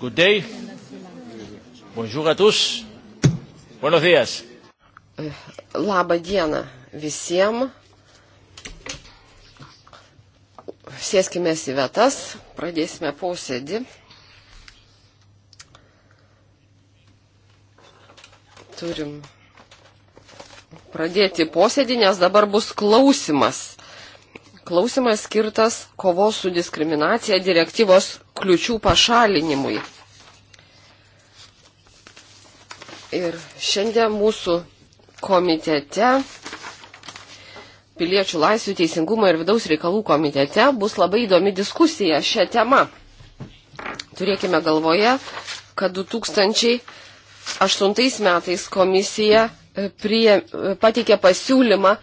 Good day. Bonjour à tous. Buenos días. Labą dieną visiems. Sėskime į vietas, pradėsime posėdį. Turim pradėti posėdį, nes dabar bus klausimas Klausimas skirtas kovos su diskriminacija direktyvos kliučių pašalinimui. Ir šiandien mūsų komitete, piliečių laisvių teisingumo ir vidaus reikalų komitete bus labai įdomi diskusija šią temą. Turėkime galvoje, kad 2008 metais komisija e, prie, e, pateikė pasiūlymą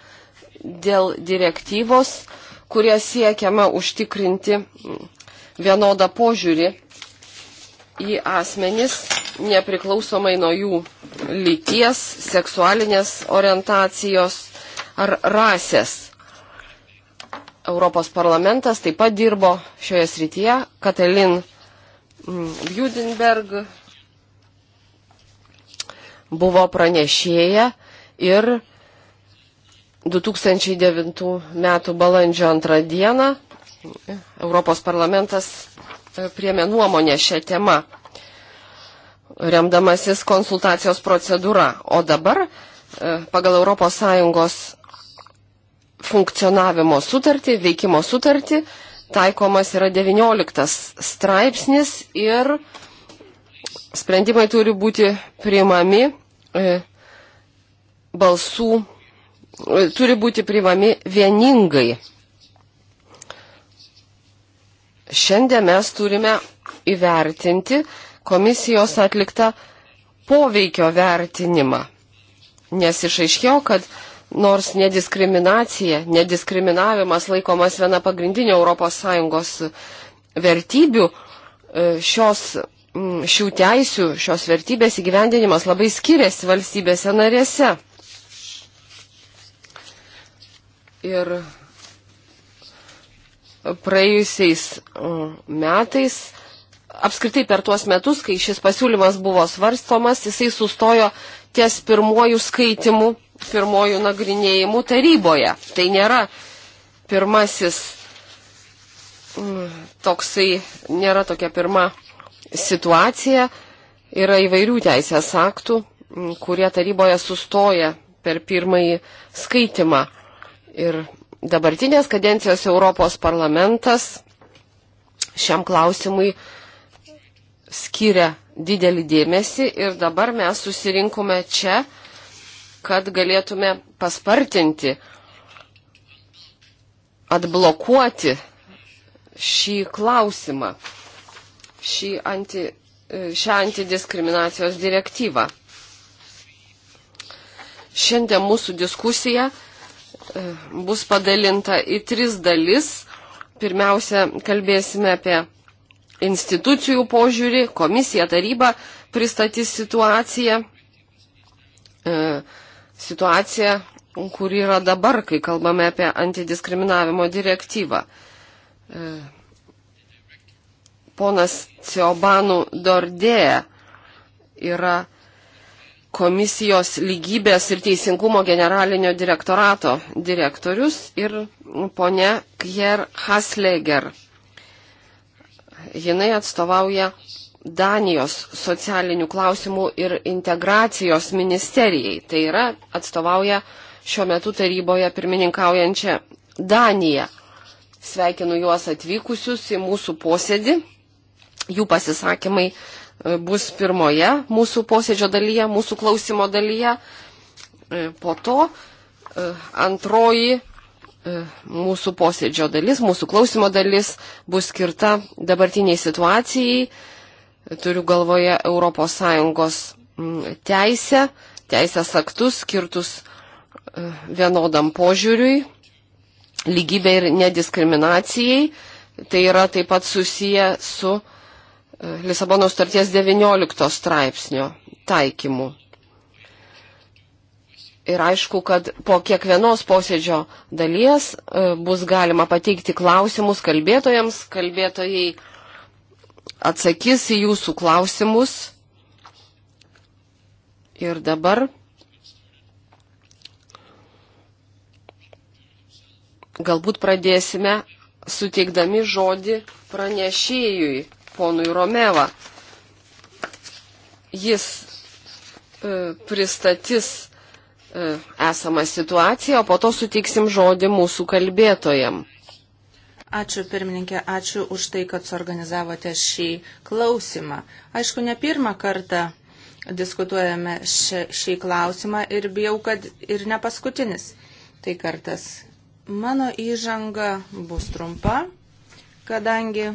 dėl direktyvos kurie siekiama užtikrinti vienodą požiūrį į asmenis, nepriklausomai nuo jų lyties, seksualinės orientacijos ar rasės. Europos parlamentas taip pat dirbo šioje srityje. Katalin mm, Bjudenberg buvo pranešėja ir 2009 m. balandžio 2 dieną Europos parlamentas e, priemė nuomonę šią temą, remdamasis konsultacijos procedūra. O dabar e, pagal ES funkcionavimo sutartį, veikimo sutartį, taikomas yra 19 straipsnis ir sprendimai turi būti priimami e, balsų turi būti priimami vieningai. Šiandien mes turime įvertinti komisijos atliktą poveikio vertinimą, nes išaiškėjo, kad nors nediskriminacija, nediskriminavimas laikomas viena pagrindinė ES e, vertybių, e, šios, šių teisių, šios vertybės įgyvendinimas labai skiriasi valstybėse narėse. Ir praėjusiais metais, apskritai per tuos metus, kai šis pasiūlymas buvo svarstomas, jisai sustojo ties pirmojų skaitimų, pirmojų nagrinėjimų taryboje. Tai nėra pirmasis toksai, nėra tokia pirma situacija. Yra įvairių teisės aktų, kurie taryboje sustoja per pirmąjį skaitimą. Ir dabartinės kadencijos Europos parlamentas šiam klausimui skiria didelį dėmesį ir dabar mes susirinkome čia, kad galėtume paspartinti, atblokuoti šį klausimą, šį anti, šią antidiskriminacijos direktyvą. Šiandien mūsų diskusija bus padalinta į tris dalis. Pirmiausia, kalbėsime apie institucijų požiūrį, komisija, taryba pristatys situaciją, e, situaciją, kur yra dabar, kai kalbame apie antidiskriminavimo direktyvą. E, ponas Ciobanų Dordėja yra komisijos lygybės ir teisingumo generalinio direktorato direktorius ir ponia Kjer Hasleger. Jinai atstovauja Danijos socialinių klausimų ir integracijos ministerijai. Tai yra atstovauja šiuo metu taryboje pirmininkaujančią Daniją. Sveikinu juos atvykusius į mūsų posėdį. Jų pasisakymai uh, E, bus pirmoje mūsų posėdžio dalyje, mūsų klausimo dalyje. E, po to e, antroji mūsų posėdžio dalis, mūsų klausimo dalis bus skirta dabartiniai situacijai, turiu galvoje ES teisę, teisės aktus skirtus vienodam požiūriui, lygybė ir nediskriminacijai. Tai yra taip pat susiję su Lisabono starties 19 straipsnio taikymu. Ir aišku, kad po kiekvienos posėdžio dalies e, bus galima pateikti klausimus kalbėtojams, kalbėtojai atsakys į jūsų klausimus. Ir dabar galbūt pradėsime suteikdami žodį pranešėjui ponui Romeva. Jis e, pristatys e, esamą situaciją, o po to sutiksim žodį mūsų kalbėtojam. Ačiū pirmininkė, ačiū už tai, kad suorganizavote šį klausimą. Aišku, ne pirmą kartą diskutuojame šį, šį klausimą ir bijau, kad ir ne paskutinis tai kartas. Mano įžanga bus trumpa, kadangi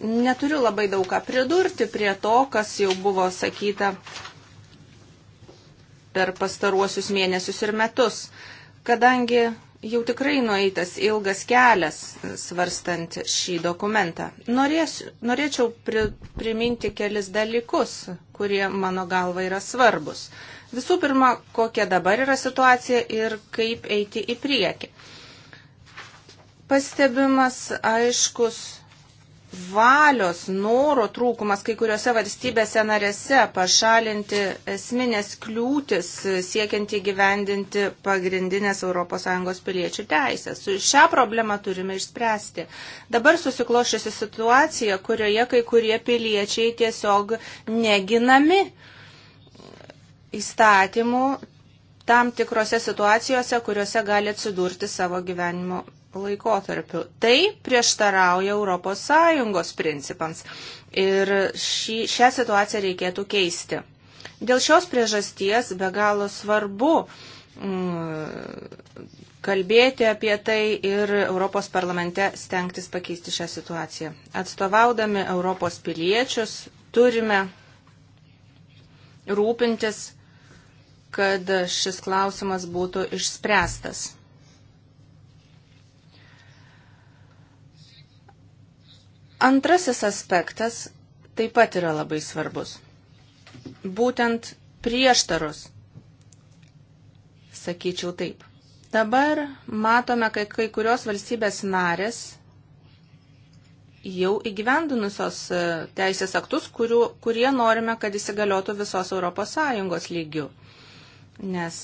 Neturiu labai daug ką pridurti prie to, kas jau buvo sakyta per pastaruosius mėnesius ir metus, kadangi jau tikrai nueitas ilgas kelias svarstant šį dokumentą. Norėsiu, norėčiau pri, priminti kelis dalykus, kurie mano galva yra svarbus. Visų pirma, kokia dabar yra situacija ir kaip eiti į priekį. Pastebimas aiškus valios, noro trūkumas kai kuriuose valstybėse narėse pašalinti esminės kliūtis siekiant įgyvendinti pagrindinės ES piliečių teisės. Šią problemą turime išspręsti. Dabar susiklošėsi situacija, kurioje kai kurie piliečiai tiesiog neginami įstatymų tam tikrose situacijose, kuriuose gali atsidurti savo gyvenimo laikotarpiu. Tai prieštarauja ES principams ir šį, šią situaciją reikėtų keisti. Dėl šios priežasties be galo svarbu mm, kalbėti apie tai ir Europos parlamente stengtis pakeisti šią situaciją. Atstovaudami Europos piliečius turime rūpintis, kad šis klausimas būtų išspręstas. Antrasis aspektas taip pat yra labai svarbus. Būtent prieštarus, sakyčiau taip. Dabar matome, kai kai kurios valstybės narės jau įgyvendinusios e, teisės aktus, kurių, kurie norime, kad įsigaliotų visos ES lygių. Nes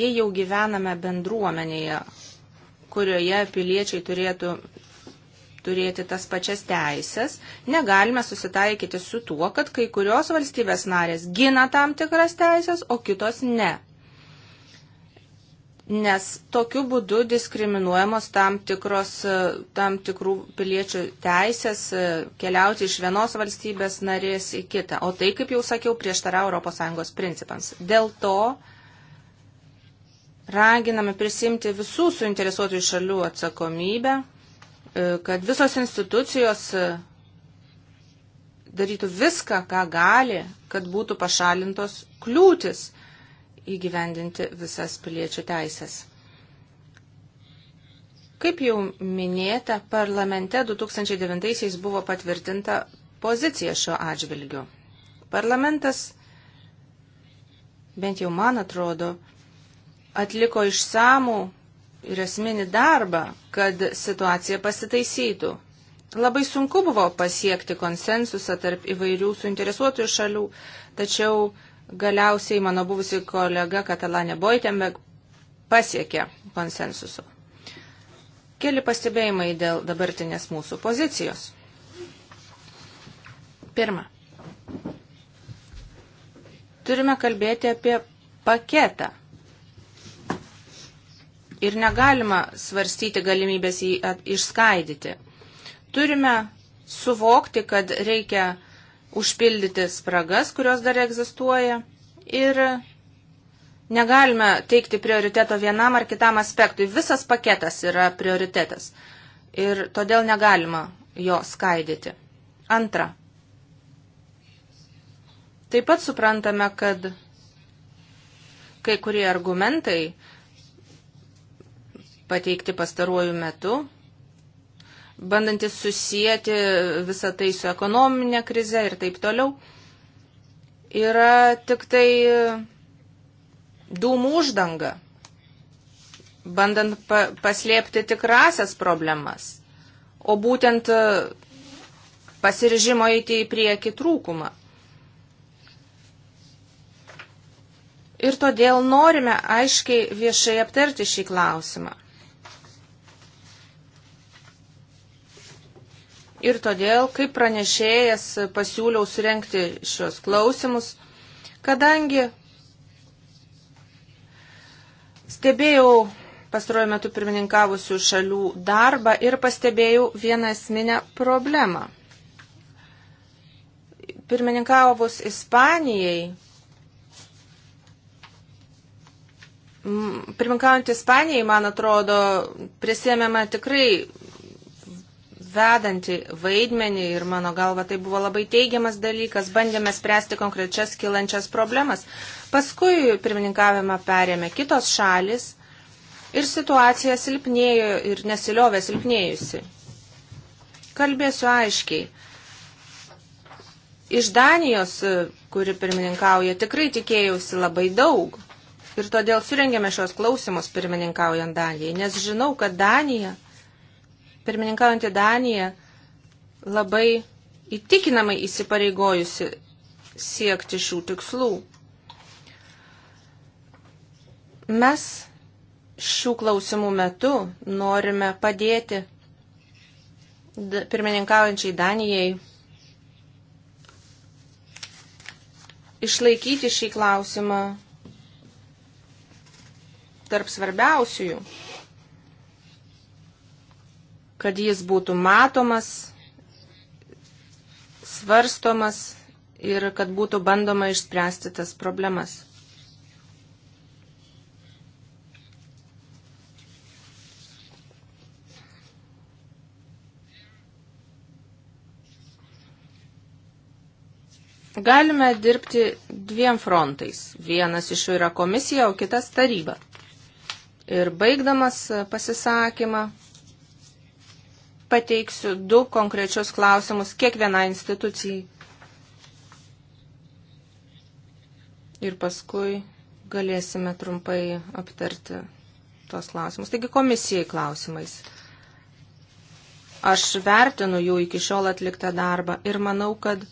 jei jau gyvename bendruomenėje, kurioje piliečiai turėtų turėti tas pačias teisės, negalime susitaikyti su tuo, kad kai kurios valstybės narės gina tam tikras teisės, o kitos ne. Nes tokiu būdu diskriminuojamos tam, tikros, e, tam tikrų piliečių teisės e, keliauti iš vienos valstybės narės į kitą. O tai, kaip jau sakiau, prieštara ES principams. Dėl to raginame prisimti visų suinteresuotųjų šalių atsakomybę E, kad visos institucijos e, darytų viską, ką gali, kad būtų pašalintos kliūtis įgyvendinti visas piliečių teisės. Kaip jau minėta, parlamente 2009-aisiais buvo patvirtinta pozicija šiuo atžvilgiu. Parlamentas, bent jau man atrodo, atliko išsamų ir esminį darbą, kad situacija pasitaisytų. Labai sunku buvo pasiekti konsensusą tarp įvairių suinteresuotųjų šalių, tačiau galiausiai mano buvusi kolega Katalanė Boitenberg pasiekė konsensusu. Keli pastebėjimai dėl dabartinės mūsų pozicijos. Pirma. Turime kalbėti apie paketą ir negalima svarstyti galimybės jį išskaidyti. Turime suvokti, kad reikia užpildyti spragas, kurios dar egzistuoja ir negalime teikti prioriteto vienam ar kitam aspektui. Visas paketas yra prioritetas ir todėl negalima jo skaidyti. Antra. Taip pat suprantame, kad kai kurie argumentai, pateikti pastaruoju metu, bandantis susijęti visą tai su ekonominė krize ir taip toliau, yra tik tai dūmų uždanga, bandant pa paslėpti tikrasias problemas, o būtent pasiržimo įti į priekį trūkumą. Ir todėl norime aiškiai viešai aptarti šį klausimą. Ir todėl, kaip pranešėjas, pasiūliau surenkti šios klausimus, kadangi stebėjau pastaruoju metu pirmininkavusių šalių darbą ir pastebėjau vieną esminę problemą. Pirmininkavus Ispanijai, pirmininkaujant Ispanijai, man atrodo, prisėmėme tikrai vedanti vaidmenį ir mano galva tai buvo labai teigiamas dalykas, bandėme spręsti konkrečias kilančias problemas. Paskui pirmininkavimą perėmė kitos šalis ir situacija silpnėjo ir nesiliovė silpnėjusi. Kalbėsiu aiškiai. Iš Danijos, kuri pirmininkauja, tikrai tikėjausi labai daug. Ir todėl surengėme šios klausimus pirmininkaujant Danijai, nes žinau, kad Danija pirmininkaujantį Daniją labai įtikinamai įsipareigojusi siekti šių tikslų. Mes šių klausimų metu norime padėti pirmininkaujančiai Danijai išlaikyti šį klausimą tarp svarbiausiųjų kad jis būtų matomas, svarstomas ir kad būtų bandoma išspręsti tas problemas. Galime dirbti dviem frontais. Vienas iš jų yra komisija, o kitas taryba. Ir baigdamas pasisakymą, pateiksiu du konkrečius klausimus kiekvienai institucijai. Ir paskui galėsime trumpai aptarti tos klausimus. Taigi komisijai klausimais. Aš vertinu jų iki šiol atliktą darbą ir manau, kad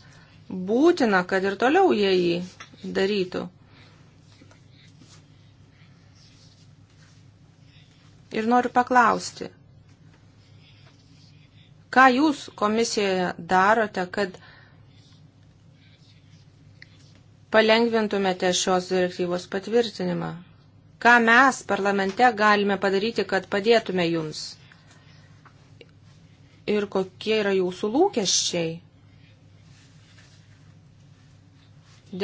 būtina, kad ir toliau jie jį darytų. Ir noriu paklausti, Ką jūs komisijoje darote, kad palengvintumėte šios direktyvos patvirtinimą? Ką mes parlamente galime padaryti, kad padėtume jums? Ir kokie yra jūsų lūkesčiai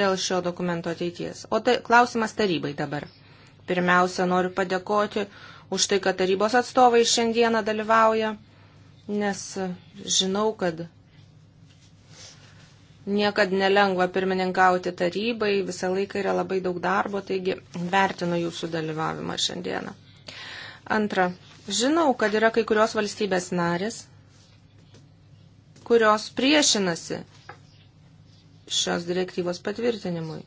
dėl šio dokumento ateities? O tai klausimas tarybai dabar. Pirmiausia, noriu padėkoti už tai, kad tarybos atstovai šiandieną dalyvauja nes žinau, kad niekad nelengva pirmininkauti tarybai, visą laiką yra labai daug darbo, taigi vertinu jūsų dalyvavimą šiandieną. Antra, žinau, kad yra kai kurios valstybės narės, kurios priešinasi šios direktyvos patvirtinimui.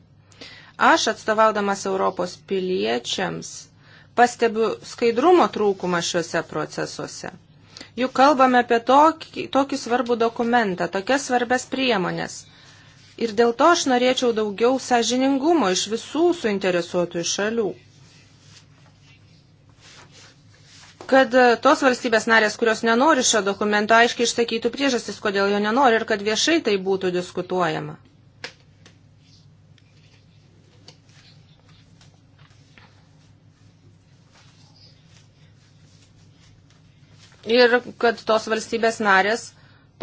Aš atstovaudamas Europos piliečiams pastebiu skaidrumo trūkumą šiuose procesuose. Juk kalbame apie tokį, tokį svarbų dokumentą, tokias svarbes priemonės. Ir dėl to aš norėčiau daugiau sąžiningumo iš visų suinteresuotų šalių. Kad e, tos valstybės narės, kurios nenori šio dokumento, aiškiai išsakytų priežastis, kodėl jo nenori ir kad viešai tai būtų diskutuojama. ir kad tos valstybės narės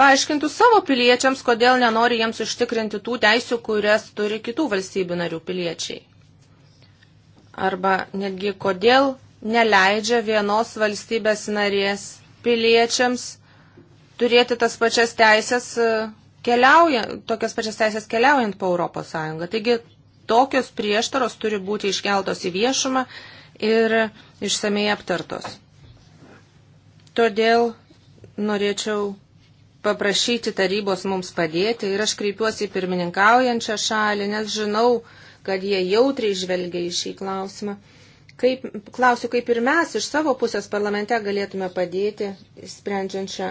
paaiškintų savo piliečiams, kodėl nenori jiems užtikrinti tų teisių, kurias turi kitų valstybių narių piliečiai. Arba netgi kodėl neleidžia vienos valstybės narės piliečiams turėti tas pačias teisės e, keliaujant, tokias pačias teisės keliaujant po Europos Sąjungą. Taigi tokios prieštaros turi būti iškeltos į viešumą ir išsamei aptartos. Todėl norėčiau paprašyti tarybos mums padėti ir aš kreipiuosi į pirmininkaujančią šalį, nes žinau, kad jie jautriai žvelgia į šį klausimą. Kaip, klausiu, kaip ir mes iš savo pusės parlamente galėtume padėti sprendžiant šią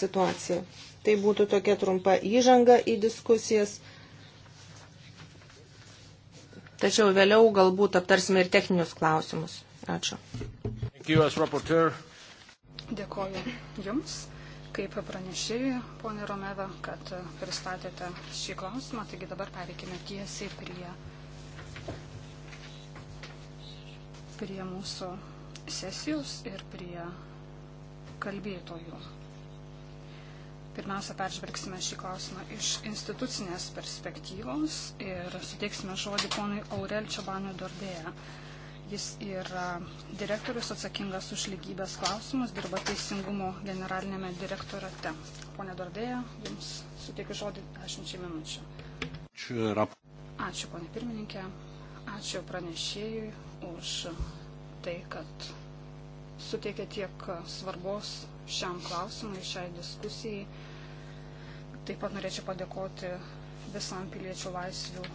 situaciją. Tai būtų tokia trumpa įžanga į diskusijas. Tačiau vėliau galbūt aptarsime ir techninius klausimus. Ačiū. Thank you, Dėkoju Jums, kaip pranešėjai, ponė Romeva, kad pristatėte šį klausimą. Taigi dabar pereikime tiesiai prie, prie mūsų sesijos ir prie kalbėtojų. Pirmiausia, peržvelgsime šį klausimą iš institucinės perspektyvos ir suteiksime žodį ponui Aurel Čabanui Dordėje, Jis yra direktorius atsakingas už lygybės klausimus, dirba Teisingumo generalinėme direktorate. Pone Dordėja, Jums suteikiu žodį 10 minučių. Ačiū, ponė pirmininkė. Ačiū pranešėjui už tai, kad suteikė tiek svarbos šiam klausimui, šiai diskusijai. Taip pat norėčiau padėkoti visam piliečių laisvių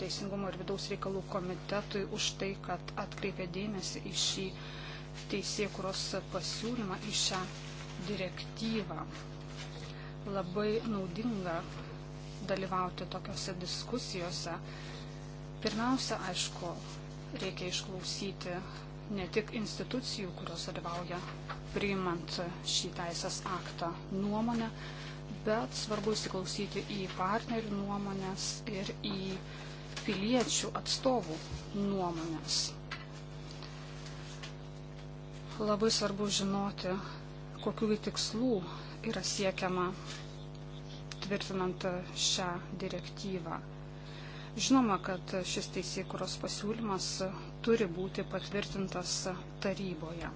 Teisingumo ir vidaus reikalų komitetui už tai, kad atkreipė dėmesį į šį teisėkuros pasiūlymą, į šią direktyvą. Labai naudinga dalyvauti tokiuose diskusijose. Pirmiausia, aišku, reikia išklausyti ne tik institucijų, kurios dalyvauja priimant šį teisės aktą nuomonę, bet svarbu įsiklausyti į partnerių nuomonės ir į piliečių atstovų nuomonės. Labai svarbu žinoti, kokiu tikslu yra siekiama tvirtinant šią direktyvą. Žinoma, kad šis teisėkuros pasiūlymas turi būti patvirtintas taryboje.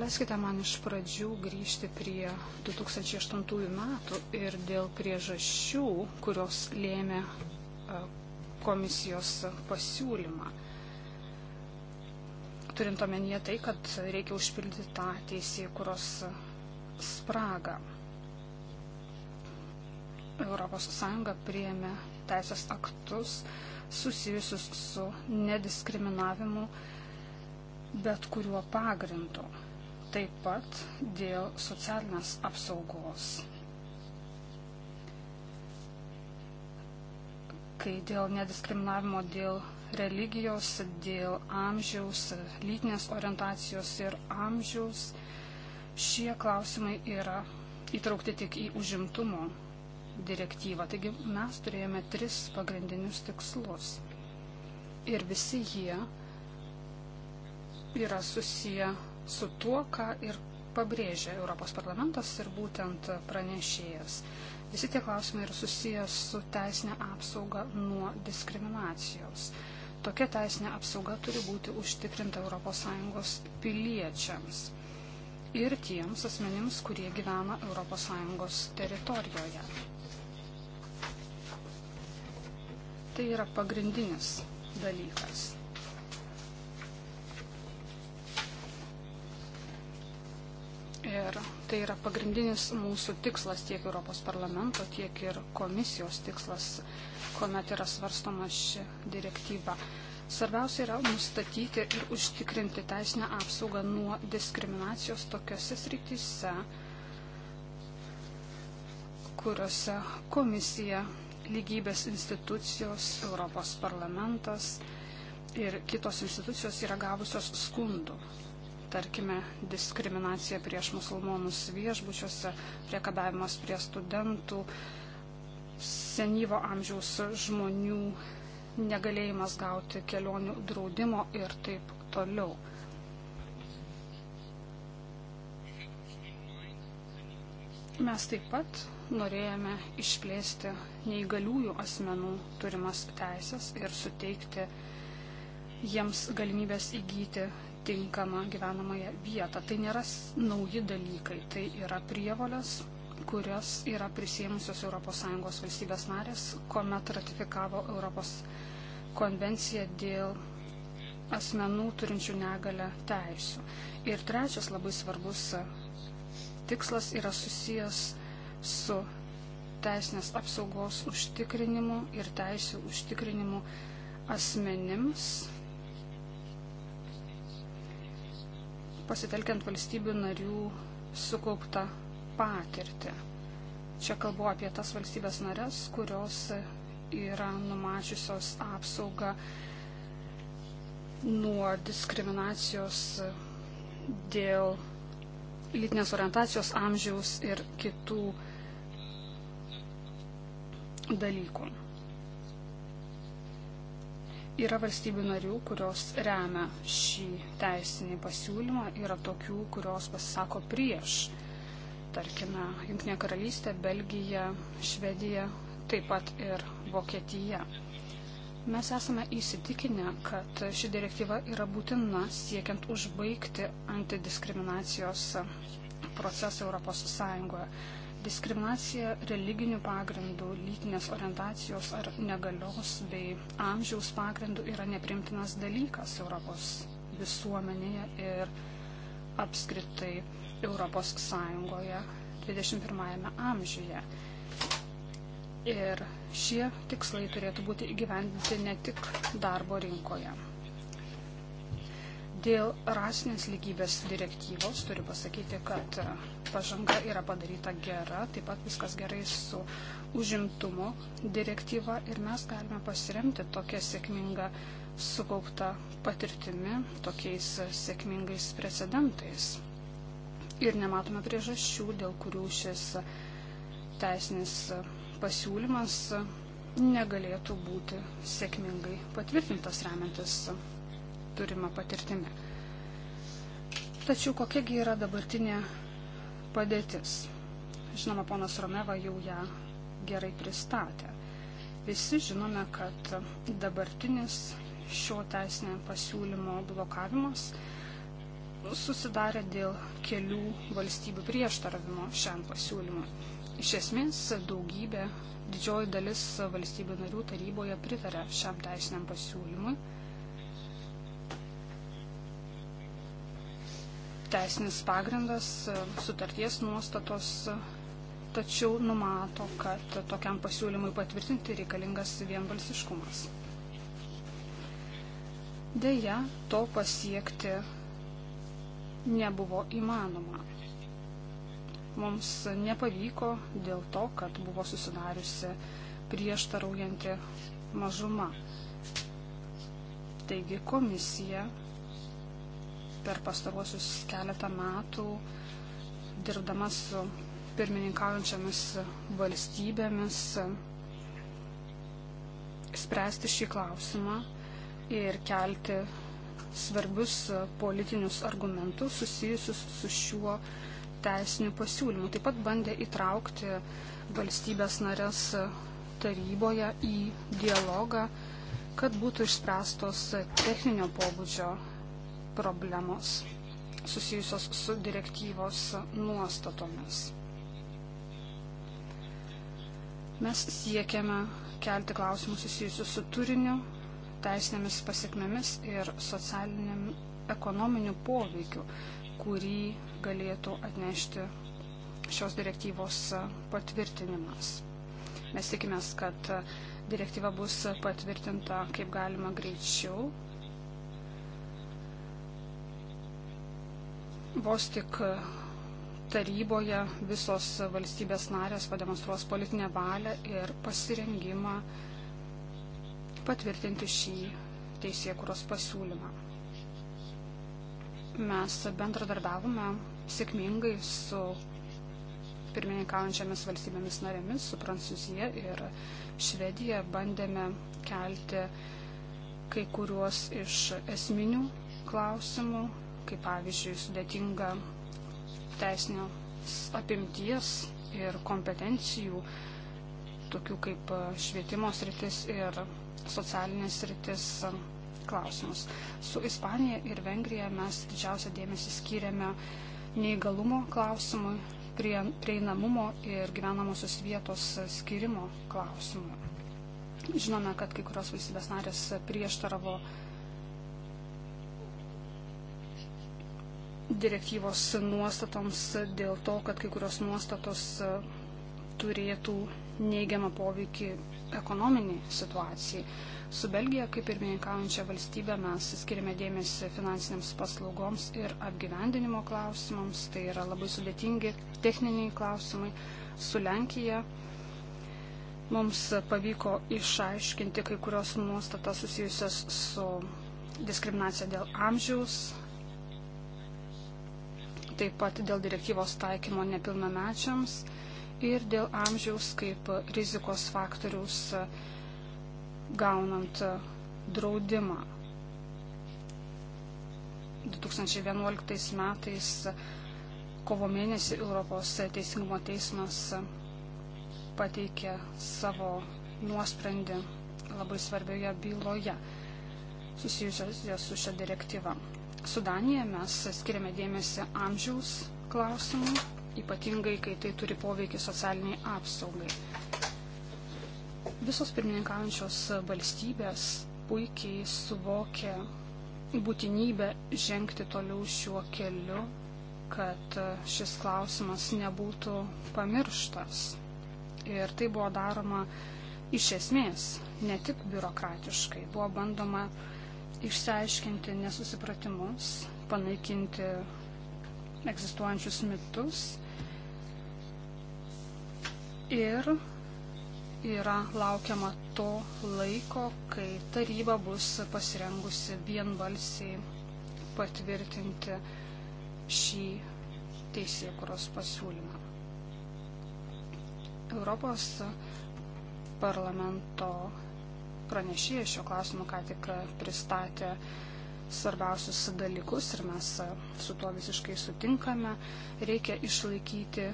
Leiskite man iš pradžių grįžti prie 2008 metų ir dėl priežasčių, kurios lėmė komisijos pasiūlymą. Turint omenyje tai, kad reikia užpildyti tą teisėkuros spragą. ES priėmė teisės aktus susijusius su nediskriminavimu bet kuriuo pagrindu, taip pat dėl socialinės apsaugos kai dėl nediskriminavimo dėl religijos, dėl amžiaus, lytinės orientacijos ir amžiaus šie klausimai yra įtraukti tik į užimtumo direktyvą. Taigi mes turėjome tris pagrindinius tikslus. Ir visi jie yra susiję su tuo, ką ir pabrėžia Europos parlamentas ir būtent pranešėjas. Visi tie klausimai yra susijęs su teisinė apsauga nuo diskriminacijos. Tokia teisinė apsauga turi būti užtikrinta ES piliečiams ir tiems asmenims, kurie gyvena ES teritorijoje. Tai yra pagrindinis dalykas. Ir tai yra pagrindinis mūsų tikslas tiek Europos parlamento, tiek ir komisijos tikslas, kuomet yra svarstoma ši direktyva. Svarbiausia yra nustatyti ir užtikrinti teisinę apsaugą nuo diskriminacijos tokiuose srityse, kuriuose komisija, lygybės institucijos, Europos parlamentas ir kitos institucijos yra gavusios skundų tarkime, diskriminacija prieš musulmonus viešbučiuose, priekabiavimas prie studentų, senyvo amžiaus žmonių negalėjimas gauti kelionių draudimo ir taip toliau. Mes taip pat norėjome išplėsti neįgaliųjų asmenų turimas teisės ir suteikti jiems galimybės įgyti tinkamą gyvenamąją vietą. Tai nėra nauji dalykai, tai yra prievolės, kurias yra prisėmusios ES valstybės narės, kuomet ratifikavo Europos konvenciją dėl asmenų turinčių negalę teisų. Ir trečias labai svarbus e, tikslas yra susijęs su teisinės apsaugos užtikrinimu ir teisų užtikrinimu asmenims, pasitelkiant valstybių narių sukauptą patirtį. Čia kalbu apie tas valstybės narės, kurios yra numačiusios apsaugą nuo diskriminacijos dėl lytinės orientacijos, amžiaus ir kitų dalykų. Yra valstybių narių, kurios remia šį teisinį pasiūlymą, yra tokių, kurios pasisako prieš. Tarkime, Junktinė karalystė, Belgija, Švedija, taip pat ir Vokietija. Mes esame įsitikinę, kad ši direktyva yra būtina siekiant užbaigti antidiskriminacijos procesą Europos Sąjungoje. Diskriminacija religinių pagrindų, lytinės orientacijos ar negalios bei amžiaus pagrindų yra neprimtinas dalykas Europos visuomenėje ir apskritai Europos Sąjungoje 21 amžiuje. Ir šie tikslai turėtų būti įgyvendinti ne tik darbo rinkoje. Dėl rasinės lygybės direktyvos turiu pasakyti, kad e, pažanga yra padaryta gera, taip pat viskas gerai su užimtumo direktyva ir mes galime pasiremti tokia sėkminga sukaupta patirtimi, tokiais e, sėkmingais precedentais. Ir nematome priežasčių, dėl kurių šis teisinis e, pasiūlymas negalėtų būti sėkmingai patvirtintas remiantis turima patirtimi. Tačiau kokiagi yra dabartinė padėtis? Žinoma, ponas Romeva jau ją gerai pristatė. Visi žinome, kad dabartinis šio teisinio pasiūlymo blokavimas susidarė dėl kelių valstybių prieštaravimo šiam pasiūlymui. Iš esmės, daugybė, didžioji dalis valstybių narių taryboje pritarė šiam teisiniam pasiūlymui teisinis pagrindas, e, sutarties nuostatos, e, tačiau numato, kad tokiam pasiūlymui patvirtinti reikalingas vienbalsiškumas. Deja, to pasiekti nebuvo įmanoma. Mums nepavyko dėl to, kad buvo susidariusi prieštaraujanti mažuma. Taigi komisija per pastaruosius keletą metų, dirbdama su pirmininkaujančiamis valstybėmis, spręsti šį klausimą ir kelti svarbius politinius argumentus susijusius su šiuo teisiniu pasiūlymu. Taip pat bandė įtraukti valstybės narės taryboje į dialogą, kad būtų išspręstos techninio pobūdžio problemos susijusios su direktyvos nuostatomis. Mes siekiame kelti klausimus susijusius su turiniu, teisinėmis pasiekmėmis ir socialiniam ekonominiu poveikiu, kurį galėtų atnešti šios direktyvos patvirtinimas. Mes tikimės, kad direktyva bus patvirtinta kaip galima greičiau vos tik e, taryboje visos valstybės narės pademonstruos politinę valią ir pasirengimą patvirtinti šį teisėkuros pasiūlymą. Mes bendradarbiavome sėkmingai su pirmininkaujančiamis valstybėmis narėmis, su Prancūzija ir Švedija, bandėme kelti kai kuriuos iš esminių klausimų kaip pavyzdžiui sudėtinga teisinio apimties ir kompetencijų, tokių kaip e, švietimo sritis ir socialinės sritis e, klausimus. Su Ispanija ir Vengrija mes didžiausią dėmesį skiriame neįgalumo klausimui, prie, prieinamumo ir gyvenamosios vietos skirimo klausimui. Žinome, kad kai kurios valstybės narės prieštaravo direktyvos nuostatoms dėl to, kad kai kurios nuostatos e, turėtų neigiamą poveikį ekonominiai situacijai. Su Belgija, kaip pirmininkaujančia valstybė, mes skiriame dėmesį finansiniams paslaugoms ir apgyvendinimo klausimams. Tai yra labai sudėtingi techniniai klausimai. Su Lenkija mums pavyko išaiškinti kai kurios nuostatas susijusias su diskriminacija dėl amžiaus, taip pat dėl direktyvos taikymo nepilnamečiams ir dėl amžiaus kaip rizikos faktoriaus e, gaunant e, draudimą. 2011 metais e, kovo mėnesį Europos Teisingumo teismas pateikė savo nuosprendį labai svarbioje byloje susijusioje su šia direktyva. Su Danija mes skiriame dėmesį amžiaus klausimui, ypatingai kai tai turi poveikį socialiniai apsaugai. Visos pirmininkaujančios valstybės puikiai suvokia būtinybę žengti toliau šiuo keliu, kad šis klausimas nebūtų pamirštas. Ir tai buvo daroma iš esmės, ne tik biurokratiškai, buvo bandoma uh, išsiaiškinti nesusipratimus, panaikinti egzistuojančius mitus. Ir yra laukiama to laiko, kai taryba bus pasirengusi vienbalsiai patvirtinti šį teisėkuros pasiūlymą. Europos parlamento pranešėjas šio klausimu ką tik e, pristatė svarbiausius dalykus ir mes e, su tuo visiškai sutinkame. Reikia išlaikyti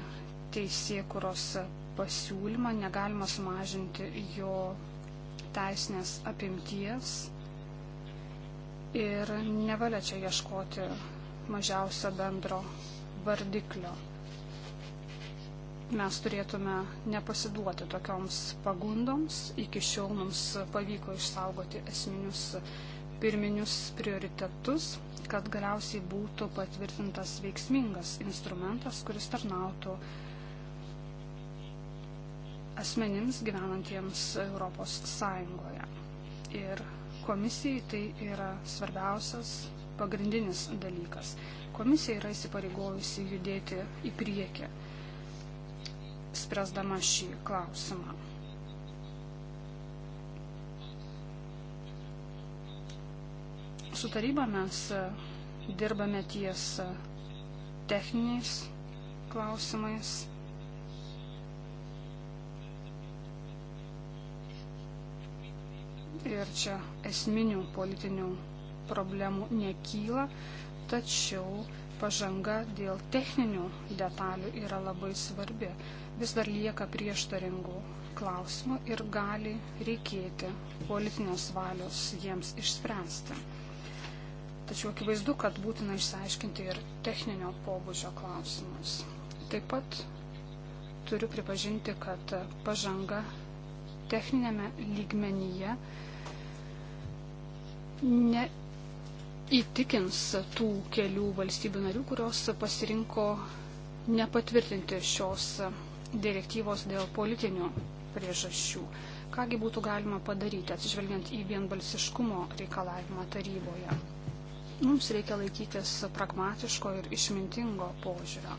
teisėkuros e, pasiūlymą, negalima sumažinti jo teisinės apimties ir nevalia čia ieškoti mažiausio bendro vardiklio mes turėtume nepasiduoti tokioms pagundoms. Iki šiol mums pavyko išsaugoti esminius pirminius prioritetus, kad galiausiai būtų patvirtintas veiksmingas instrumentas, kuris tarnautų asmenims gyvenantiems Europos Sąjungoje. Ir komisijai tai yra svarbiausias pagrindinis dalykas. Komisija yra įsipareigojusi judėti į priekį spręsdama šį klausimą. Su taryba mes e, dirbame ties e, techniniais klausimais. Ir čia esminių politinių problemų nekyla, tačiau pažanga dėl techninių detalių yra labai svarbi. Vis dar lieka prieštaringų klausimų ir gali reikėti politinės valios jiems išspręsti. Tačiau akivaizdu, kad būtina išsiaiškinti ir techninio pobūdžio klausimus. Taip pat turiu pripažinti, kad pažanga techninėme lygmenyje ne įtikins tų kelių valstybių narių, kurios pasirinko nepatvirtinti šios direktyvos dėl politinių priežasčių. Kągi būtų galima padaryti, atsižvelgiant į vienbalsiškumo reikalavimą taryboje. Mums reikia laikytis pragmatiško ir išmintingo požiūrio.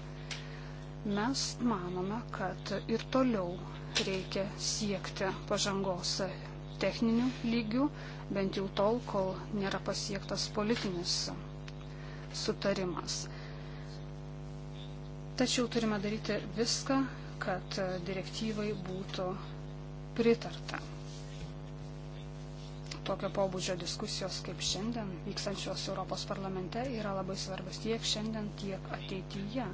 Mes manome, kad ir toliau reikia siekti pažangos techniniu lygiu, bent jau tol, kol nėra pasiektas politinis sutarimas. Tačiau turime daryti viską, kad direktyvai būtų pritarta. Tokio pobūdžio diskusijos kaip šiandien vykstančios Europos parlamente yra labai svarbios tiek šiandien, tiek ateityje.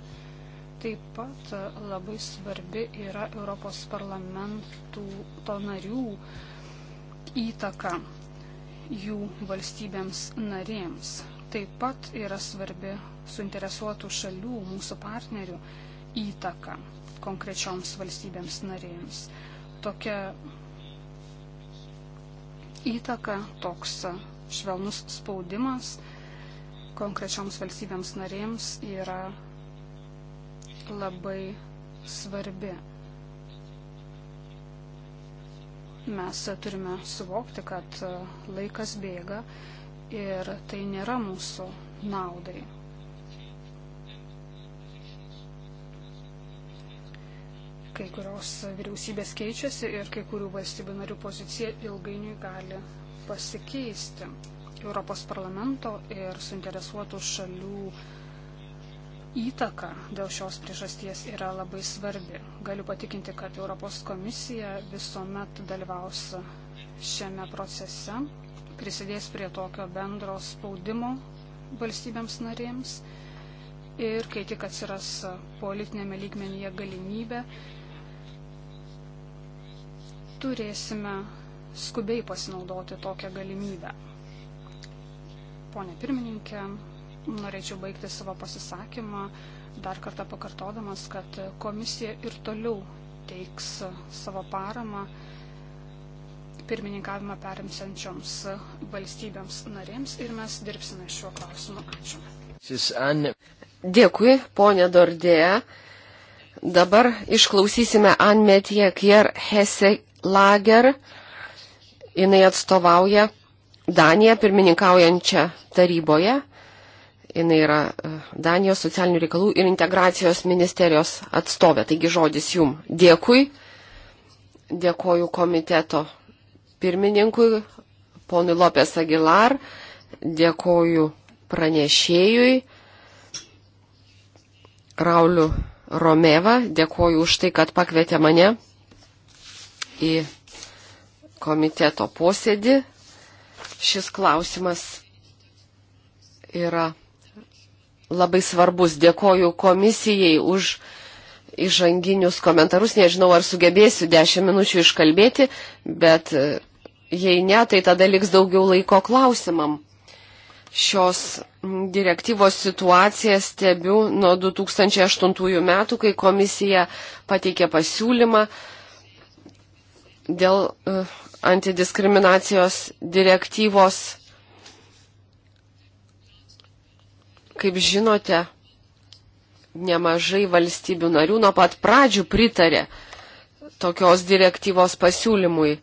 Taip pat labai svarbi yra Europos parlamentų to narių uh, įtaka jų valstybėms narėms. Taip pat yra svarbi suinteresuotų šalių, mūsų partnerių įtaka konkrečioms valstybėms narėms. Tokia įtaka, toks švelnus spaudimas konkrečioms valstybėms narėms yra labai svarbi. Mes turime suvokti, kad e, laikas bėga ir tai nėra mūsų naudai. Kai kurios vyriausybės keičiasi ir kai kurių valstybių narių pozicija ilgainiui gali pasikeisti. Europos parlamento ir suinteresuotų šalių įtaka dėl šios priežasties yra labai svarbi. Galiu patikinti, kad Europos komisija visuomet dalyvaus šiame procese, prisidės prie tokio bendro spaudimo valstybėms narėms ir kai tik atsiras politinėme lygmenyje galimybė, turėsime skubiai pasinaudoti tokią galimybę. Pone pirmininkė, Norėčiau baigti savo pasisakymą, dar kartą pakartodamas, kad komisija ir toliau teiks savo paramą pirmininkavimą perimsiančioms valstybėms narėms ir mes dirbsime šiuo klausimu. Ačiū. Dėkui, ponė Dordėja. Dabar išklausysime Anmetie Kier Hesse Lager. Jis atstovauja Daniją pirmininkaujančią taryboje. Jis yra e, Danijos socialinių reikalų ir integracijos ministerijos atstovė. Taigi žodis jum. Dėkui. Dėkoju komiteto pirmininkui, ponui Lopės Agilar. Dėkoju pranešėjui, Rauliu Romeva. Dėkoju už tai, kad pakvietė mane į komiteto posėdį. Šis klausimas yra labai svarbus. Dėkoju komisijai už įžanginius komentarus. Nežinau, ar sugebėsiu dešimt minučių iškalbėti, bet e, jei ne, tai tada liks daugiau laiko klausimam. Šios direktyvos situaciją stebiu nuo 2008 metų, kai komisija pateikė pasiūlymą dėl e, antidiskriminacijos direktyvos Kaip žinote, nemažai valstybių narių nuo pat pradžių pritarė tokios direktyvos pasiūlymui.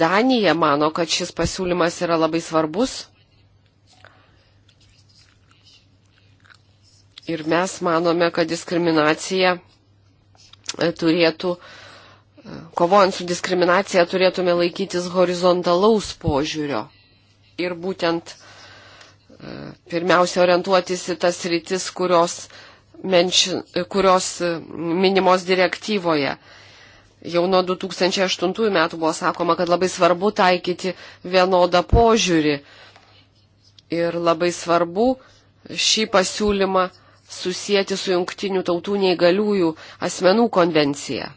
Danija mano, kad šis pasiūlymas yra labai svarbus. Ir mes manome, kad diskriminacija e, turėtų, e, kovojant su diskriminacija, turėtume laikytis horizontalaus požiūrio. Ir būtent pirmiausia orientuotis į tas rytis, kurios, menšin, kurios e, minimos direktyvoje. Jau nuo 2008 metų buvo sakoma, kad labai svarbu taikyti vienodą požiūrį ir labai svarbu šį pasiūlymą susijęti su jungtinių tautų neįgaliųjų asmenų konvencija.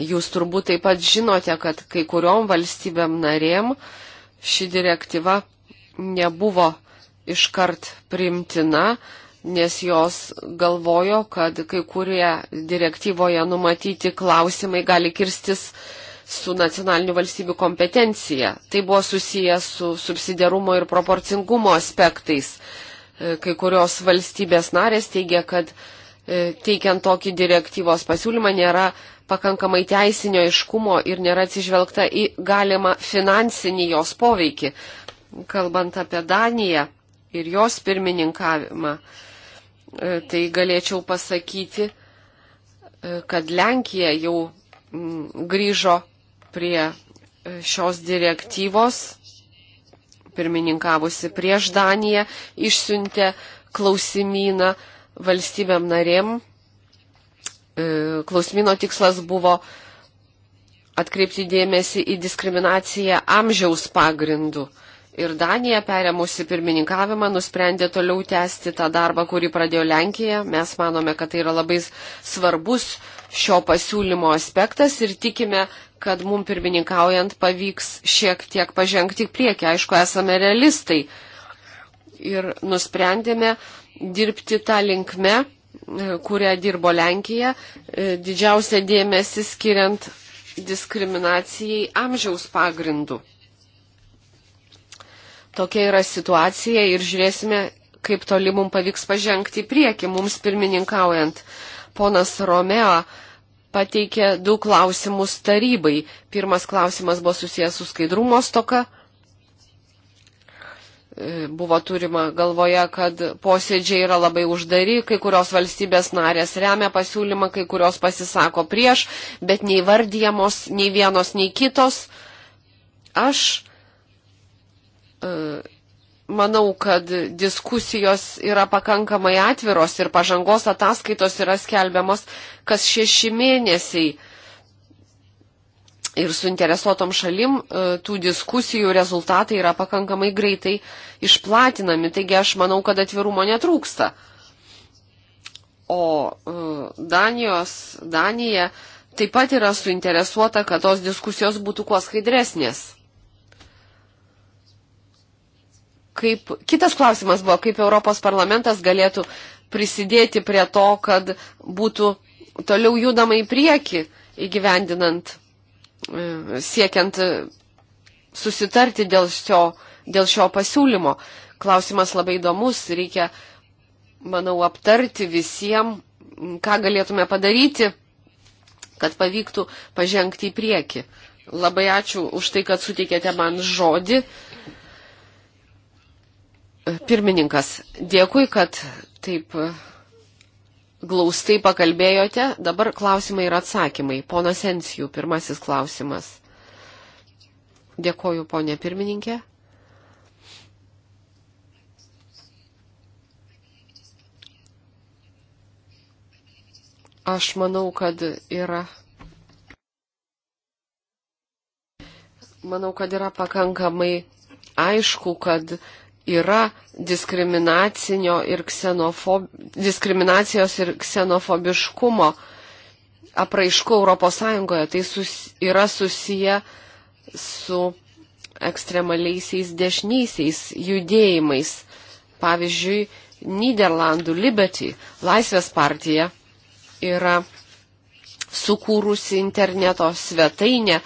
Jūs turbūt taip pat žinote, kad kai kuriuom valstybėm narėm uh, ši direktyva nebuvo iškart primtina, nes jos galvojo, kad kai kurie direktyvoje numatyti klausimai gali kirstis su nacionalinių valstybių kompetencija. Tai buvo susijęs su subsidiarumo ir proporcingumo aspektais. E, kai kurios valstybės narės teigia, kad E, teikiant tokį direktyvos pasiūlymą nėra pakankamai teisinio iškumo ir nėra atsižvelgta į galimą finansinį jos poveikį. Kalbant apie Daniją ir jos pirmininkavimą, e, tai galėčiau pasakyti, e, kad Lenkija jau mm, grįžo prie šios direktyvos, pirmininkavusi prieš Daniją, išsiuntė klausimyną valstybėm narėm. E, Klausimino tikslas buvo atkreipti dėmesį į diskriminaciją amžiaus pagrindų. Ir Danija, perėmusi pirmininkavimą, nusprendė toliau tęsti tą darbą, kurį pradėjo Lenkija. Mes manome, kad tai yra labai svarbus šio pasiūlymo aspektas ir tikime, kad mums pirmininkaujant pavyks šiek tiek pažengti į priekį. Aišku, esame realistai. Ir nusprendėme dirbti tą linkmę, e, kurią dirbo Lenkija, e, didžiausia dėmesį skiriant diskriminacijai amžiaus pagrindų. Tokia yra situacija ir žiūrėsime, kaip toli mums pavyks pažengti į priekį, mums pirmininkaujant. Ponas Romeo pateikė du klausimus tarybai. Pirmas klausimas buvo susijęs su skaidrumo stoka E, buvo turima galvoje, kad posėdžiai yra labai uždari, kai kurios valstybės narės remia pasiūlymą, kai kurios pasisako prieš, bet nei vardyjamos, nei vienos, nei kitos. Aš e, manau, kad diskusijos yra pakankamai atviros ir pažangos ataskaitos yra skelbiamos kas šeši mėnesiai ir suinteresuotom šalim e, tų diskusijų rezultatai yra pakankamai greitai išplatinami, taigi aš manau, kad atvirumo netrūksta. O e, Danijos, Danija taip pat yra suinteresuota, kad tos diskusijos būtų kuo skaidresnės. Kaip, kitas klausimas buvo, kaip Europos parlamentas galėtų prisidėti prie to, kad būtų toliau judama į priekį įgyvendinant siekiant susitarti dėl šio, dėl šio pasiūlymo. Klausimas labai įdomus, reikia, manau, aptarti visiems, ką galėtume padaryti, kad pavyktų pažengti į priekį. Labai ačiū už tai, kad suteikėte man žodį. Pirmininkas, dėkui, kad taip glaustai pakalbėjote. Dabar klausimai ir atsakymai. Ponas Ensijų, pirmasis klausimas. Dėkoju, ponė pirmininkė. Aš manau, kad yra. Manau, kad yra pakankamai aišku, kad uh, yra diskriminacinio ir ksenofob... diskriminacijos ir ksenofobiškumo apraiškų ES. Tai sus... yra susiję su ekstremaliaisiais dešiniaisiais judėjimais. Pavyzdžiui, Niderlandų Liberty Laisvės partija yra sukūrusi interneto svetainę,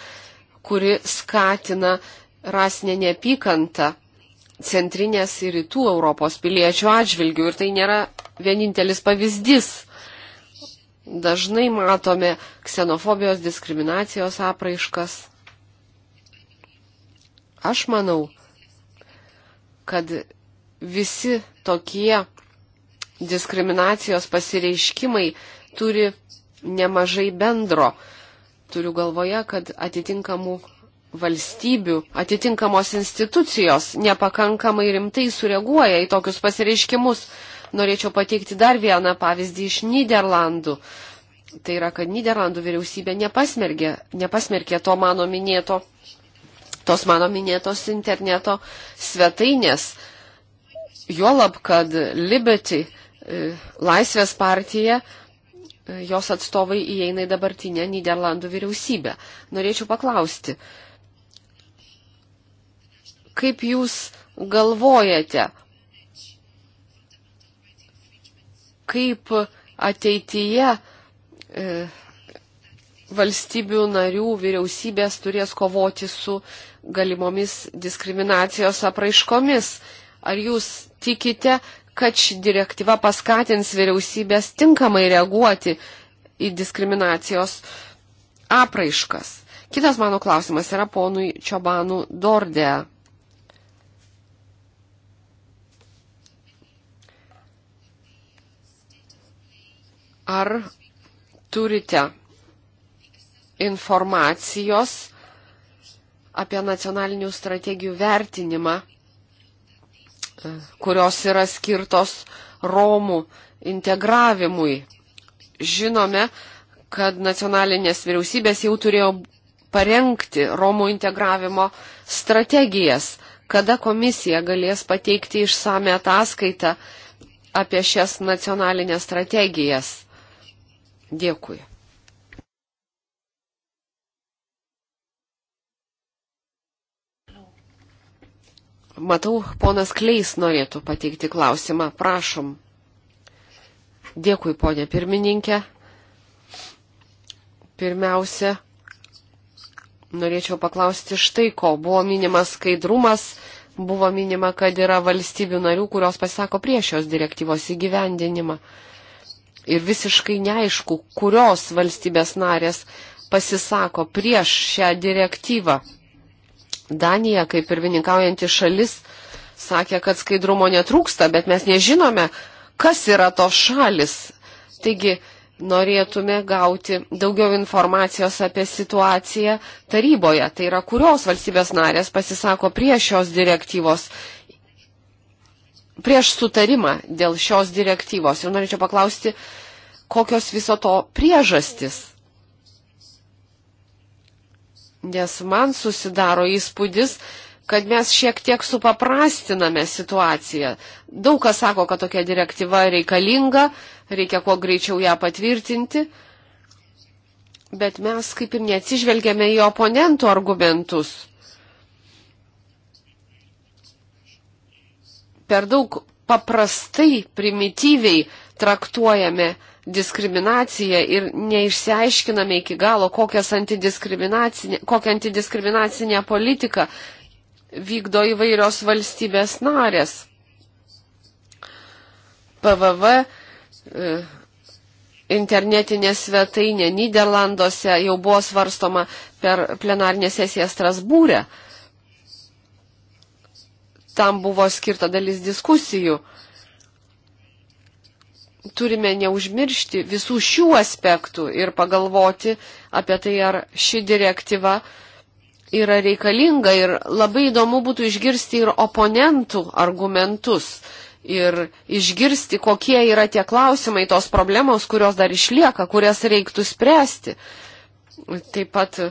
kuri skatina rasinę neapykantą centrinės ir rytų Europos piliečių atžvilgių. Ir tai nėra vienintelis pavyzdys. Dažnai matome ksenofobijos diskriminacijos apraiškas. Aš manau, kad visi tokie diskriminacijos pasireiškimai turi nemažai bendro. Turiu galvoje, kad atitinkamų valstybių atitinkamos institucijos nepakankamai rimtai sureaguoja į tokius pasireiškimus. Norėčiau pateikti dar vieną pavyzdį iš Niderlandų. Tai yra, kad Niderlandų vyriausybė nepasmergė, nepasmergė to mano minėto, tos mano minėtos interneto svetainės. Juolab, kad Liberty, e, Laisvės partija, e, jos atstovai įeina į dabartinę Niderlandų vyriausybę. Norėčiau paklausti, Kaip jūs galvojate, kaip ateityje e, valstybių narių vyriausybės turės kovoti su galimomis diskriminacijos apraiškomis? Ar jūs tikite, kad ši direktyva paskatins vyriausybės tinkamai reaguoti į diskriminacijos apraiškas? Kitas mano klausimas yra ponui Čiobanų Dordė. Ar turite informacijos apie nacionalinių strategijų vertinimą, e, kurios yra skirtos Romų integravimui? Žinome, kad nacionalinės vyriausybės jau turėjo parengti Romų integravimo strategijas, kada komisija galės pateikti išsame ataskaitą apie šias nacionalinės strategijas. Dėkui. Matau, ponas Kleis norėtų pateikti klausimą. Prašom. Dėkui, ponė pirmininkė. Pirmiausia, norėčiau paklausti štai ko. Buvo minimas skaidrumas, buvo minima, kad yra valstybių narių, kurios pasisako prieš šios direktyvos įgyvendinimą ir visiškai neaišku, kurios valstybės narės pasisako prieš šią direktyvą. Danija, kaip ir vininkaujanti šalis, sakė, kad skaidrumo netrūksta, bet mes nežinome, kas yra tos šalis. Taigi, norėtume gauti daugiau informacijos apie situaciją taryboje. Tai yra, kurios valstybės narės pasisako prieš šios direktyvos prieš sutarimą dėl šios direktyvos. Ir norėčiau paklausti, kokios viso to priežastis. Nes man susidaro įspūdis, kad mes šiek tiek supaprastiname situaciją. Daug kas sako, kad tokia direktyva reikalinga, reikia kuo greičiau ją patvirtinti, bet mes kaip ir neatsižvelgiame į oponentų argumentus. per daug paprastai, primityviai traktuojame diskriminaciją ir neišsiaiškiname iki galo, antidiskriminacinė, kokią antidiskriminacinę politiką vykdo įvairios valstybės narės. PVV e, internetinė svetainė Niderlanduose jau buvo svarstoma per plenarnę sesiją Strasbūrę. E tam buvo skirta dalis diskusijų. Turime neužmiršti visų šių aspektų ir pagalvoti apie tai, ar ši direktyva yra reikalinga ir labai įdomu būtų išgirsti ir oponentų argumentus ir išgirsti, kokie yra tie klausimai, tos problemos, kurios dar išlieka, kurias reiktų spręsti. Taip pat, e,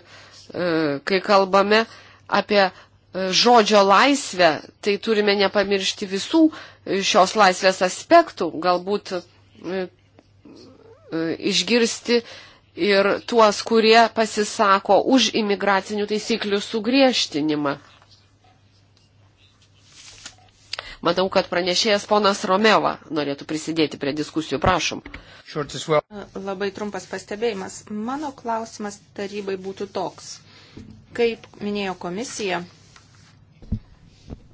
kai kalbame apie E, žodžio laisvę, tai turime nepamiršti visų e, šios laisvės aspektų, galbūt e, išgirsti ir tuos, kurie pasisako už imigracinių taisyklių sugriežtinimą. Manau, kad pranešėjas ponas Romeva norėtų prisidėti prie diskusijų. Prašom. Labai trumpas pastebėjimas. Mano klausimas tarybai būtų toks. Kaip minėjo komisija,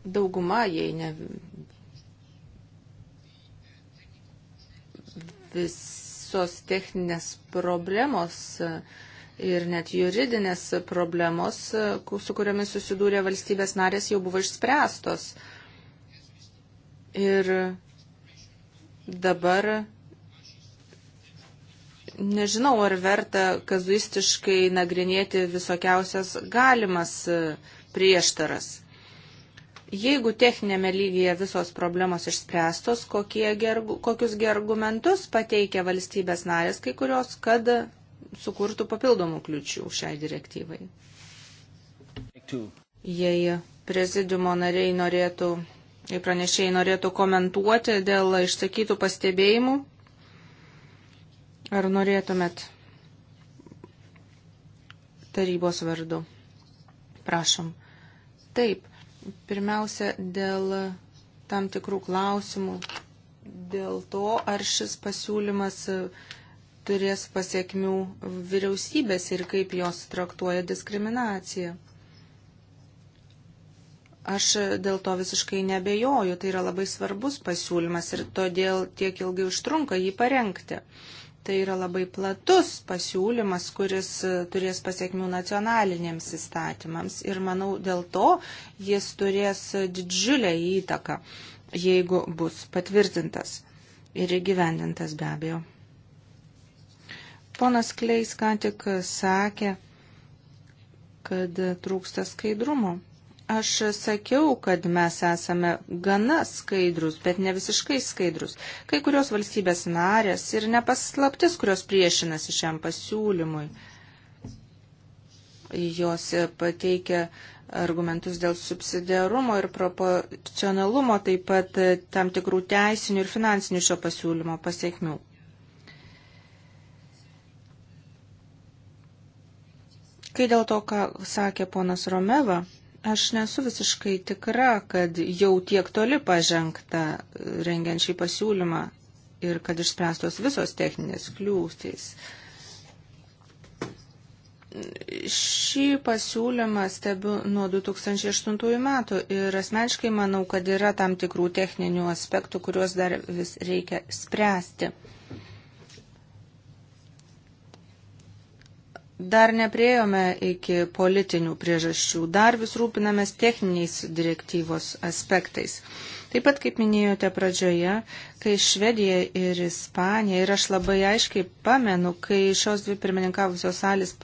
dauguma, jei ne visos techninės problemos ir net juridinės problemos, su kuriamis susidūrė valstybės narės, jau buvo išspręstos. Ir dabar nežinau, ar verta kazuistiškai nagrinėti visokiausias galimas prieštaras. Jeigu techninėme lygyje visos problemos išspręstos, gergu, kokius gergumentus pateikia valstybės narės kai kurios, kad sukurtų papildomų kliučių šiai direktyvai? Jei prezidiumo nariai norėtų, jei pranešėjai norėtų komentuoti dėl išsakytų pastebėjimų, ar norėtumėt tarybos vardu? Prašom. Taip, Pirmiausia, dėl tam tikrų klausimų, dėl to, ar šis pasiūlymas turės pasiekmių vyriausybės ir kaip jos traktuoja diskriminaciją. Aš dėl to visiškai nebejoju, tai yra labai svarbus pasiūlymas ir todėl tiek ilgai užtrunka jį parengti. Tai yra labai platus pasiūlymas, kuris e, turės pasiekmių nacionalinėms įstatymams ir manau dėl to jis turės didžiulę įtaką, jeigu bus patvirtintas ir įgyvendintas be abejo. Ponas Kleis ką tik sakė, kad trūksta skaidrumo. Aš sakiau, kad mes esame gana skaidrus, bet ne visiškai skaidrus. Kai kurios valstybės narės ir nepaslaptis, kurios priešinasi šiam pasiūlymui. Jos pateikia argumentus dėl subsidiarumo ir proporcionalumo, taip pat tam tikrų teisinių ir finansinių šio pasiūlymo pasiekmių. Kai dėl to, ką sakė ponas Romeva, Aš nesu visiškai tikra, kad jau tiek toli pažengta e, rengiant šį pasiūlymą ir kad išspręstos visos techninės kliūstys. Šį pasiūlymą stebiu nuo 2008 metų ir asmeniškai manau, kad yra tam tikrų techninių aspektų, kuriuos dar vis reikia spręsti. Dar nepriejome iki politinių priežasčių, dar vis rūpinamės techniniais direktyvos aspektais. Taip pat, kaip minėjote pradžioje, kai Švedija ir Ispanija, ir aš labai aiškiai pamenu, kai šios dvi pirmininkavusios salės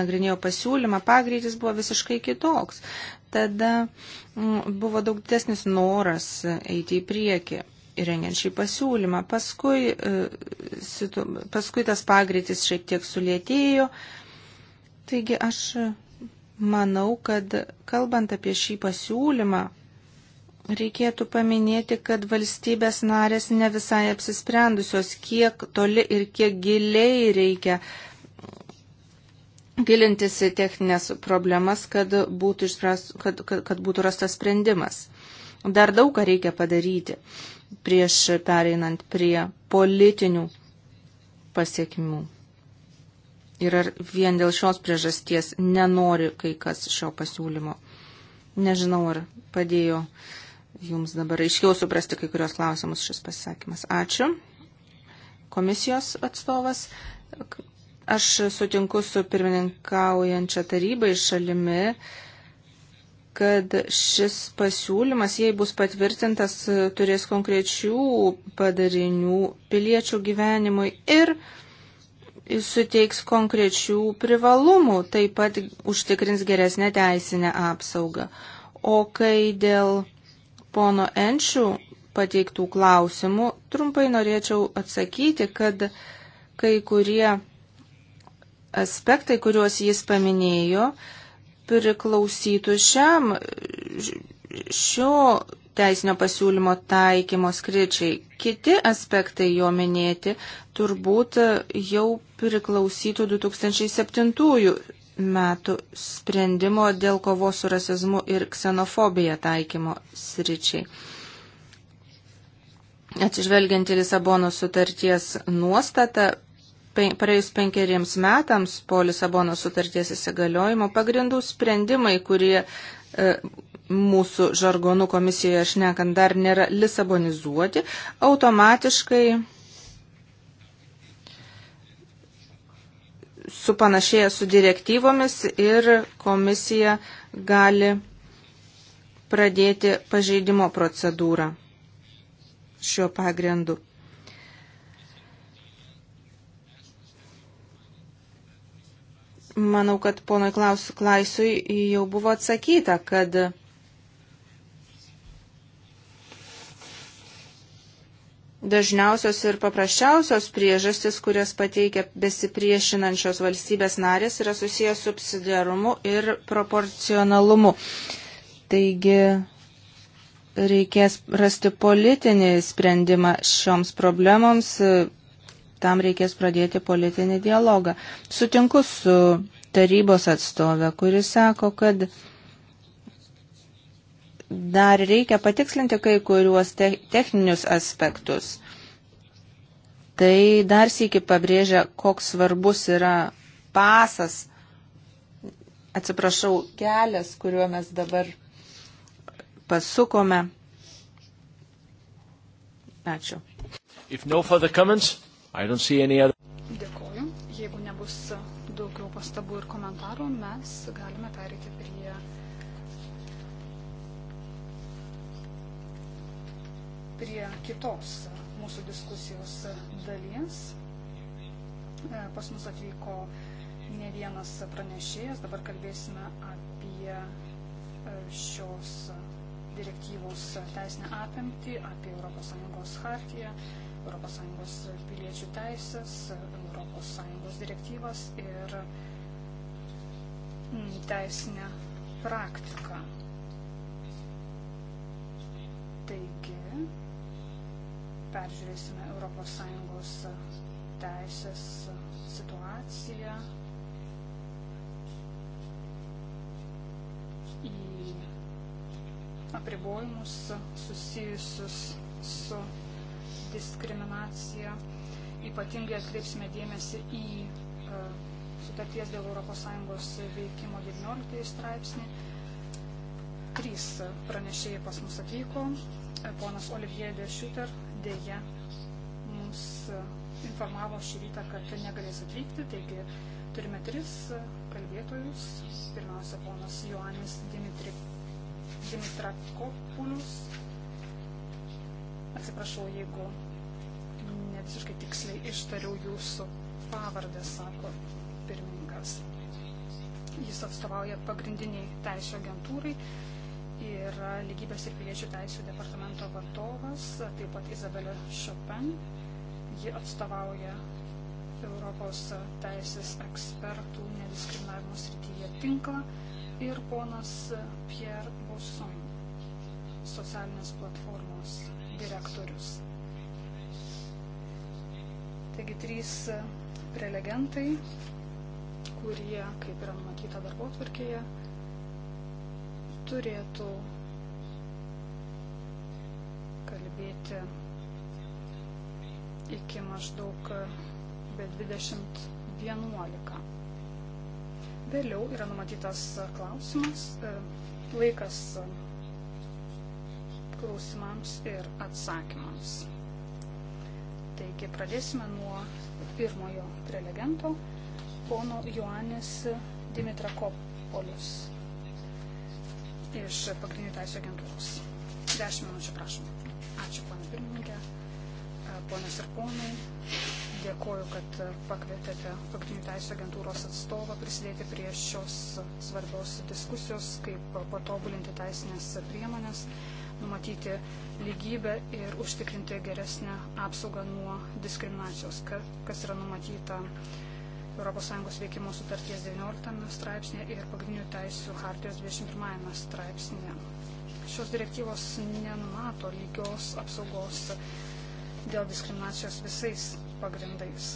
nagrinėjo pasiūlymą, pagreitis buvo visiškai kitoks. Tada mm, buvo daug didesnis noras eiti į priekį rengiant šį pasiūlymą. Paskui, e, paskui tas pagreitis šiek tiek sulėtėjo. Taigi aš manau, kad kalbant apie šį pasiūlymą, reikėtų paminėti, kad valstybės narės ne visai apsisprendusios, kiek toli ir kiek giliai reikia gilintis į techninės problemas, kad būtų, išspras, kad, kad, kad būtų rastas sprendimas. Dar daug ką reikia padaryti prieš pereinant prie politinių pasiekmių. Ir ar vien dėl šios priežasties nenori kai kas šio pasiūlymo? Nežinau, ar padėjo jums dabar aiškiau suprasti kai kurios klausimus šis pasisakymas. Ačiū. Komisijos atstovas. Aš sutinku su pirmininkaujančia tarybai šalimi, kad šis pasiūlymas, jei bus patvirtintas, turės konkrečių padarinių piliečių gyvenimui ir suteiks konkrečių privalumų, taip pat užtikrins geresnę teisinę apsaugą. O kai dėl pono Enčių pateiktų klausimų, trumpai norėčiau atsakyti, kad kai kurie aspektai, kuriuos jis paminėjo, priklausytų šiam šio teisinio pasiūlymo taikymo skričiai. Kiti aspektai jo minėti turbūt jau priklausytų 2007 metų sprendimo dėl kovos su rasizmu ir ksenofobija taikymo sričiai. Atsižvelgiant į Lisabono sutarties nuostatą, praėjus penkeriems metams po Lisabono sutarties įsigaliojimo pagrindų sprendimai, kurie e, mūsų žargonų komisijoje šnekant dar nėra lisabonizuoti, automatiškai supanašėja su direktyvomis ir komisija gali pradėti pažeidimo procedūrą šiuo pagrindu. Manau, kad ponui Klaisui jau buvo atsakyta, kad Dažniausios ir paprasčiausios priežastis, kurias pateikia besipriešinančios valstybės narės, yra susijęs subsidiarumu ir proporcionalumu. Taigi reikės rasti politinį sprendimą šioms problemoms, tam reikės pradėti politinį dialogą. Sutinku su tarybos atstovė, kuris sako, kad dar reikia patikslinti kai kuriuos te techninius aspektus. Tai dar sėki pabrėžia, koks svarbus yra pasas, atsiprašau, kelias, kuriuo mes dabar pasukome. Ačiū. If no further comments, I don't see any other. Dėkoju. Jeigu nebus daugiau pastabų ir komentarų, mes galime pereiti prie prie kitos mūsų diskusijos dalies. E, pas mus atvyko ne vienas pranešėjas, dabar kalbėsime apie e, šios direktyvos teisinę apimtį, apie ES hartiją, ES piliečių teisės, ES direktyvas ir mm, teisinę praktiką. Taigi, peržiūrėsime ES teisės situaciją į apribojimus susijusius su diskriminacija. Ypatingai atkreipsime dėmesį į e, sutarties dėl ES veikimo 19 straipsnį. Trys pranešėjai pas mus atvyko. E, ponas Olivier de Schutter, dėja mums e, informavo šį rytą, kad negalės atvykti, taigi turime tris e, kalbėtojus. Pirmiausia, ponas Joanis Dimitri, Dimitrakopulius. Atsiprašau, jeigu ne visiškai tiksliai ištariau jūsų pavardę, sako pirmininkas. Jis atstovauja pagrindiniai teisų agentūrai yra lygybės ir piliečių teisų departamento vadovas, taip pat Izabelė Chopin. Ji atstovauja Europos teisės ekspertų nediskriminavimo srityje tinklą ir ponas Pierre Bosson, socialinės platformos direktorius. Taigi trys prelegentai, kurie, kaip yra numatyta darbo tvarkėje, turėtų kalbėti iki maždaug be 2011. Vėliau yra numatytas klausimas, e, laikas klausimams ir atsakymams. Taigi pradėsime nuo pirmojo prelegento, pono Joanis Dimitrakopolis iš pagrindinių teisų agentūros. Dešimt minučių prašom. Ačiū, ponė pirmininkė, ponės ir ponai. Dėkoju, kad pakvietėte pagrindinių teisų agentūros atstovą prisidėti prie šios svarbios diskusijos, kaip patobulinti teisinės priemonės, numatyti lygybę ir užtikrinti geresnę apsaugą nuo diskriminacijos, kas yra numatyta ES veikimo sutarties 19 straipsnė ir pagrindinių teisų hartijos 21 straipsnė. Šios direktyvos nenumato lygios apsaugos dėl diskriminacijos visais pagrindais.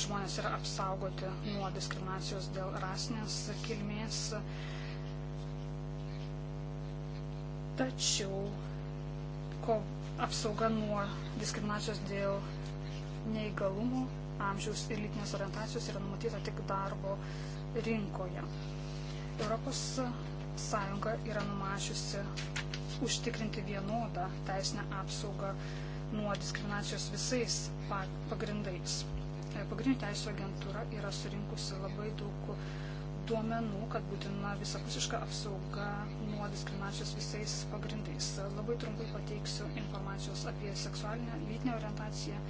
Žmonės yra apsaugoti nuo diskriminacijos dėl rasinės kilmės, tačiau ko apsauga nuo diskriminacijos dėl neįgalumo amžiaus ir lytinės orientacijos yra numatyta tik darbo rinkoje. Europos Sąjunga yra numačiusi užtikrinti vienodą teisinę apsaugą nuo diskriminacijos visais pagrindais. E, pagrindinė teisų agentūra yra surinkusi labai daug duomenų, kad būtina visapusiška apsauga nuo diskriminacijos visais pagrindais. E, labai trumpai pateiksiu informacijos apie seksualinę lytinę orientaciją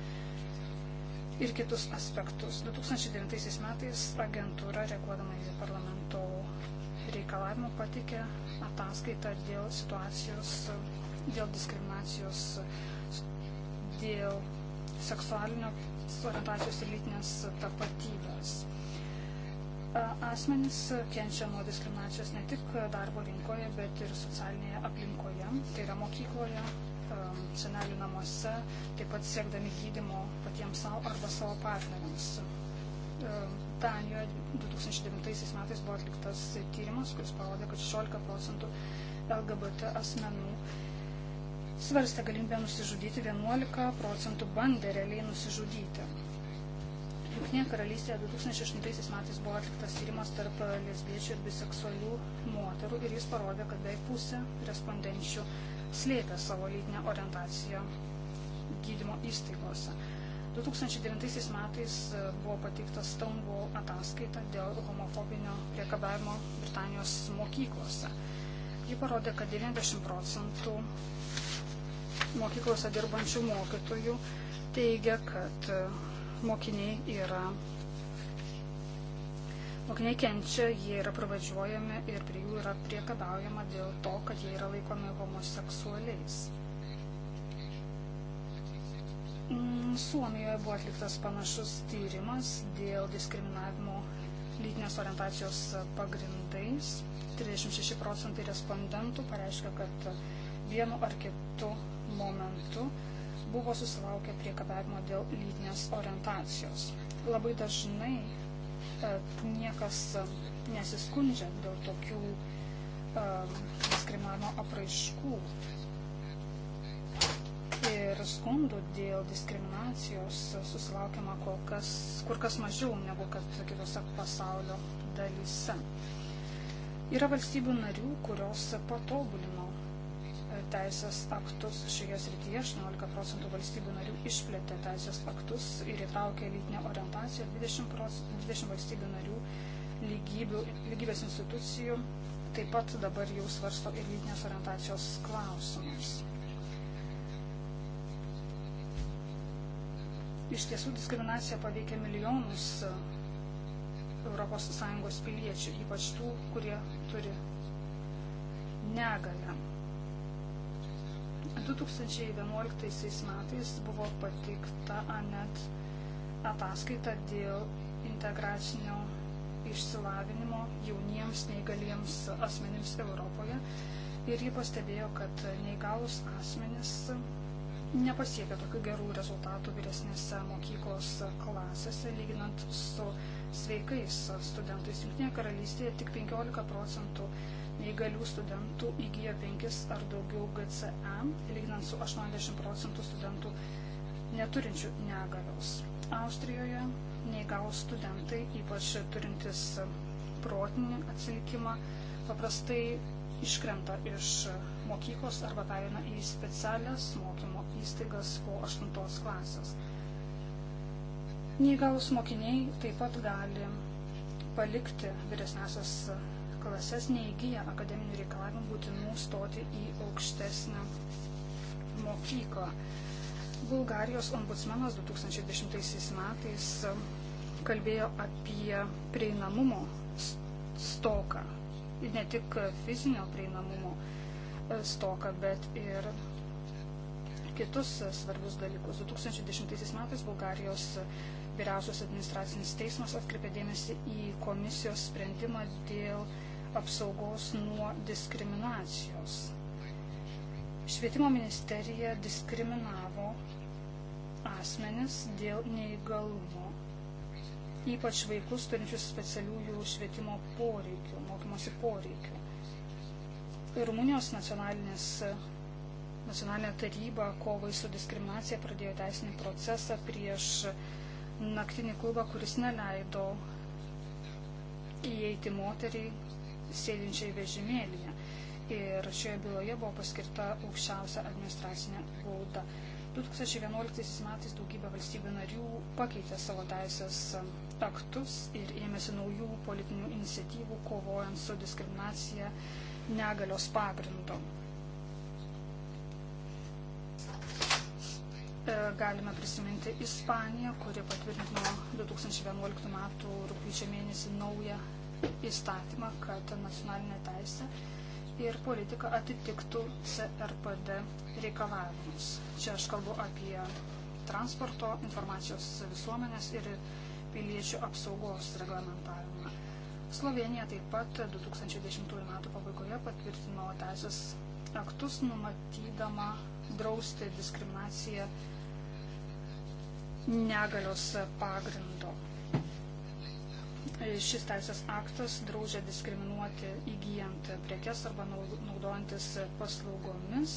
ir kitus aspektus. 2009 metais agentūra, reaguodama į parlamento reikalavimų, patikė ataskaitą dėl situacijos, dėl diskriminacijos, dėl seksualinio orientacijos ir lytinės tapatybės asmenys kenčia nuo diskriminacijos ne tik darbo rinkoje, bet ir socialinėje aplinkoje, tai yra mokykloje, senelių namuose, taip pat siekdami gydimo patiems savo arba savo partneriams. E, Danijoje 2009 metais buvo atliktas tyrimas, kuris parodė, kad 16 procentų LGBT asmenų svarstė galimybę nusižudyti, 11 procentų bandė realiai nusižudyti. Junktinėje karalystėje 2008 metais buvo atliktas tyrimas tarp lesbiečių ir biseksualių moterų ir jis parodė, kad beveik pusė respondenčių slėpė savo lytinę orientaciją gydymo įstaigose. 2009 metais e, buvo pateikta Stonewall ataskaita dėl homofobinio priekabavimo Britanijos mokyklose. Ji parodė, kad 90 procentų mokyklose dirbančių mokytojų teigia, kad e, mokiniai yra. Mokiniai kenčia, jie yra pravadžiuojami ir prie jų yra priekabaujama dėl to, kad jie yra laikomi homoseksualiais. Mm, Suomijoje buvo atliktas panašus tyrimas dėl diskriminavimo lytinės orientacijos pagrindais. 36 procentai respondentų pareiškia, kad vienu ar kitu momentu buvo susilaukę priekabiavimo dėl lytinės orientacijos. Labai dažnai e, niekas e, nesiskundžia dėl tokių e, diskriminavimo apraiškų ir skundų dėl diskriminacijos susilaukiama kol kas, kur kas mažiau negu kad kitose pasaulio dalyse. Yra valstybių narių, kurios patobulino teisės aktus šioje srityje. 18 procentų valstybių narių išplėtė teisės aktus ir įtraukė lytinę orientaciją. 20, procentų, 20 valstybių narių lygybių, lygybės institucijų taip pat dabar jau svarsto ir lytinės orientacijos klausimus. Iš tiesų diskriminacija paveikia milijonus ES piliečių, ypač tų, kurie turi negalę. 2011 metais buvo pateikta anet ataskaita dėl integracinio išsilavinimo jauniems neįgaliems asmenims Europoje ir jį pastebėjo, kad neįgalus asmenys nepasiekia tokių gerų rezultatų vyresnėse mokyklos klasėse, lyginant su sveikais studentais. Junktinėje karalystėje tik 15 procentų neįgalių studentų įgyja 5 ar daugiau GCE, lyginant su 80 procentų studentų neturinčių negalios. Austrijoje neįgalus studentai, ypač turintis protinį atsilikimą, paprastai iškrenta iš mokyklos arba pereina į specialias mokymo įstaigas po 8 klasės. Neįgalus mokiniai taip pat gali palikti vyresnesias klases neįgyja akademinių reikalavimų būtinų stoti į aukštesnę mokyklą. Bulgarijos ombudsmenas 2010 metais um, kalbėjo apie prieinamumo stoką. Ne tik fizinio prieinamumo uh, stoką, bet ir kitus uh, svarbius dalykus. 2010 metais Bulgarijos uh, vyriausios administracinis teismas atkreipė dėmesį į komisijos sprendimą dėl apsaugos nuo diskriminacijos. Švietimo ministerija diskriminavo asmenis dėl neįgalumo, ypač vaikus turinčius specialiųjų švietimo poreikių, mokymosi poreikių. Rumunijos nacionalinės Nacionalinė taryba kovai su diskriminacija pradėjo teisinį procesą prieš naktinį klubą, kuris neleido įeiti moteriai sėdinčiai vežimėlyje. Ir šioje byloje buvo paskirta aukščiausia administracinė bauda. 2011 metais daugybė valstybių narių pakeitė savo teisės aktus ir ėmėsi naujų politinių iniciatyvų kovojant su diskriminacija negalios pagrindu. E, galime prisiminti Ispaniją, kuri patvirtino 2011 m. rūpyčio mėnesį naują įstatymą, kad nacionalinė teisė ir politika atitiktų CRPD reikalavimus. Čia aš kalbu apie transporto, informacijos visuomenės ir piliečių apsaugos reglamentavimą. Slovenija taip pat 2010 m. pabaigoje patvirtino teisės aktus numatydama drausti diskriminaciją negalios pagrindo. Šis teisės aktas draudžia diskriminuoti įgyjant prekes arba naudojantis paslaugomis.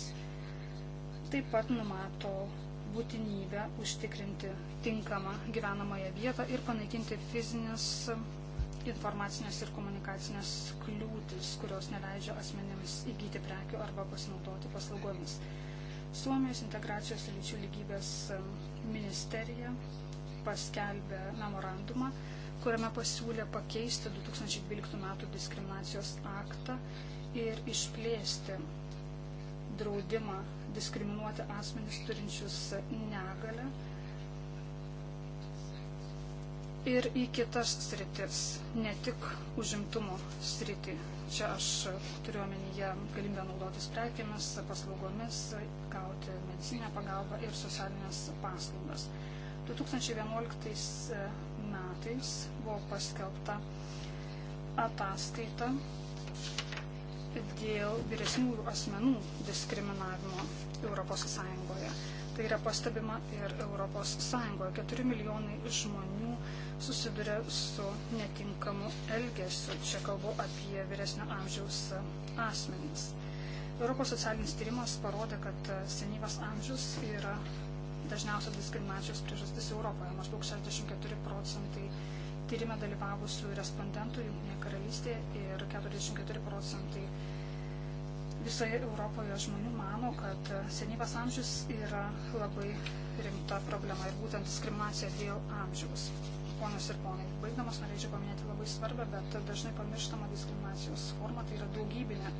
Taip pat numato būtinybę užtikrinti tinkamą gyvenamąją vietą ir panaikinti fizinės informacinės ir komunikacinės kliūtis, kurios neleidžia asmenims įgyti prekių arba pasinaudoti paslaugomis. Suomijos integracijos ir lyčių lygybės ministerija paskelbė memorandumą kuriame pasiūlė pakeisti 2012 m. diskriminacijos aktą ir išplėsti draudimą diskriminuoti asmenis turinčius negalę ir į kitas sritis, ne tik užimtumo sritį. Čia aš turiu omenyje galimybę naudotis prekiamis, paslaugomis, gauti medicinę pagalbą ir socialinės paslaugas. 2011 metais buvo paskelbta ataskaita dėl vyresnių asmenų diskriminavimo ES. Tai yra pastebima ir ES. 4 milijonai žmonių susiduria su netinkamu elgesiu. Čia kalbu apie vyresnio amžiaus asmenys. Europos socialinis tyrimas parodė, kad senyvas amžius yra dažniausios diskriminacijos priežastis Europoje. Maždaug 64 procentai tyrimė dalyvavusių respondentų Junktinėje karalystėje ir 44 procentai visoje Europoje žmonių mano, kad senyvas amžius yra labai rimta problema ir būtent diskriminacija dėl amžiaus. Ponios ir ponai, baigdamas norėčiau paminėti labai svarbę, bet dažnai pamirštama diskriminacijos forma, tai yra daugybinė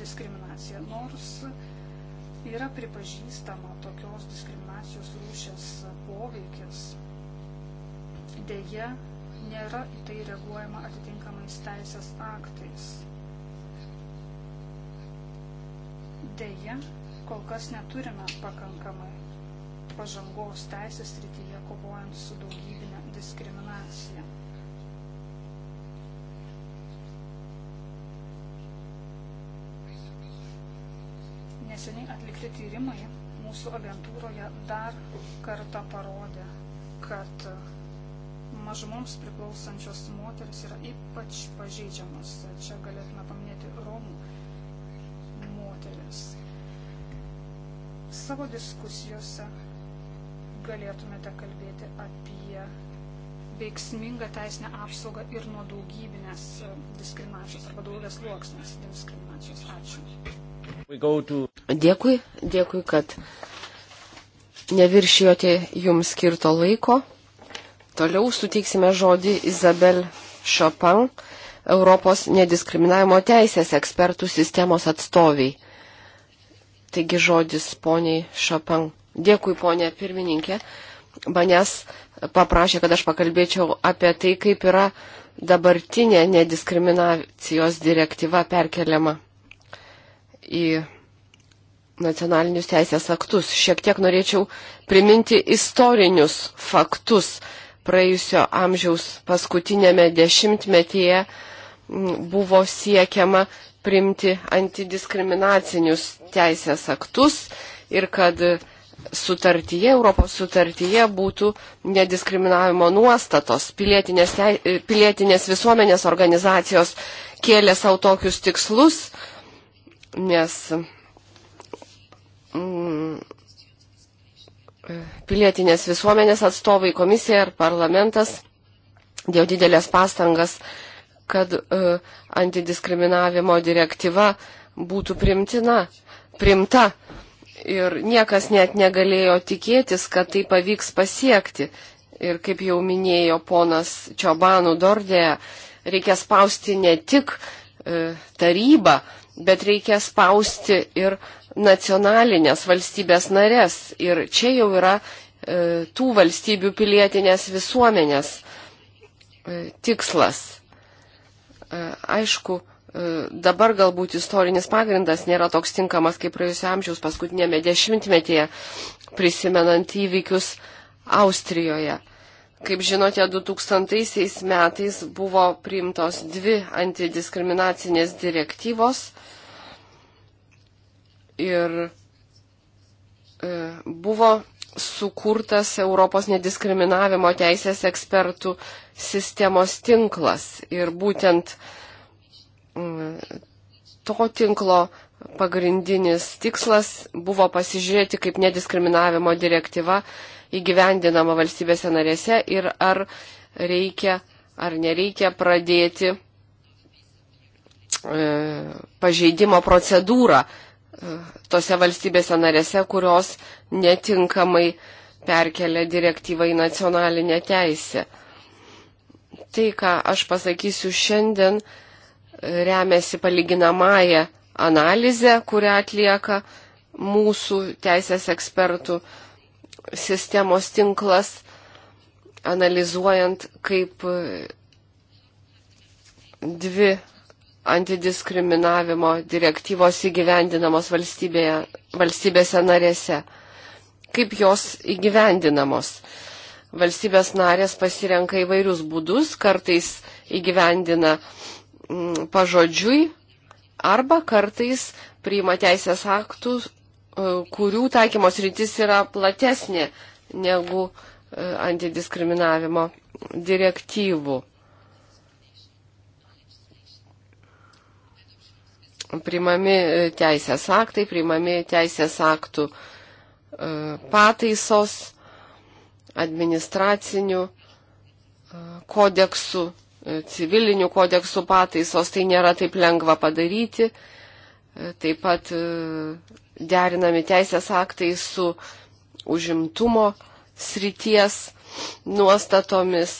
diskriminacija. Nors yra pripažįstama tokios diskriminacijos rūšės poveikis. Deja, nėra į tai reaguojama atitinkamais teisės aktais. Deja, kol kas neturime pakankamai pažangos teisės rytyje kovojant su daugybinė diskriminacija. Neseniai atlikti tyrimai mūsų agentūroje dar kartą parodė, kad mažumoms priklausančios moteris yra ypač pažeidžiamas. Čia galėtume paminėti Romų moteris. Savo diskusijose galėtumėte kalbėti apie veiksmingą teisinę apsaugą ir nuo daugybinės diskriminacijos arba daugybės luoksnės diskriminacijos. Ačiū. To... Dėkui, dėkui, kad neviršijote jums skirto laiko. Toliau suteiksime žodį Izabel Chopin, Europos nediskriminavimo teisės ekspertų sistemos atstoviai. Taigi žodis poniai Chopin. Dėkui, ponė pirmininkė. Manęs paprašė, kad aš pakalbėčiau apie tai, kaip yra dabartinė nediskriminacijos direktyva perkeliama į nacionalinius teisės aktus. Šiek tiek norėčiau priminti istorinius faktus. Praėjusio amžiaus paskutinėme dešimtmetyje buvo siekiama primti antidiskriminacinius teisės aktus ir kad sutartyje, Europos sutartyje būtų nediskriminavimo nuostatos. Pilietinės, pilietinės visuomenės organizacijos kėlė savo tokius tikslus nes mm, pilietinės visuomenės atstovai, komisija ir parlamentas dėjo didelės pastangas, kad uh, antidiskriminavimo direktyva būtų primtina, primta. Ir niekas net negalėjo tikėtis, kad tai pavyks pasiekti. Ir kaip jau minėjo ponas Čiobanų Dordėje, reikia spausti ne tik e, tarybą, bet reikia spausti ir nacionalinės valstybės narės. Ir čia jau yra e, tų valstybių pilietinės visuomenės e, tikslas. E, aišku, e, dabar galbūt istorinis pagrindas nėra toks tinkamas kaip praėjusio amžiaus paskutinėme dešimtmetyje, prisimenant įvykius Austrijoje. Kaip žinote, 2000 metais buvo priimtos dvi antidiskriminacinės direktyvos ir e, buvo sukurtas Europos nediskriminavimo teisės ekspertų sistemos tinklas. Ir būtent to tinklo pagrindinis tikslas buvo pasižiūrėti, kaip nediskriminavimo direktyva įgyvendinama valstybėse narėse ir ar reikia ar nereikia pradėti e, pažeidimo procedūrą e, tose valstybėse narėse, kurios netinkamai perkelia direktyvą į nacionalinę teisę. Tai, ką aš pasakysiu šiandien, e, remiasi palyginamąją analizę, kurią atlieka mūsų teisės ekspertų sistemos tinklas, analizuojant, kaip dvi antidiskriminavimo direktyvos įgyvendinamos valstybėse narėse. Kaip jos įgyvendinamos? Valstybės narės pasirenka įvairius būdus, kartais įgyvendina mm, pažodžiui arba kartais priima teisės aktus E, kurių taikymos rytis yra platesnė negu e, antidiskriminavimo direktyvų. Primami e, teisės aktai, primami teisės aktų pataisos administracinių kodeksų, civilinių kodeksų pataisos, tai nėra taip lengva padaryti. Taip pat derinami teisės aktai su užimtumo srities nuostatomis.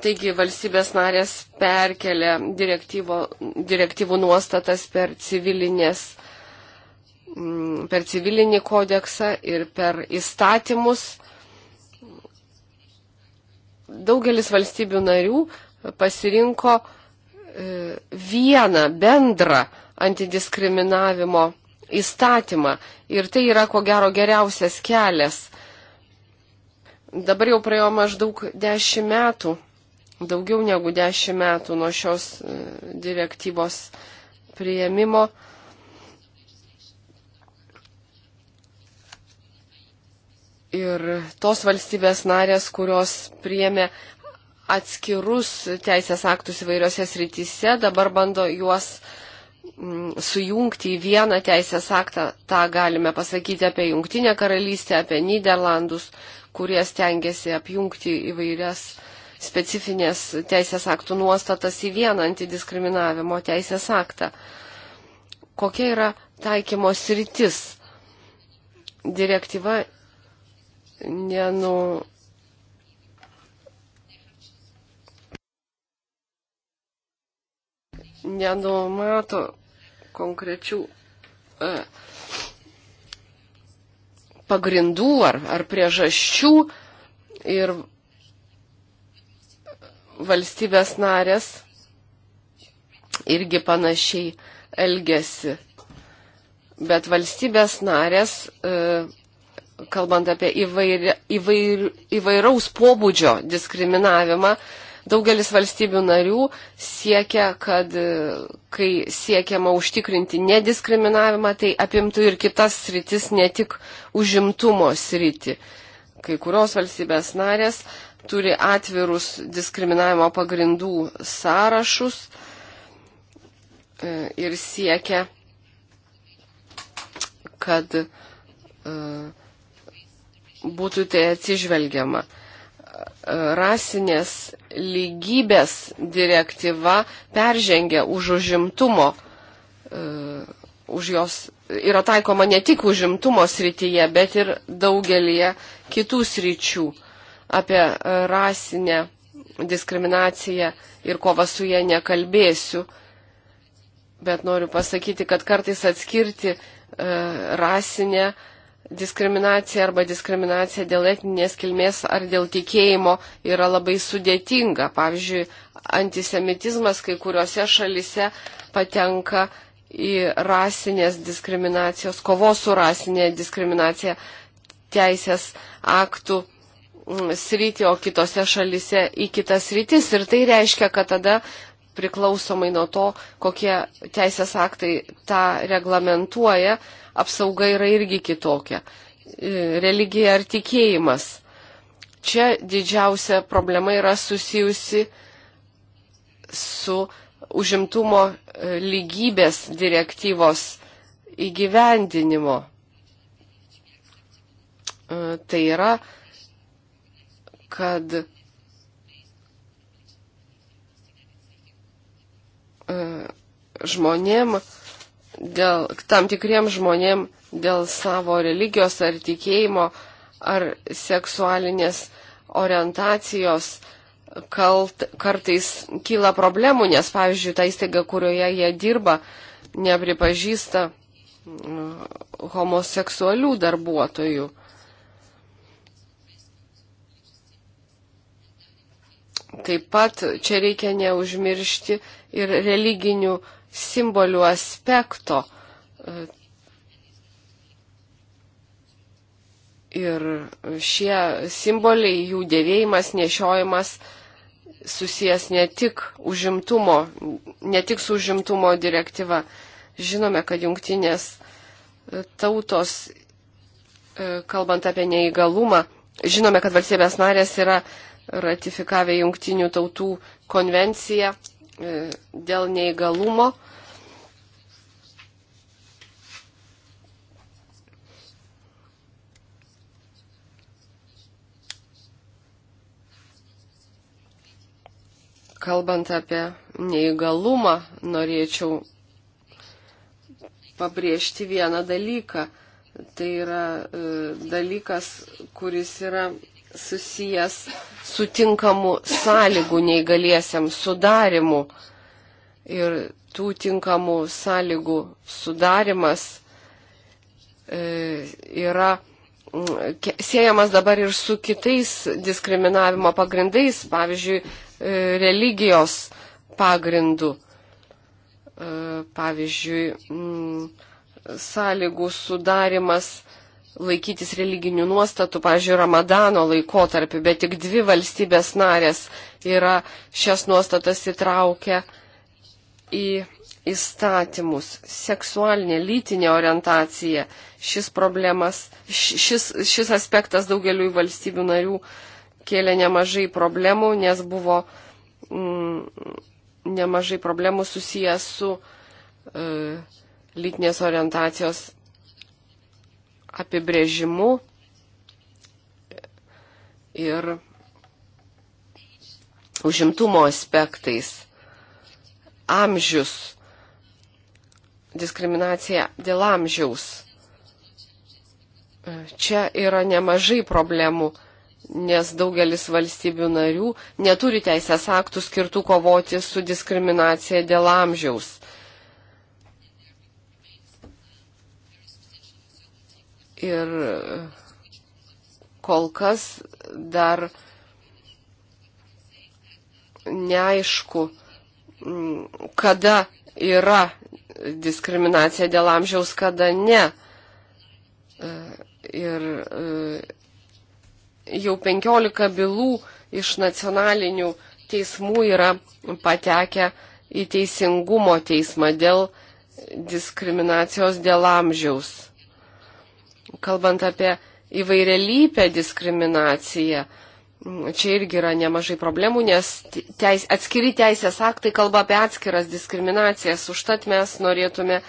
Taigi valstybės narės perkelia direktyvų nuostatas per, mm, per civilinį kodeksą ir per įstatymus. Daugelis valstybių narių pasirinko e, vieną bendrą antidiskriminavimo įstatymą. Ir tai yra, ko gero, geriausias kelias. Dabar jau praėjo maždaug dešimt metų, daugiau negu dešimt metų nuo šios e, direktyvos prieimimo. ir tos valstybės narės, kurios priemė atskirus teisės aktus įvairiose srityse, dabar bando juos Mm, sujungti į vieną teisės aktą, tą galime pasakyti apie Jungtinę karalystę, apie Niderlandus, kurie stengiasi apjungti įvairias specifinės teisės aktų nuostatas į vieną antidiskriminavimo teisės aktą. Kokia yra taikymo sritis? Direktyva nenu, nenumato konkrečių e, pagrindų ar, ar priežasčių ir valstybės narės irgi panašiai elgesi. Bet valstybės narės, e, kalbant apie įvairi, įvair, įvairaus pobūdžio diskriminavimą, e, Daugelis valstybių narių siekia, kad e, kai siekiama užtikrinti nediskriminavimą, tai apimtų ir kitas sritis, ne tik užimtumo sritį. Kai kurios valstybės narės turi atvirus diskriminavimo pagrindų sąrašus e, ir siekia, kad e, būtų tai atsižvelgiama rasinės lygybės direktyva peržengia už užimtumo, e, už jos yra taikoma ne tik užimtumo srityje, bet ir daugelie kitų sričių apie e, rasinę diskriminaciją ir kovą su jie nekalbėsiu, bet noriu pasakyti, kad kartais atskirti e, rasinę diskriminacija arba diskriminacija dėl etninės kilmės ar dėl tikėjimo yra labai sudėtinga. Pavyzdžiui, antisemitizmas kai kuriuose šalise patenka į rasinės diskriminacijos, kovos su rasinė diskriminacija teisės aktų mm, sritį, o kitose šalise į kitas rytis. Ir tai reiškia, kad tada priklausomai nuo to, kokie teisės aktai tą reglamentuoja, apsauga yra irgi kitokia. E, religija ar tikėjimas. Čia didžiausia problema yra susijusi su užimtumo e, lygybės direktyvos įgyvendinimo. E, tai yra, kad E, žmonėm, dėl, tam tikriem žmonėm dėl savo religijos ar tikėjimo ar seksualinės orientacijos kalt, kartais kyla problemų, nes, pavyzdžiui, ta įstaiga, kurioje jie dirba, nepripažįsta e, homoseksualių darbuotojų. Taip pat čia reikia neužmiršti ir religinių simbolių aspekto. Ir šie simboliai, jų dėvėjimas, nešiojimas susijęs ne tik, užimtumo, ne tik su užimtumo direktyva. Žinome, kad jungtinės tautos, e, kalbant apie neįgalumą, žinome, kad valstybės narės yra ratifikavę Junktinių tautų konvenciją e, dėl neįgalumo. Kalbant apie neįgalumą, norėčiau pabrėžti vieną dalyką. Tai yra e, dalykas, kuris yra susijęs su tinkamu sąlygų neįgaliesiam sudarimu. Ir tų tinkamų sąlygų sudarimas e, yra siejamas dabar ir su kitais diskriminavimo pagrindais, pavyzdžiui, e, religijos pagrindu, e, pavyzdžiui, sąlygų sudarimas laikytis religinių nuostatų, pažiūrėjau, Ramadano laikotarpiu, bet tik dvi valstybės narės yra šias nuostatas įtraukę į įstatymus. Seksualinė, lytinė orientacija, šis problemas, šis, šis aspektas daugeliu valstybių narių kėlė nemažai problemų, nes buvo mm, nemažai problemų susijęs su e, lytinės orientacijos apibrėžimu ir užimtumo aspektais. Amžius, diskriminacija dėl amžiaus. Čia yra nemažai problemų, nes daugelis valstybių narių neturi teisės aktų skirtų kovoti su diskriminacija dėl amžiaus. Ir kol kas dar neaišku, kada yra diskriminacija dėl amžiaus, kada ne. Ir e, jau 15 bylų iš nacionalinių teismų yra patekę į teisingumo teismą dėl diskriminacijos dėl amžiaus kalbant apie įvairialypę diskriminaciją, čia irgi yra nemažai problemų, nes teis, atskiri teisės aktai kalba apie atskiras diskriminacijas, užtat mes norėtume,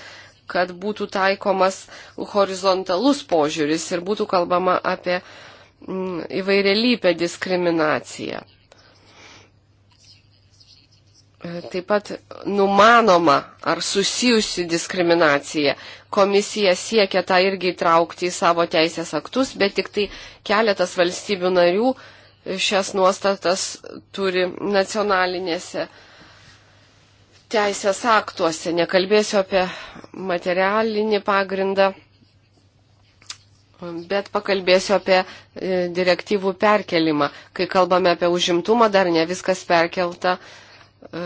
kad būtų taikomas horizontalus požiūris ir būtų kalbama apie mm, įvairialypę diskriminaciją. E, taip pat numanoma ar susijusi diskriminacija. Komisija siekia tą irgi įtraukti į savo teisės aktus, bet tik tai keletas valstybių narių šias nuostatas turi nacionalinėse teisės aktuose. Nekalbėsiu apie materialinį pagrindą, bet pakalbėsiu apie e, direktyvų perkelimą. Kai kalbame apie užimtumą, dar ne viskas perkelta E,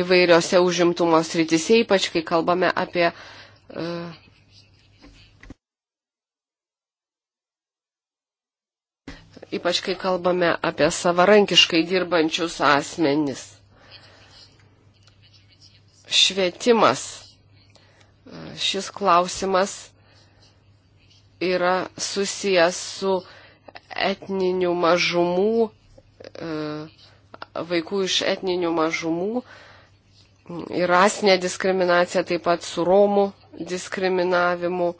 įvairiose užimtumo srityse, ypač kai kalbame apie e, ypač kai kalbame apie savarankiškai dirbančius asmenis. Švietimas. E, šis klausimas yra susijęs su etninių mažumų e, vaikų iš etninių mažumų ir rasinė diskriminacija, taip pat su Romų diskriminavimu.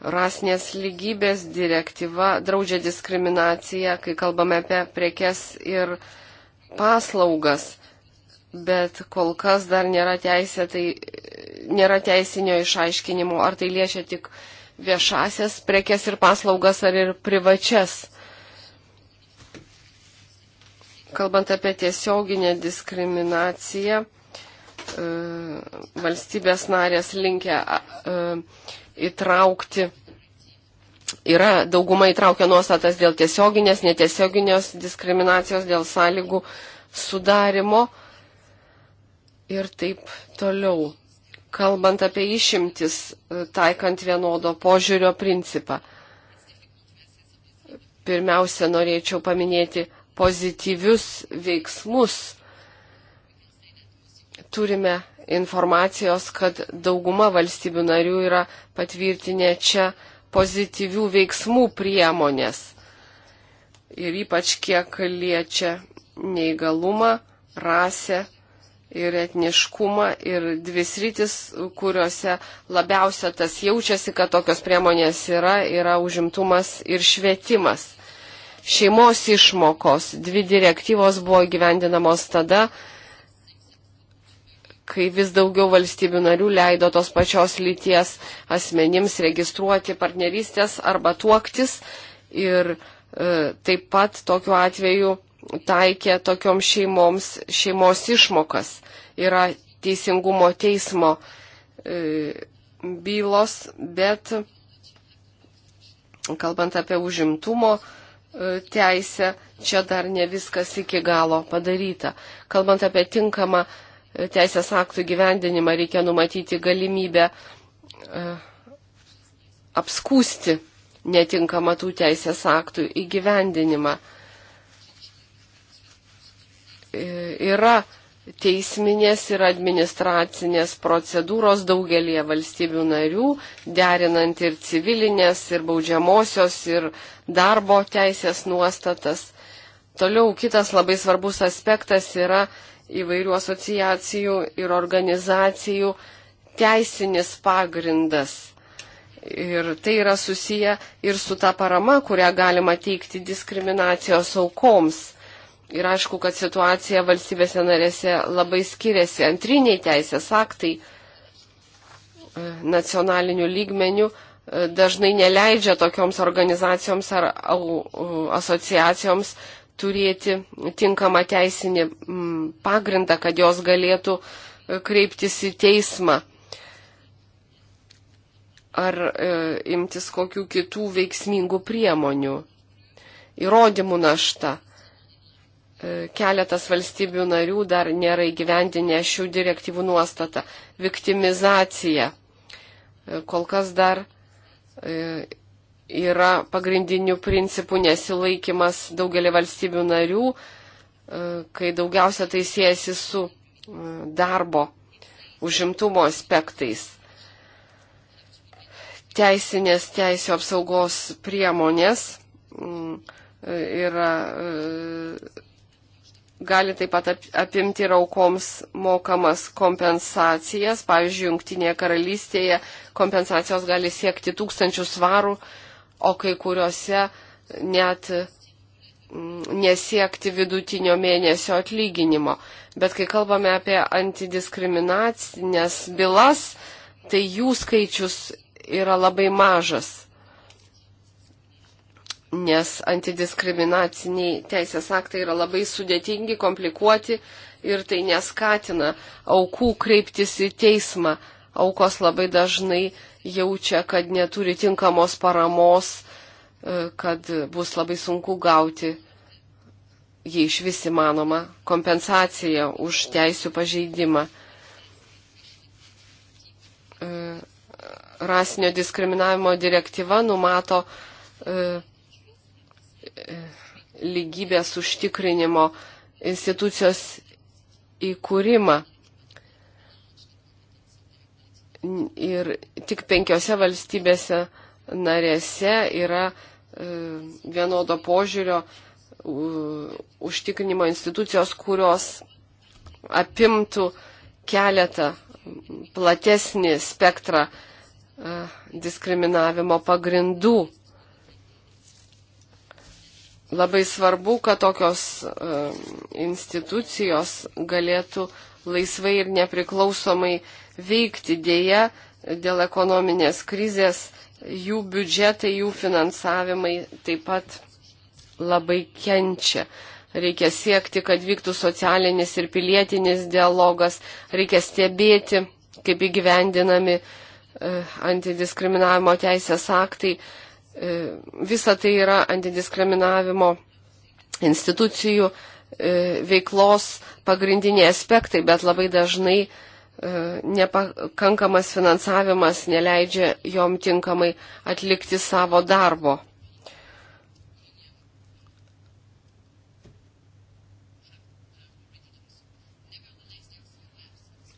Rasinės lygybės direktyva draudžia diskriminaciją, kai kalbame apie prekes ir paslaugas, bet kol kas dar nėra, teisė, tai, nėra teisinio išaiškinimo, ar tai liečia tik viešasias prekes ir paslaugas, ar ir privačias Kalbant apie tiesioginę diskriminaciją, e, valstybės narės linkia e, įtraukti, yra dauguma įtraukia nuostatas dėl tiesioginės, netiesioginės diskriminacijos, dėl sąlygų sudarimo ir taip toliau. Kalbant apie išimtis, e, taikant vienodo požiūrio principą. Pirmiausia, norėčiau paminėti pozityvius veiksmus. Turime informacijos, kad dauguma valstybių narių yra patvirtinę čia pozityvių veiksmų priemonės. Ir ypač kiek liečia neįgalumą, rasę ir etniškumą ir dvi sritis, kuriuose labiausia tas jaučiasi, kad tokios priemonės yra, yra užimtumas ir švietimas šeimos išmokos. Dvi direktyvos buvo gyvendinamos tada, kai vis daugiau valstybių narių leido tos pačios lyties asmenims registruoti partnerystės arba tuoktis ir e, taip pat tokiu atveju taikė tokioms šeimoms šeimos išmokas. Yra teisingumo teismo e, bylos, bet kalbant apie užimtumo, e, E, teisę, čia dar ne viskas iki galo padaryta. Kalbant apie tinkamą e, teisės aktų gyvendinimą, reikia numatyti galimybę e, apskūsti netinkamą tų teisės aktų įgyvendinimą. Yra teisminės ir administracinės procedūros daugelie valstybių narių, derinant ir civilinės, ir baudžiamosios, ir darbo teisės nuostatas. Toliau kitas labai svarbus aspektas yra įvairių asociacijų ir organizacijų teisinis pagrindas. Ir tai yra susiję ir su ta parama, kurią galima teikti diskriminacijos aukoms Ir aišku, kad situacija valstybėse narėse labai skiriasi. Antriniai teisės aktai e, nacionalinių lygmenių e, dažnai neleidžia tokioms organizacijoms ar asociacijoms turėti tinkamą teisinį pagrindą, kad jos galėtų e, kreiptis į teismą ar e, imtis kokių kitų veiksmingų priemonių. Įrodymų našta. E, keletas valstybių narių dar nėra įgyvendinę šių direktyvų nuostatą. Viktimizacija e, kol kas dar e, yra pagrindinių principų nesilaikimas daugelį valstybių narių, kai daugiausia tai siejasi su darbo užimtumo aspektais. Teisinės teisų apsaugos priemonės mm, yra gali taip pat apimti ir aukoms mokamas kompensacijas. Pavyzdžiui, Junktinėje karalystėje kompensacijos gali siekti tūkstančių svarų, o kai kuriuose net mm, nesiekti vidutinio mėnesio atlyginimo. Bet kai kalbame apie antidiskriminacinės bylas, tai jų skaičius yra labai mažas nes antidiskriminaciniai teisės aktai yra labai sudėtingi, komplikuoti ir tai neskatina aukų kreiptis į teismą. Aukos labai dažnai jaučia, kad neturi tinkamos paramos, e, kad bus labai sunku gauti, jei iš vis įmanoma, kompensaciją už teisų pažeidimą. E, rasinio diskriminavimo direktyva numato e, lygybės užtikrinimo institucijos įkūrimą. Ir tik penkiose valstybėse narėse yra e, vienodo požiūrio užtikrinimo institucijos, kurios apimtų keletą platesnį spektrą e, diskriminavimo pagrindų labai svarbu, kad tokios e, institucijos galėtų laisvai ir nepriklausomai veikti. Dėja, dėl ekonominės krizės jų biudžetai, jų finansavimai taip pat labai kenčia. Reikia siekti, kad vyktų socialinis ir pilietinis dialogas, reikia stebėti, kaip įgyvendinami e, antidiskriminavimo teisės aktai, E, visa tai yra antidiskriminavimo institucijų e, veiklos pagrindiniai aspektai, bet labai dažnai e, nepakankamas finansavimas neleidžia jom tinkamai atlikti savo darbo.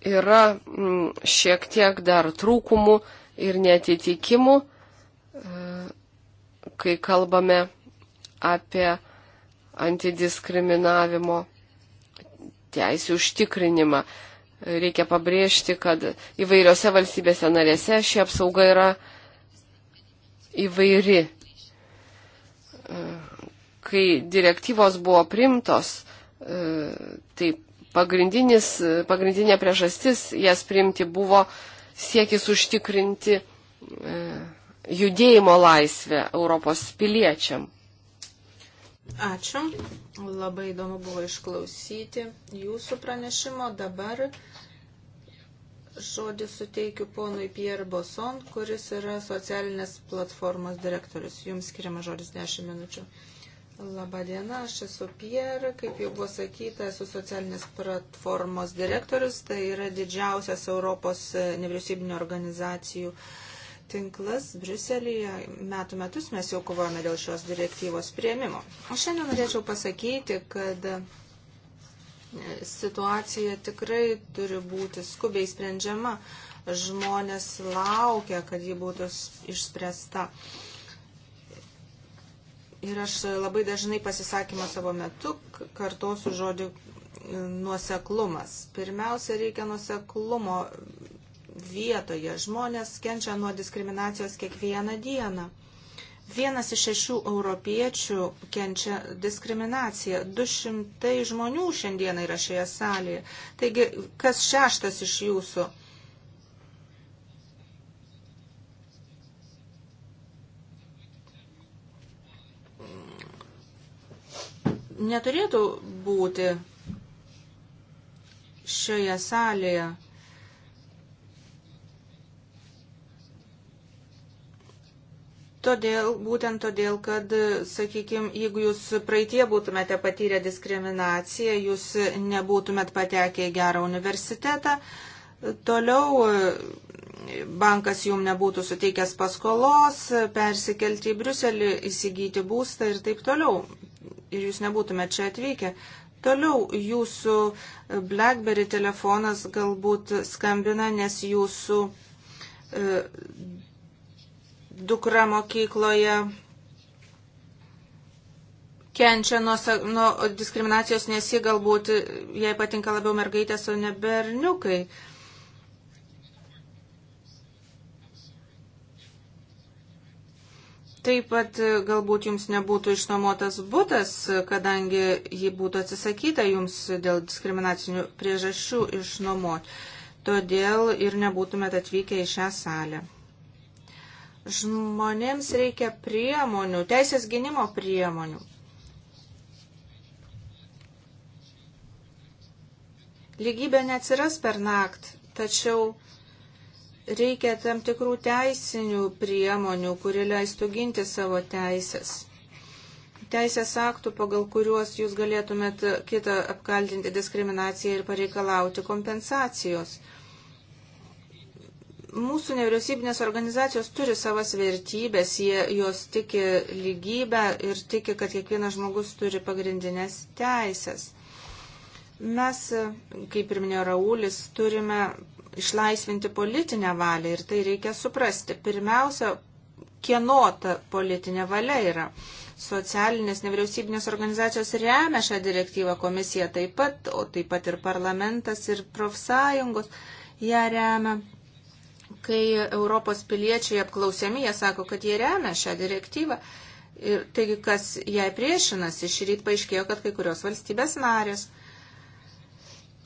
Yra mm, šiek tiek dar trūkumų ir netitikimų. E, kai kalbame apie antidiskriminavimo teisų užtikrinimą. Reikia pabrėžti, kad įvairiose valstybėse narėse ši apsauga yra įvairi. Kai direktyvos buvo primtos, tai pagrindinė priežastis jas primti buvo siekis užtikrinti judėjimo laisvę Europos piliečiam. Ačiū. Labai įdomu buvo išklausyti jūsų pranešimo. Dabar žodį suteikiu ponui Pierre Boson, kuris yra socialinės platformos direktorius. Jums skiriama žodis 10 minučių. Labadiena, aš esu Pierre, kaip jau buvo sakyta, esu socialinės platformos direktorius, tai yra didžiausias Europos nevyriausybinio organizacijų uh, tinklas Briuselėje. Metų metus mes jau kovojame dėl šios direktyvos prieimimo. O šiandien norėčiau pasakyti, kad e, situacija tikrai turi būti skubiai sprendžiama. Žmonės laukia, kad ji būtų išspręsta. Ir aš labai dažnai pasisakymą savo metu kartosiu žodį e, nuoseklumas. Pirmiausia, reikia nuoseklumo vietoje. Žmonės kenčia nuo diskriminacijos kiekvieną dieną. Vienas iš šešių europiečių kenčia diskriminaciją. Du šimtai žmonių šiandieną yra šioje salėje. Taigi, kas šeštas iš jūsų? Neturėtų būti šioje salėje. Todėl, būtent todėl, kad, sakykime, jeigu jūs praeitie būtumėte patyrę diskriminaciją, jūs nebūtumėt patekę į gerą universitetą, toliau bankas jums nebūtų suteikęs paskolos, persikelti į Briuselį, įsigyti būstą ir taip toliau. Ir jūs nebūtumėte čia atvykę. Toliau jūsų BlackBerry telefonas galbūt skambina, nes jūsų e, dukra mokykloje kenčia nuo, nuo diskriminacijos, nes ji galbūt jai patinka labiau mergaitės, o ne berniukai. Taip pat e, galbūt jums nebūtų išnuomotas būtas, kadangi jį būtų atsisakyta jums dėl diskriminacinių priežasčių išnuomoti. Todėl ir nebūtumėte atvykę į šią salę. Žmonėms reikia priemonių, teisės gynimo priemonių. Lygybė neatsiras per naktį, tačiau reikia tam tikrų teisinių priemonių, kuri leistų ginti savo teisės. Teisės aktų, pagal kuriuos jūs galėtumėt kitą apkaltinti diskriminaciją ir pareikalauti kompensacijos. Mūsų nevyriausybinės organizacijos turi savas vertybės, jie, jos tiki lygybę ir tiki, kad kiekvienas žmogus turi pagrindinės teisės. Mes, kaip ir minėjo Raulis, turime išlaisvinti politinę valią ir tai reikia suprasti. Pirmiausia, kieno ta politinė valia yra. Socialinės nevyriausybinės organizacijos remia šią direktyvą, komisija taip pat, o taip pat ir parlamentas ir profsąjungos ją remia. Kai Europos piliečiai apklausiami, jie sako, kad jie remia šią direktyvą. Ir taigi, kas jai priešinasi, šį rytą paaiškėjo, kad kai kurios valstybės narės.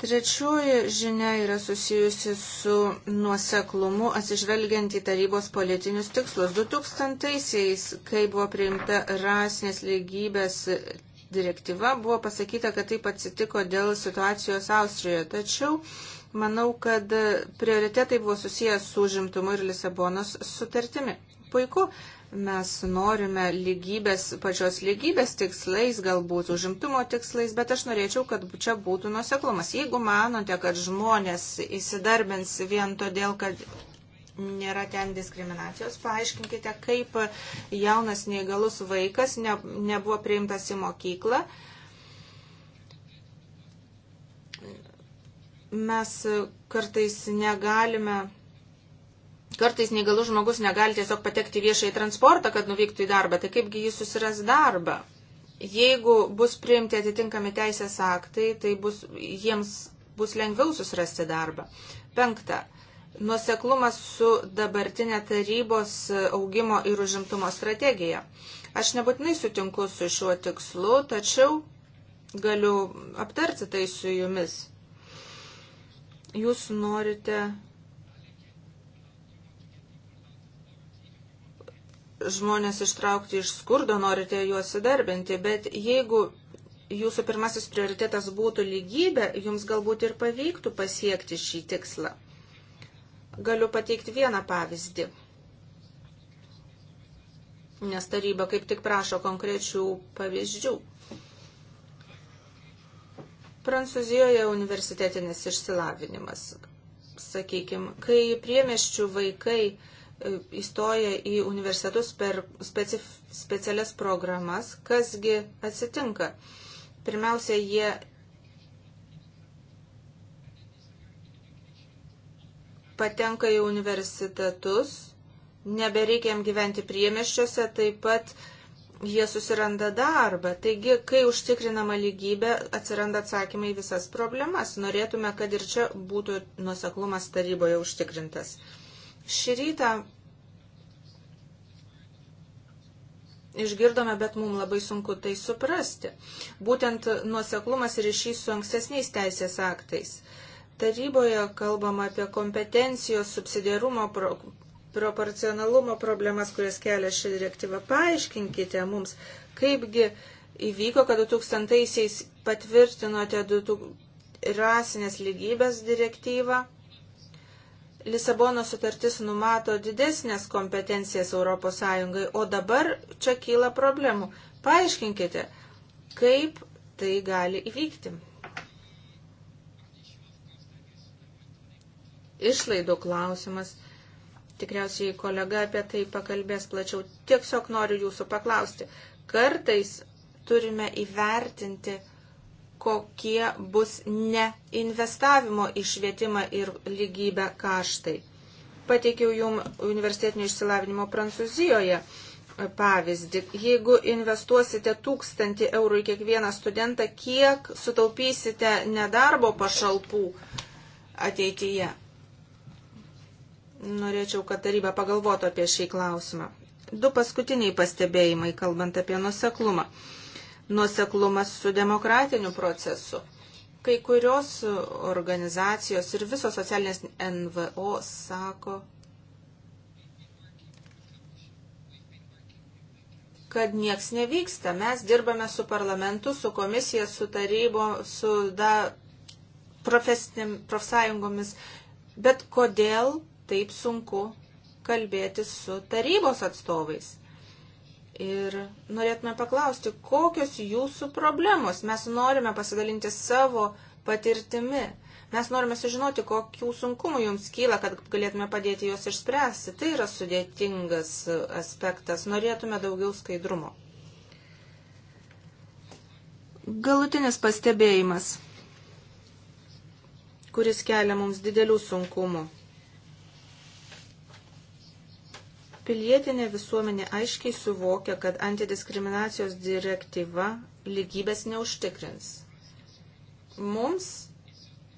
Trečioji žinia yra susijusi su nuoseklumu atsižvelgiant į tarybos politinius tikslus. 2000-aisiais, kai buvo priimta rasinės lygybės direktyva, buvo pasakyta, kad taip atsitiko dėl situacijos Austrijoje. Tačiau Manau, kad prioritetai buvo susijęs su užimtumu ir Lisabonos sutartimi. Puiku, mes norime lygybės, pačios lygybės tikslais, galbūt užimtumo tikslais, bet aš norėčiau, kad čia būtų nuseklumas. Jeigu manote, kad žmonės įsidarbins vien todėl, kad nėra ten diskriminacijos, paaiškinkite, kaip jaunas neįgalus vaikas ne, nebuvo priimtas į mokyklą mes kartais negalime, kartais neįgalus žmogus negali tiesiog patekti viešai transportą, kad nuvyktų į darbą, tai kaipgi jis susiras darbą. Jeigu bus priimti atitinkami teisės aktai, tai bus, jiems bus lengviau susirasti darbą. Penkta. Nuseklumas su dabartinė tarybos augimo ir užimtumo strategija. Aš nebūtinai sutinku su šiuo tikslu, tačiau galiu aptarti tai su jumis. Jūs norite žmonės ištraukti iš skurdo, norite juos įdarbinti, bet jeigu jūsų pirmasis prioritetas būtų lygybė, jums galbūt ir pavyktų pasiekti šį tikslą. Galiu pateikti vieną pavyzdį, nes taryba kaip tik prašo konkrečių pavyzdžių. Prancūzijoje universitetinis išsilavinimas. Sakykime, kai priemeščių vaikai e, įstoja į universitetus per specif, specialias programas, kasgi atsitinka. Pirmiausia, jie patenka į universitetus, nebereikia jam gyventi priemeščiuose, taip pat jie susiranda darbą. Taigi, kai užtikrinama lygybė, atsiranda atsakymai į visas problemas. Norėtume, kad ir čia būtų nuseklumas taryboje užtikrintas. Šį rytą išgirdome, bet mums labai sunku tai suprasti. Būtent nuseklumas ryšys su ankstesniais teisės aktais. Taryboje kalbama apie kompetencijos subsidiarumo proporcionalumo problemas, kurias kelia ši direktyva. Paaiškinkite mums, kaipgi įvyko, kad 2000-aisiais patvirtinote rasinės lygybės direktyvą. Lisabono sutartis numato didesnės kompetencijas ES, o dabar čia kyla problemų. Paaiškinkite, kaip tai gali įvykti. Išlaidų klausimas. Tikriausiai kolega apie tai pakalbės plačiau. Tiesiog noriu jūsų paklausti. Kartais turime įvertinti, kokie bus ne investavimo į švietimą ir lygybę kaštai. Pateikiau jums universitetinio išsilavinimo Prancūzijoje pavyzdį. Jeigu investuosite tūkstantį eurų į kiekvieną studentą, kiek sutaupysite nedarbo pašalpų ateityje? Norėčiau, kad taryba pagalvotų apie šį klausimą. Du paskutiniai pastebėjimai, kalbant apie nuseklumą. Nuseklumas su demokratiniu procesu. Kai kurios organizacijos ir visos socialinės NVO sako, kad nieks nevyksta. Mes dirbame su parlamentu, su komisija, su tarybo, su da, profesinėm, profsąjungomis. Bet kodėl taip sunku kalbėtis su tarybos atstovais. Ir norėtume paklausti, kokios jūsų problemos. Mes norime pasidalinti savo patirtimi. Mes norime sužinoti, kokių sunkumų jums kyla, kad galėtume padėti juos išspręsti. Tai yra sudėtingas aspektas. Norėtume daugiau skaidrumo. Galutinis pastebėjimas, kuris kelia mums didelių sunkumų Pilietinė visuomenė aiškiai suvokia, kad antidiskriminacijos direktyva lygybės neužtikrins. Mums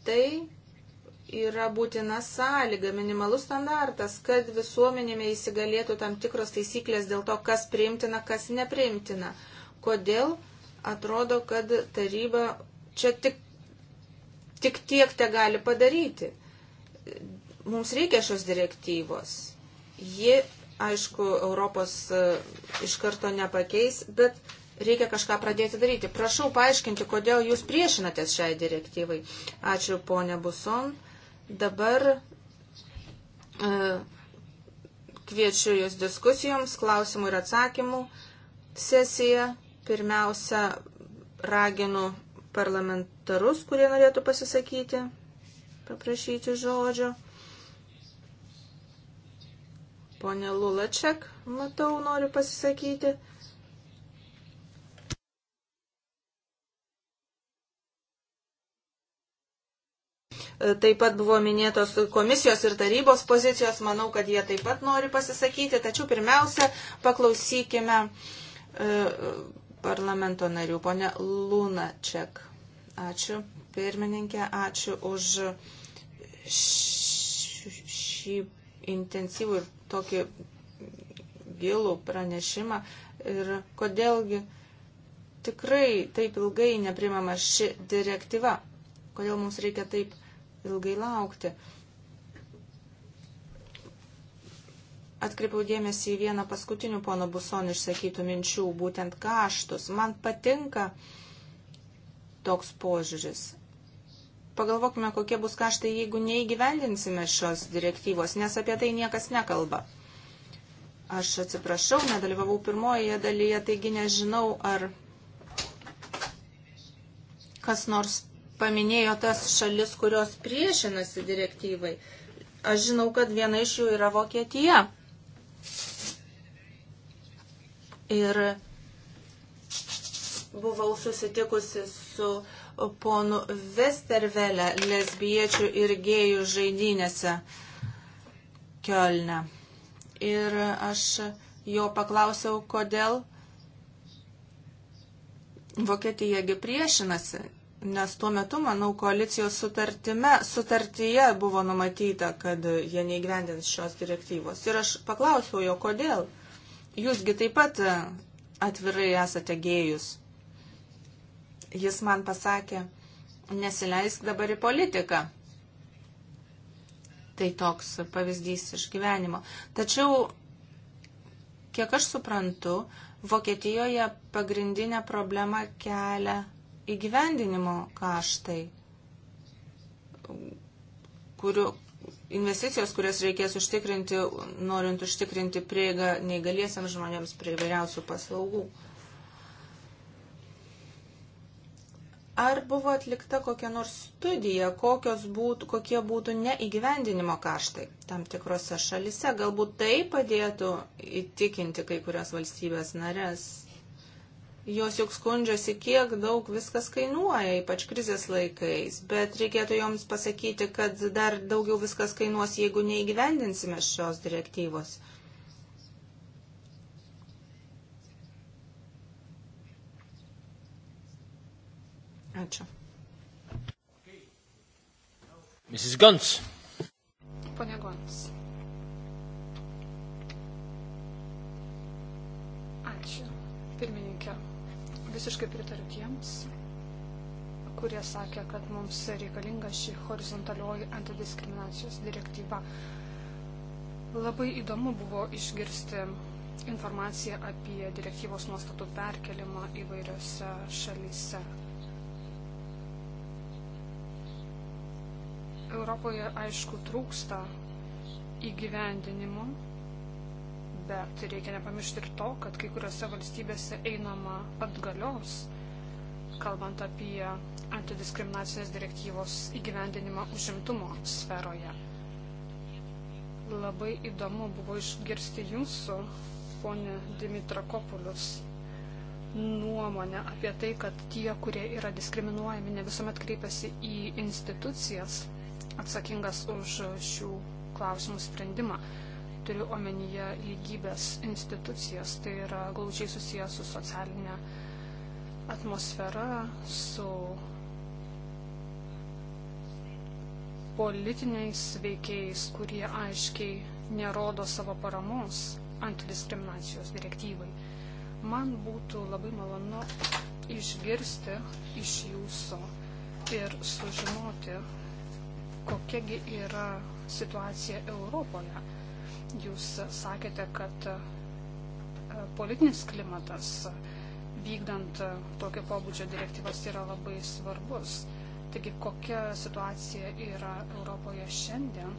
tai yra būtina sąlyga, minimalus standartas, kad visuomenėme įsigalėtų tam tikros taisyklės dėl to, kas priimtina, kas nepriimtina. Kodėl atrodo, kad taryba čia tik, tik tiek te gali padaryti. Mums reikia šios direktyvos. Ji aišku, Europos e, iš karto nepakeis, bet reikia kažką pradėti daryti. Prašau paaiškinti, kodėl jūs priešinatės šiai direktyvai. Ačiū, ponė Buson. Dabar e, kviečiu jūs diskusijoms, klausimų ir atsakymų sesiją. Pirmiausia, raginu parlamentarus, kurie norėtų pasisakyti, paprašyti žodžio. Pone Lulaček, matau, noriu pasisakyti. Taip pat buvo minėtos komisijos ir tarybos pozicijos, manau, kad jie taip pat nori pasisakyti, tačiau pirmiausia, paklausykime e, parlamento narių, ponė Lunaček. Ačiū, pirmininkė, ačiū už šį intensyvų ir tokį gilų pranešimą ir kodėlgi tikrai taip ilgai neprimama ši direktyva, kodėl mums reikia taip ilgai laukti. Atkreipiau dėmesį į vieną paskutinių pono Buson išsakytų minčių, būtent kaštus. Man patinka toks požiūris pagalvokime, kokie bus kaštai, jeigu neįgyvendinsime šios direktyvos, nes apie tai niekas nekalba. Aš atsiprašau, nedalyvavau pirmojoje dalyje, taigi nežinau, ar kas nors paminėjo tas šalis, kurios priešinasi direktyvai. Aš žinau, kad viena iš jų yra Vokietija. Ir buvau susitikusi su uh, ponu Vestervelę lesbiečių ir gėjų žaidynėse Kielne. Ir aš jo paklausiau, kodėl Vokietijagi priešinasi, nes tuo metu, manau, koalicijos sutartime, sutartyje buvo numatyta, kad jie neįgyvendins šios direktyvos. Ir aš paklausiau jo, kodėl. Jūsgi taip pat atvirai esate gėjus jis man pasakė, nesileisk dabar į politiką. Tai toks pavyzdys iš gyvenimo. Tačiau, kiek aš suprantu, Vokietijoje pagrindinė problema kelia įgyvendinimo kaštai, kuriu, investicijos, kurias reikės užtikrinti, norint užtikrinti prieigą neįgaliesiams žmonėms prie vairiausių paslaugų. Ar buvo atlikta kokia nors studija, būtų, kokie būtų neįgyvendinimo kaštai tam tikrose šalise? Galbūt tai padėtų įtikinti kai kurias valstybės narės. Jos juk skundžiasi, kiek daug viskas kainuoja, ypač krizės laikais, bet reikėtų joms pasakyti, kad dar daugiau viskas kainuos, jeigu neįgyvendinsime šios direktyvos. Ačiū. Mrs. Guns. Pone Guns. Ačiū, pirmininkė. Visiškai pritariu tiems, kurie sakė, kad mums reikalinga ši horizontalioji antidiskriminacijos direktyva. Labai įdomu buvo išgirsti informaciją apie direktyvos nuostatų perkelimą įvairiose šalyse. Europoje aišku trūksta įgyvendinimo, bet reikia nepamiršti ir to, kad kai kuriuose valstybėse einama atgalios, kalbant apie antidiskriminacinės direktyvos įgyvendinimą užimtumo sferoje. Labai įdomu buvo išgirsti jūsų, ponė Dimitrakopulius, nuomonę apie tai, kad tie, kurie yra diskriminuojami, ne visuomet kreipiasi į institucijas, atsakingas už šių klausimų sprendimą. Turiu omenyje lygybės institucijas, tai yra glaučiai susijęs su socialinė atmosfera, su politiniais veikėjais, kurie aiškiai nerodo savo paramos antidiskriminacijos direktyvai. Man būtų labai malonu išgirsti iš jūsų ir sužinoti, kokiagi yra situacija Europoje. Jūs sakėte, kad e, politinis klimatas vykdant e, tokio pobūdžio direktyvas yra labai svarbus. Taigi, kokia situacija yra Europoje šiandien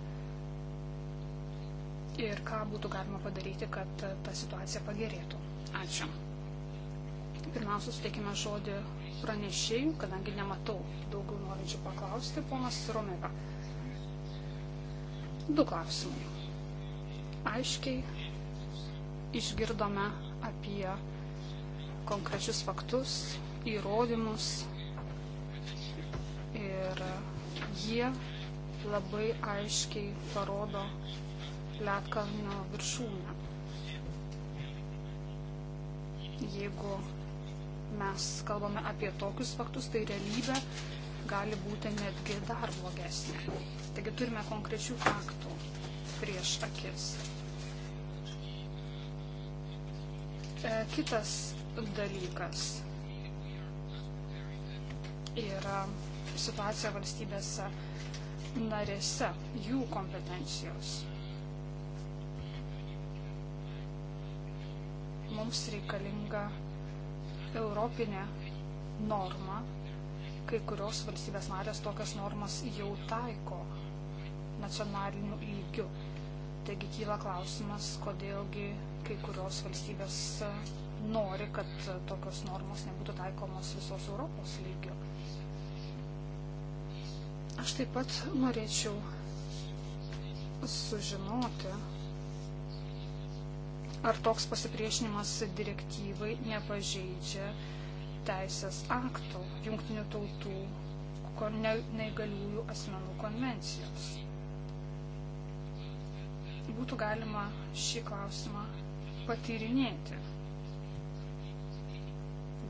ir ką būtų galima padaryti, kad e, ta situacija pagerėtų. Ačiū. Pirmiausia, suteikime žodį pranešėjų, kadangi nematau daugiau norinčių paklausti, ponas Romega. Du klausimai. Aiškiai išgirdome apie konkrečius faktus, įrodymus ir jie labai aiškiai parodo Lietkalnio viršūnę. Jeigu mes kalbame apie tokius faktus, tai realybė gali būti netgi dar blogesnė. Taigi turime konkrečių faktų prieš akis. E, kitas dalykas yra situacija valstybėse narėse, jų kompetencijos. Mums reikalinga europinė norma kai kurios valstybės narės tokias normas jau taiko nacionaliniu lygiu. Taigi kyla klausimas, kodėlgi kai kurios valstybės nori, kad tokios normos nebūtų taikomos visos Europos lygiu. Aš taip pat norėčiau sužinoti, ar toks pasipriešinimas direktyvai nepažeidžia teisės aktų, jungtinių tautų neįgaliųjų asmenų konvencijos. Būtų galima šį klausimą patyrinėti.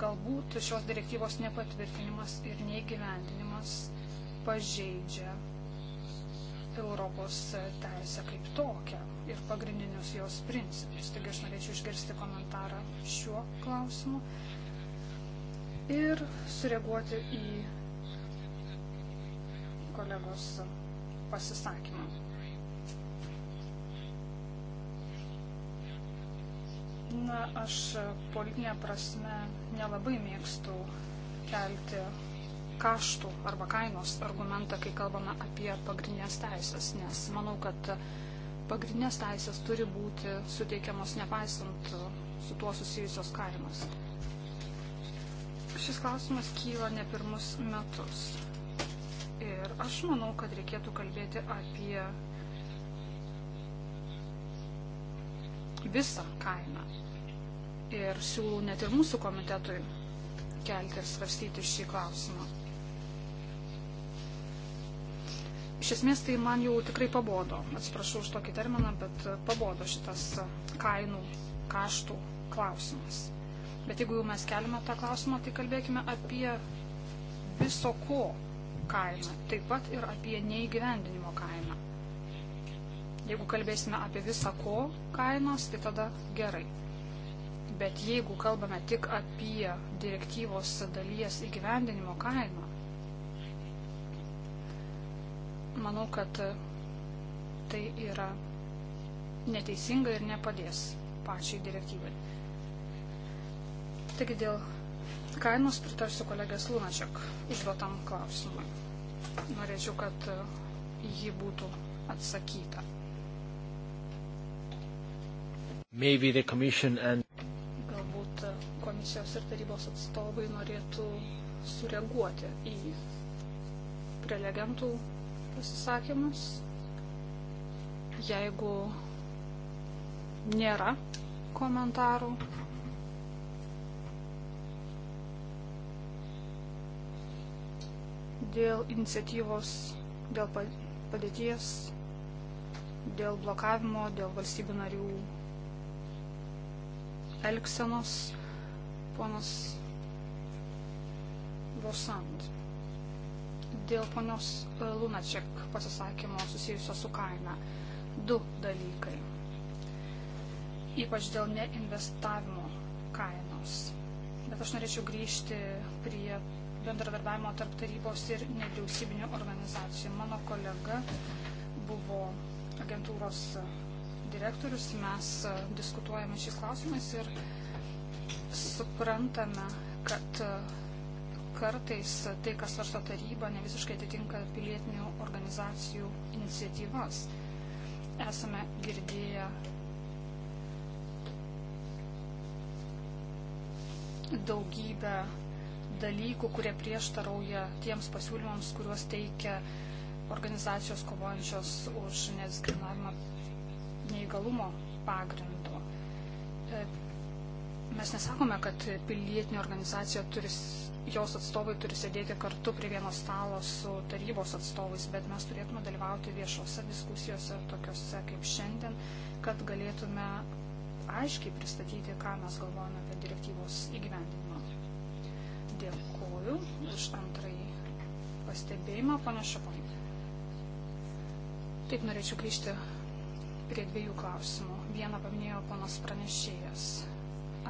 Galbūt šios direktyvos nepatvirtinimas ir neįgyvendinimas pažeidžia Europos teisę kaip tokią ir pagrindinius jos principus. Taigi aš norėčiau išgirsti komentarą šiuo klausimu ir sureaguoti į kolegos pasisakymą. Na, aš politinė prasme nelabai mėgstu kelti kaštų arba kainos argumentą, kai kalbame apie pagrindinės teisės, nes manau, kad pagrindinės teisės turi būti suteikiamos nepaisant su tuo susijusios kainos šis klausimas kyla ne pirmus metus. Ir aš manau, kad reikėtų kalbėti apie visą kainą. Ir siūlau net ir mūsų komitetui kelti ir svarstyti šį klausimą. Iš esmės tai man jau tikrai pabodo, atsiprašau už tokį terminą, bet pabodo šitas kainų, kaštų klausimas. Bet jeigu jau mes keliame tą klausimą, tai kalbėkime apie viso ko kainą, taip pat ir apie neįgyvendinimo kainą. Jeigu kalbėsime apie visą ko kainos, tai tada gerai. Bet jeigu kalbame tik apie direktyvos dalies įgyvendinimo kainą, manau, kad tai yra neteisinga ir nepadės pačiai direktyvai. Taigi dėl kainos pritarsiu kolegės Lunačiak užduotam klausimui. Norėčiau, kad e, jį būtų atsakyta. And... Galbūt e, komisijos ir tarybos atstovai norėtų sureaguoti į prelegentų pasisakymus. Jeigu nėra komentarų, dėl iniciatyvos, dėl padėties, dėl blokavimo, dėl valstybių narių elgsenos, ponas Vosant. Dėl ponios e, Lunačiak pasisakymo susijusio su kaina. Du dalykai. Ypač dėl neinvestavimo kainos. Bet aš norėčiau grįžti prie bendradarbiavimo tarp tarybos ir nevyriausybinių organizacijų. Mano kolega buvo agentūros direktorius, mes e, diskutuojame šiais klausimais ir suprantame, kad e, kartais tai, kas svarsto taryba, ne visiškai atitinka pilietinių organizacijų iniciatyvas. Esame girdėję daugybę dalykų, kurie prieštarauja tiems pasiūlymams, kuriuos teikia organizacijos kovojančios už nediskriminavimą neįgalumo pagrindu. E, mes nesakome, kad pilietinė organizacija turi, jos atstovai turi sėdėti kartu prie vieno stalo su tarybos atstovais, bet mes turėtume dalyvauti viešose diskusijose, tokiuose kaip šiandien, kad galėtume aiškiai pristatyti, ką mes galvojame apie direktyvos įgyvendinimą. Dėkoju už antrąjį pastebėjimą, panašu. Taip norėčiau grįžti prie dviejų klausimų. Vieną paminėjo panas pranešėjas.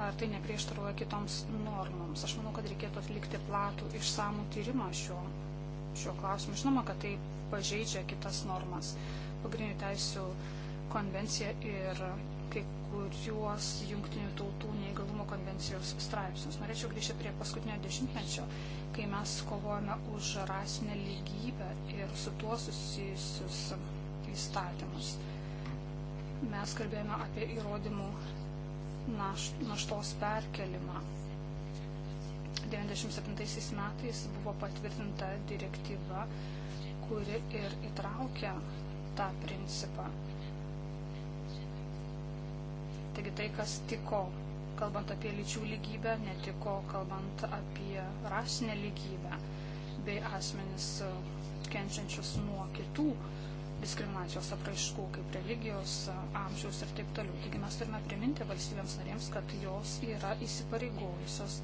Ar tai neprieštaruoja kitoms normoms? Aš manau, kad reikėtų atlikti platų išsamų tyrimą šiuo, šiuo klausimu. Žinoma, kad tai pažeidžia kitas normas. Pagrindinių teisų konvencija ir kai kuriuos jungtinių tautų neįgalumo konvencijos straipsnius. Norėčiau grįžti prie paskutinio dešimtmečio, kai mes kovojame už rasinę lygybę ir su tuo susijusius įstatymus. Mes kalbėjome apie įrodymų naš, naštos perkelimą. 1997 metais buvo patvirtinta direktyva, kuri ir įtraukia tą principą. Taigi tai, kas tiko, kalbant apie lyčių lygybę, netiko, kalbant apie rasinę lygybę bei asmenis e, kenčiančius nuo kitų diskriminacijos apraiškų, kaip religijos, e, amžiaus ir taip toliau. Taigi mes turime priminti valstybėms narėms, kad jos yra įsipareigojusios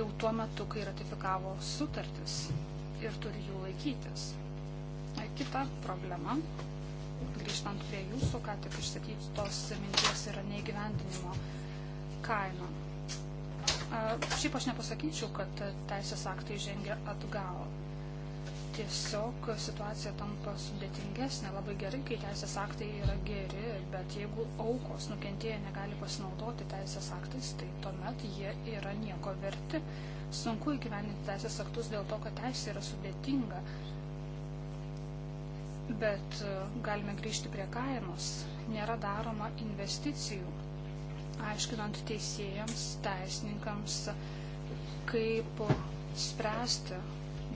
jau tuo metu, kai ratifikavo sutartis ir turi jų laikytis. E, kita problema grįžtant prie jūsų, ką tik išsakytos minties yra neįgyvendinimo kaina. Šiaip aš nepasakyčiau, kad teisės aktai žengia atgal. Tiesiog situacija tampa sudėtingesnė. Labai gerai, kai teisės aktai yra geri, bet jeigu aukos nukentėję negali pasinaudoti teisės aktais, tai tuomet jie yra nieko verti. Sunku įgyveninti teisės aktus dėl to, kad teisė yra sudėtinga bet e, galime grįžti prie kainos. Nėra daroma investicijų, aiškinant teisėjams, teisininkams, kaip spręsti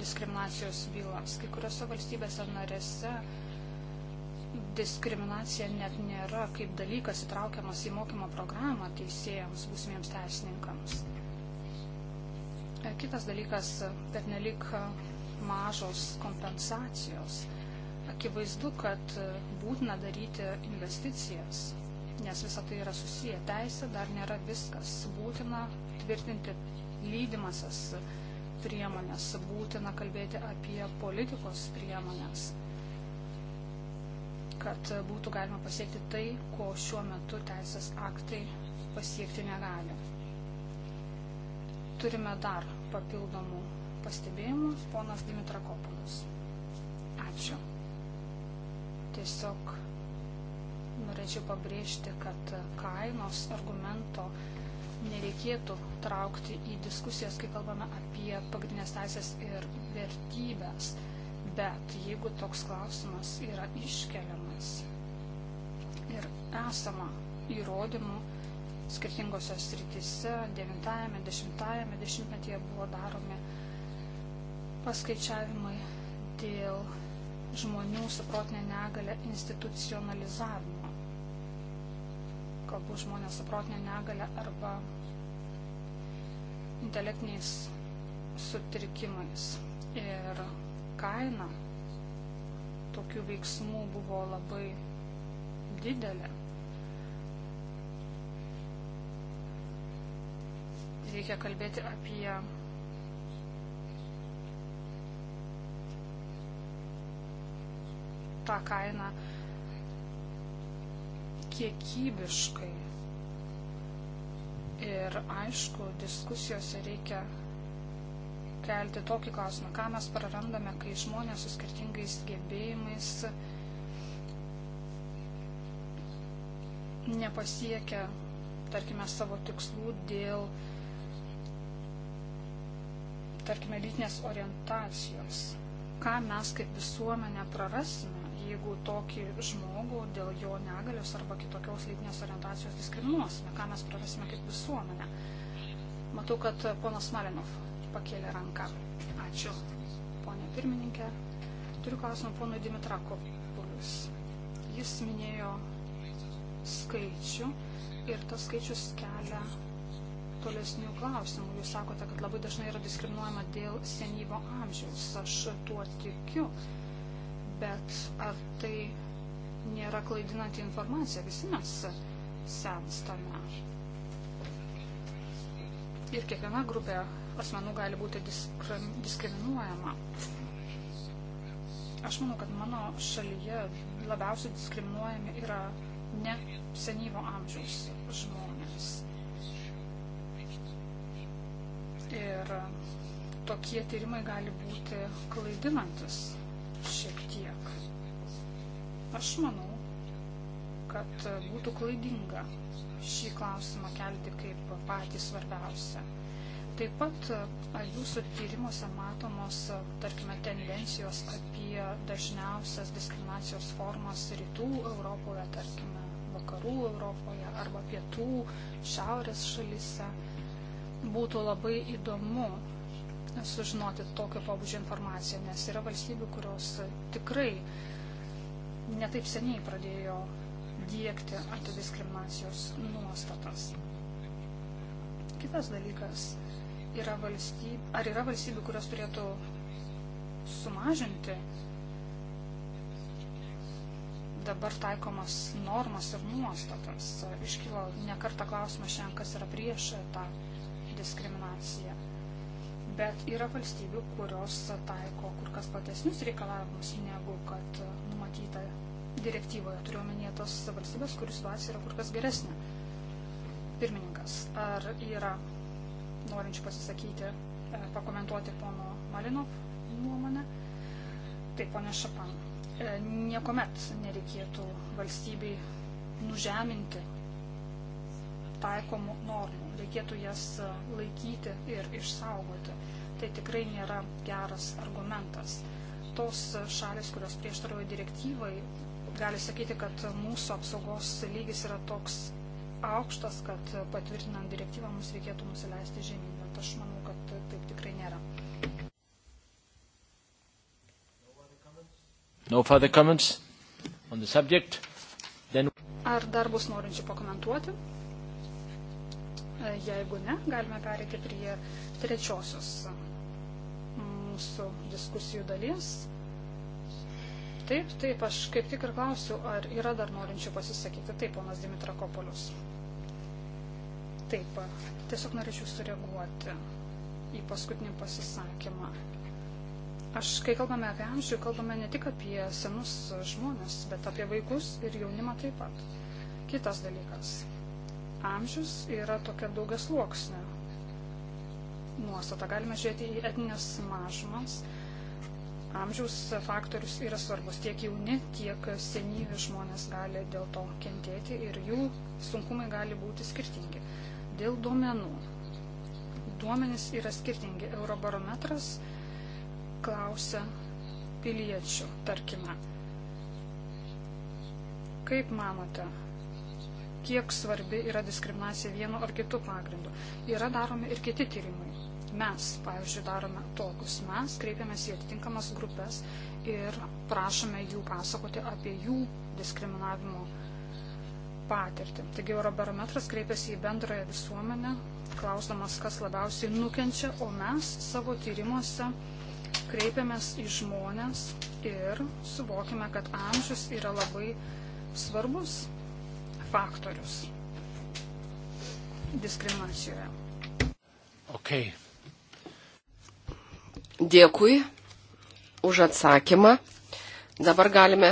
diskriminacijos bylas. Kai kuriuose valstybėse narėse diskriminacija net nėra kaip dalykas įtraukiamas į mokymo programą teisėjams, būsimiems teisininkams. E, kitas dalykas, bet nelik e, mažos kompensacijos. Akivaizdu, kad e, būtina daryti investicijas, nes visa tai yra susiję. Teisė dar nėra viskas. Būtina tvirtinti lydimasias priemonės, būtina kalbėti apie politikos priemonės, kad būtų galima pasiekti tai, ko šiuo metu teisės aktai pasiekti negali. Turime dar papildomų pastebėjimų, ponas Dimitrakopolis. Ačiū. Tiesiog norėčiau pabrėžti, kad kainos argumento nereikėtų traukti į diskusijas, kai kalbame apie pagrindinės teisės ir vertybės. Bet jeigu toks klausimas yra iškeliamas ir esama įrodymų skirtingose srityse, 9-ame, 10-ame dešimtmetyje buvo daromi paskaičiavimai dėl žmonių su protinė negalė institucionalizavimą. Kalbu žmonės su protinė negalė arba intelektiniais sutrikimais. Ir kaina tokių veiksmų buvo labai didelė. Reikia kalbėti apie tą kainą kiekybiškai. Ir aišku, diskusijose reikia kelti tokį klausimą, ką mes prarandame, kai žmonės su skirtingais gebėjimais nepasiekia, tarkime, savo tikslų dėl, tarkime, lytinės orientacijos. Ką mes kaip visuomenė prarasime, jeigu tokį žmogų dėl jo negalios arba kitokios lytinės orientacijos diskriminuosime, ką mes prarasime kaip visuomenę. Matau, kad ponas Malinov pakėlė ranką. Ačiū, ponė pirmininkė. Turiu klausimą ponui Dimitrakopulius. Jis minėjo skaičių ir tas skaičius kelia tolesnių klausimų. Jūs sakote, kad labai dažnai yra diskriminuojama dėl senyvo amžiaus. Aš tuo tikiu. Bet ar tai nėra klaidinanti informacija? Visi mes senstame. Ir kiekviena grupė asmenų gali būti diskriminuojama. Aš manau, kad mano šalyje labiausiai diskriminuojami yra ne senyvo amžiaus žmonės. Ir tokie tyrimai gali būti klaidinantis šiek tiek. Aš manau, kad būtų klaidinga šį klausimą kelti kaip patį svarbiausią. Taip pat jūsų tyrimuose matomos, tarkime, tendencijos apie dažniausias diskriminacijos formas rytų Europoje, tarkime, vakarų Europoje arba pietų, šiaurės šalyse. Būtų labai įdomu sužinoti tokio pobūdžio informaciją, nes yra valstybių, kurios tikrai netaip seniai pradėjo dėkti antidiskriminacijos nuostatas. Kitas dalykas yra valstybių, ar yra valstybių, kurios turėtų sumažinti dabar taikomas normas ir nuostatas. Iškilo nekarta klausimas šiandien, kas yra prieš tą diskriminaciją bet yra valstybių, kurios taiko kur kas platesnius reikalavimus negu kad numatyta direktyvoje. Turiuomenėje tos valstybės, kurių situacija yra kur kas geresnė. Pirmininkas, ar yra norinčių pasisakyti, e, pakomentuoti pono Malinov nuomonę? Taip, ponė Šapan, e, niekuomet nereikėtų valstybei nužeminti taikomų normų. Reikėtų jas laikyti ir išsaugoti tai tikrai nėra geras argumentas. Tos šalis, kurios prieštarauja direktyvai, gali sakyti, kad mūsų apsaugos lygis yra toks aukštas, kad patvirtinant direktyvą mums reikėtų nusileisti žemyn, bet aš manau, kad taip tikrai nėra. No further comments on the subject. Then... Ar dar bus norinčių pakomentuoti? Jeigu ne, galime perėti prie trečiosios mūsų diskusijų dalis. Taip, taip, aš kaip tik ir klausiu, ar yra dar norinčių pasisakyti. Taip, ponas Dimitrakopolius. Taip, tiesiog norėčiau sureaguoti į paskutinį pasisakymą. Aš, kai kalbame apie amžių, kalbame ne tik apie senus žmonės, bet apie vaikus ir jaunimą taip pat. Kitas dalykas. Amžius yra tokia daugias luoksnė nuostatą. Galime žiūrėti į etninės mažumas. Amžiaus faktorius yra svarbus. Tiek jauni, tiek senyvi žmonės gali dėl to kentėti ir jų sunkumai gali būti skirtingi. Dėl duomenų. Duomenys yra skirtingi. Eurobarometras klausia piliečių, tarkime. Kaip manote, kiek svarbi yra diskriminacija vienu ar kitu pagrindu. Yra daromi ir kiti tyrimai mes, pavyzdžiui, darome tokius. Mes kreipiamės į atitinkamas grupės ir prašome jų pasakoti apie jų diskriminavimo patirtį. Taigi Eurobarometras kreipiasi į bendrąją visuomenę, klausdamas, kas labiausiai nukenčia, o mes savo tyrimuose kreipiamės į žmonės ir suvokime, kad amžius yra labai svarbus faktorius diskriminacijoje. Okay. Dėkui už atsakymą. Dabar galime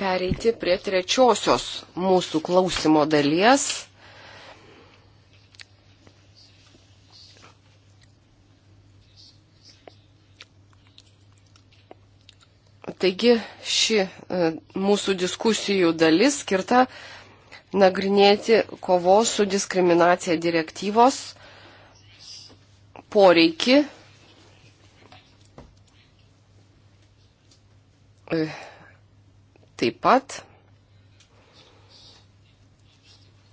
pereiti prie trečiosios mūsų klausimo dalies. Taigi ši e, mūsų diskusijų dalis skirta nagrinėti kovos su diskriminacija direktyvos poreikį E, taip pat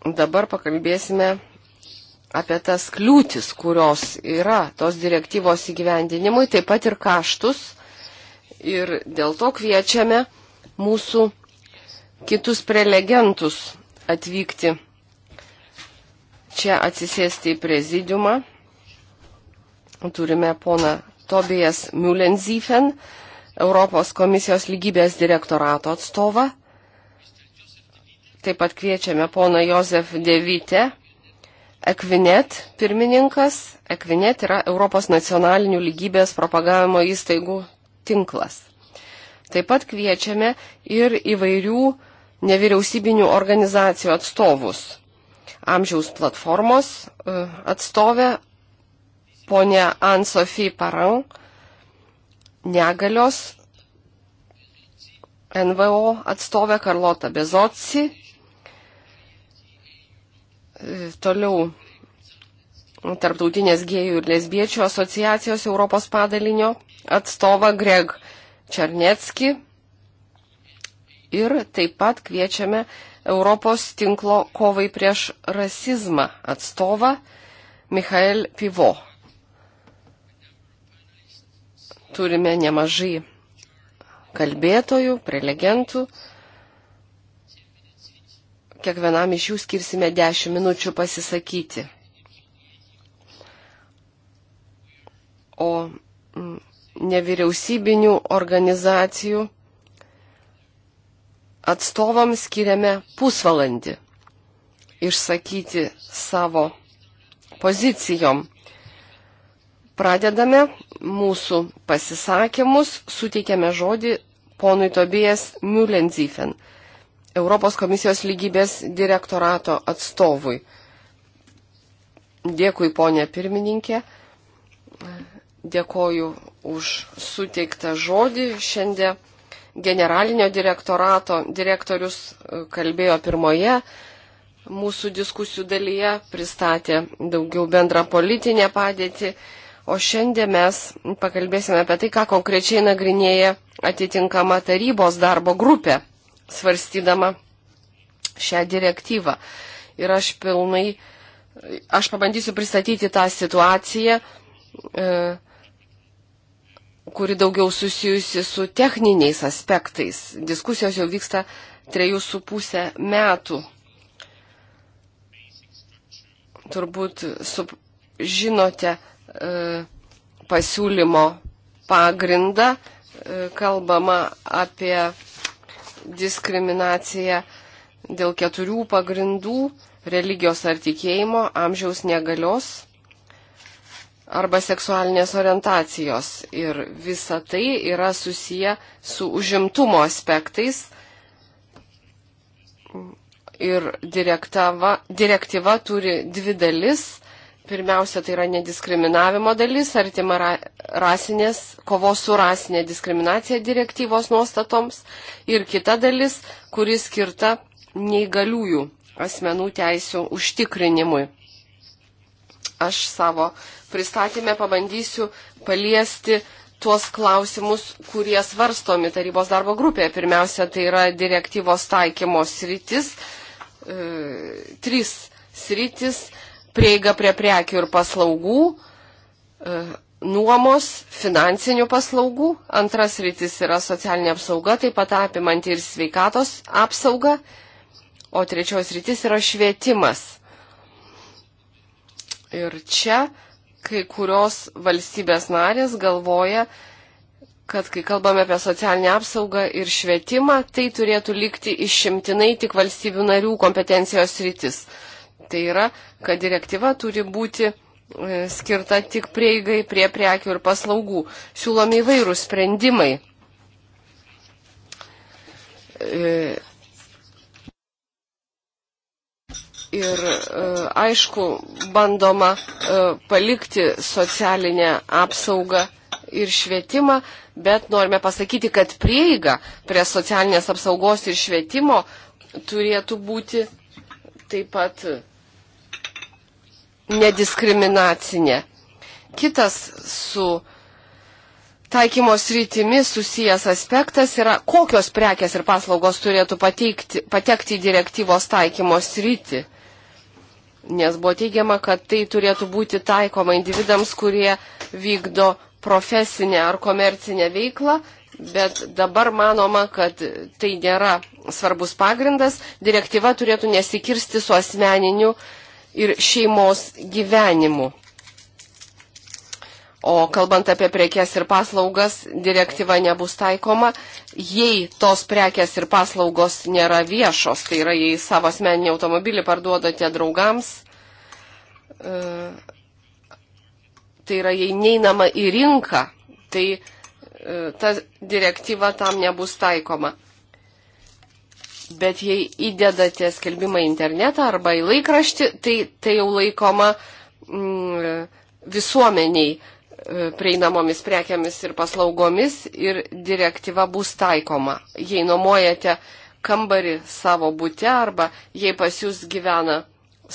dabar pakalbėsime apie tas kliūtis, kurios yra tos direktyvos įgyvendinimui, taip pat ir kaštus. Ir dėl to kviečiame mūsų kitus prelegentus atvykti čia atsisėsti į prezidiumą. Turime poną Tobijas Mülenzyfen, Europos komisijos lygybės direktorato atstovą. Taip pat kviečiame poną Jozef Devytę, Ekvinet pirmininkas. Ekvinet yra Europos nacionalinių lygybės propagavimo įstaigų tinklas. Taip pat kviečiame ir įvairių nevyriausybinių organizacijų atstovus. Amžiaus platformos e, atstovė ponė Anne-Sophie Parang negalios NVO atstovė Karlota Bezotsi. E, toliau Tarptautinės gėjų ir lesbiečių asociacijos Europos padalinio atstovą Greg Černetski. Ir taip pat kviečiame Europos tinklo kovai prieš rasizmą atstovą Michael Pivo turime nemažai kalbėtojų, prelegentų. Kiekvienam iš jų skirsime 10 minučių pasisakyti. O mm, nevyriausybinių organizacijų atstovams skiriame pusvalandį išsakyti savo pozicijom. Pradedame mūsų pasisakymus, suteikėme žodį ponui Tobijas Mülenzifen, Europos komisijos lygybės direktorato atstovui. Dėkui, ponė pirmininkė. Dėkoju už suteiktą žodį. Šiandien generalinio direktorato direktorius e, kalbėjo pirmoje mūsų diskusijų dalyje, pristatė daugiau bendrą politinę padėtį O šiandien mes pakalbėsime apie tai, ką konkrečiai nagrinėja atitinkama tarybos darbo grupė, svarstydama šią direktyvą. Ir aš pilnai, aš pabandysiu pristatyti tą situaciją, e, kuri daugiau susijusi su techniniais aspektais. Diskusijos jau vyksta trejus su pusę metų. Turbūt su, žinote, E, pasiūlymo pagrindą, e, kalbama apie diskriminaciją dėl keturių pagrindų - religijos ar tikėjimo, amžiaus negalios arba seksualinės orientacijos. Ir visa tai yra susiję su užimtumo aspektais. Ir direktyva, direktyva turi dvi dalis Pirmiausia, tai yra nediskriminavimo dalis, artima ra rasinės, kovos su rasinė diskriminacija direktyvos nuostatoms. Ir kita dalis, kuri skirta neįgaliųjų asmenų teisų užtikrinimui. Aš savo pristatymę pabandysiu paliesti tuos klausimus, kurie svarstomi tarybos darbo grupėje. Pirmiausia, tai yra direktyvos taikymos rytis. E, trys sritis prieiga prie prekių ir paslaugų, e, nuomos, finansinių paslaugų. Antras rytis yra socialinė apsauga, taip pat apimanti ir sveikatos apsauga. O trečios rytis yra švietimas. Ir čia kai kurios valstybės narės galvoja, kad kai kalbame apie socialinę apsaugą ir švietimą, tai turėtų likti išimtinai tik valstybių narių kompetencijos rytis. Tai yra, kad direktyva turi būti e, skirta tik prieigai prie prekių ir paslaugų. Siūlomi įvairūs sprendimai. E, ir e, aišku, bandoma palikti socialinę apsaugą ir švietimą, bet norime pasakyti, kad prieiga prie socialinės apsaugos ir švietimo turėtų būti taip pat nediskriminacinė. Kitas su taikymos rytimi susijęs aspektas yra, kokios prekes ir paslaugos turėtų pateikti, patekti į direktyvos taikymos rytį. Nes buvo teigiama, kad tai turėtų būti taikoma individams, kurie vykdo profesinę ar komercinę veiklą, bet dabar manoma, kad tai nėra svarbus pagrindas. Direktyva turėtų nesikirsti su asmeniniu uh, ir šeimos gyvenimu. O kalbant apie prekes ir paslaugas, direktyva nebus taikoma, jei tos prekes ir paslaugos nėra viešos, tai yra jei savo asmeninį automobilį parduodate draugams, e, tai yra jei neinama į rinką, tai e, ta direktyva tam nebus taikoma. Bet jei įdedate skelbimą į internetą arba į laikraštį, tai tai jau laikoma mm, visuomeniai e, prieinamomis prekiamis ir paslaugomis ir direktyva bus taikoma. Jei nuomojate kambarį savo būte arba jei pas jūs gyvena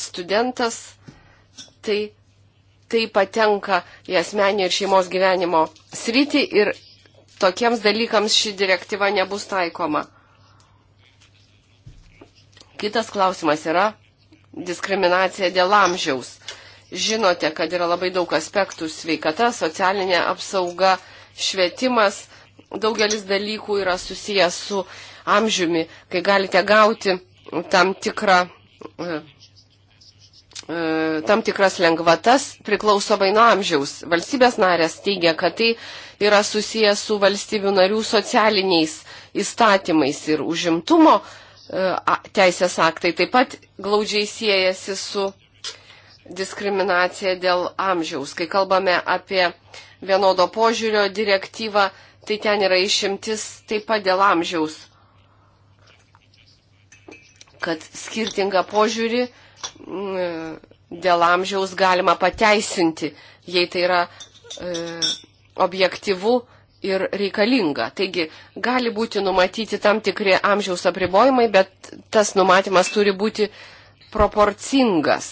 studentas, tai tai patenka į asmenį ir šeimos gyvenimo sritį ir tokiems dalykams ši direktyva nebus taikoma. Kitas klausimas yra diskriminacija dėl amžiaus. Žinote, kad yra labai daug aspektų - sveikata, socialinė apsauga, švietimas. Daugelis dalykų yra susijęs su amžiumi, kai galite gauti tam, tikrą, e, e, tam tikras lengvatas priklausomai nuo amžiaus. Valstybės narės teigia, kad tai yra susijęs su valstybių narių socialiniais įstatymais ir užimtumo uh, E, teisės aktai taip pat glaudžiai siejasi su diskriminacija dėl amžiaus. Kai kalbame apie vienodo požiūrio direktyvą, tai ten yra išimtis taip pat dėl amžiaus, kad skirtingą požiūrį dėl amžiaus galima pateisinti, jei tai yra e, objektivu ir reikalinga. Taigi gali būti numatyti tam tikri amžiaus apribojimai, bet tas numatymas turi būti proporcingas.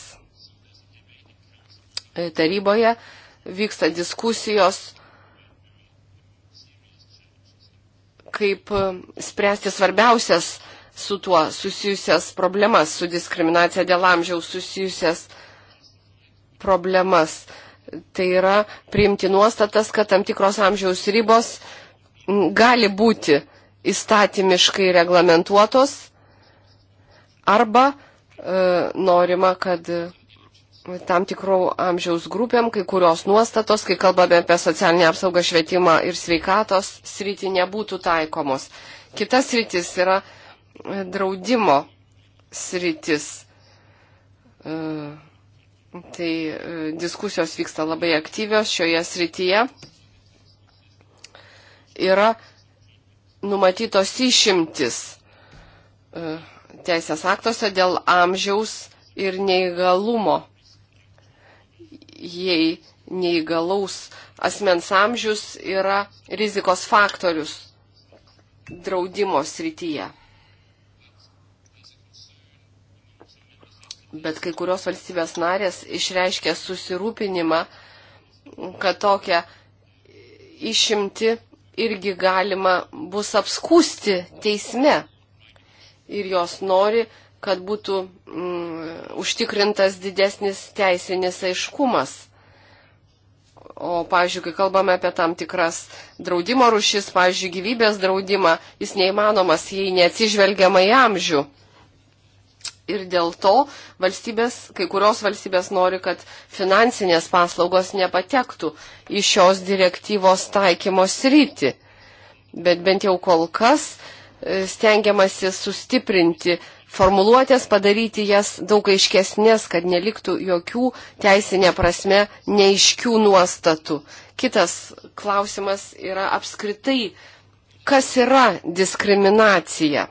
E, taryboje vyksta diskusijos, kaip e, spręsti svarbiausias su tuo susijusias problemas, su diskriminacija dėl amžiaus susijusias problemas. Tai yra priimti nuostatas, kad tam tikros amžiaus ribos gali būti įstatymiškai reglamentuotos arba e, norima, kad tam tikrų amžiaus grupėm, kai kurios nuostatos, kai kalbame apie socialinę apsaugą, švietimą ir sveikatos sritį, nebūtų taikomos. Kitas sritis yra e, draudimo sritis. E, Tai e, diskusijos vyksta labai aktyvios šioje srityje. Yra numatytos išimtis e, teisės aktuose dėl amžiaus ir neįgalumo. Jei neįgalaus asmens amžius yra rizikos faktorius draudimo srityje. bet kai kurios valstybės narės išreiškė susirūpinimą, kad tokią išimti irgi galima bus apskūsti teisme. Ir jos nori, kad būtų mm, užtikrintas didesnis teisinis aiškumas. O, pavyzdžiui, kai kalbame apie tam tikras draudimo rušis, pavyzdžiui, gyvybės draudimą, jis neįmanomas, jei neatsižvelgiama į amžių ir dėl to valstybės, kai kurios valstybės nori, kad finansinės paslaugos nepatektų į šios direktyvos taikymo sritį. Bet bent jau kol kas e, stengiamasi sustiprinti formuluotės, padaryti jas daug aiškesnės, kad neliktų jokių teisinė prasme neiškių nuostatų. Kitas klausimas yra apskritai, kas yra diskriminacija.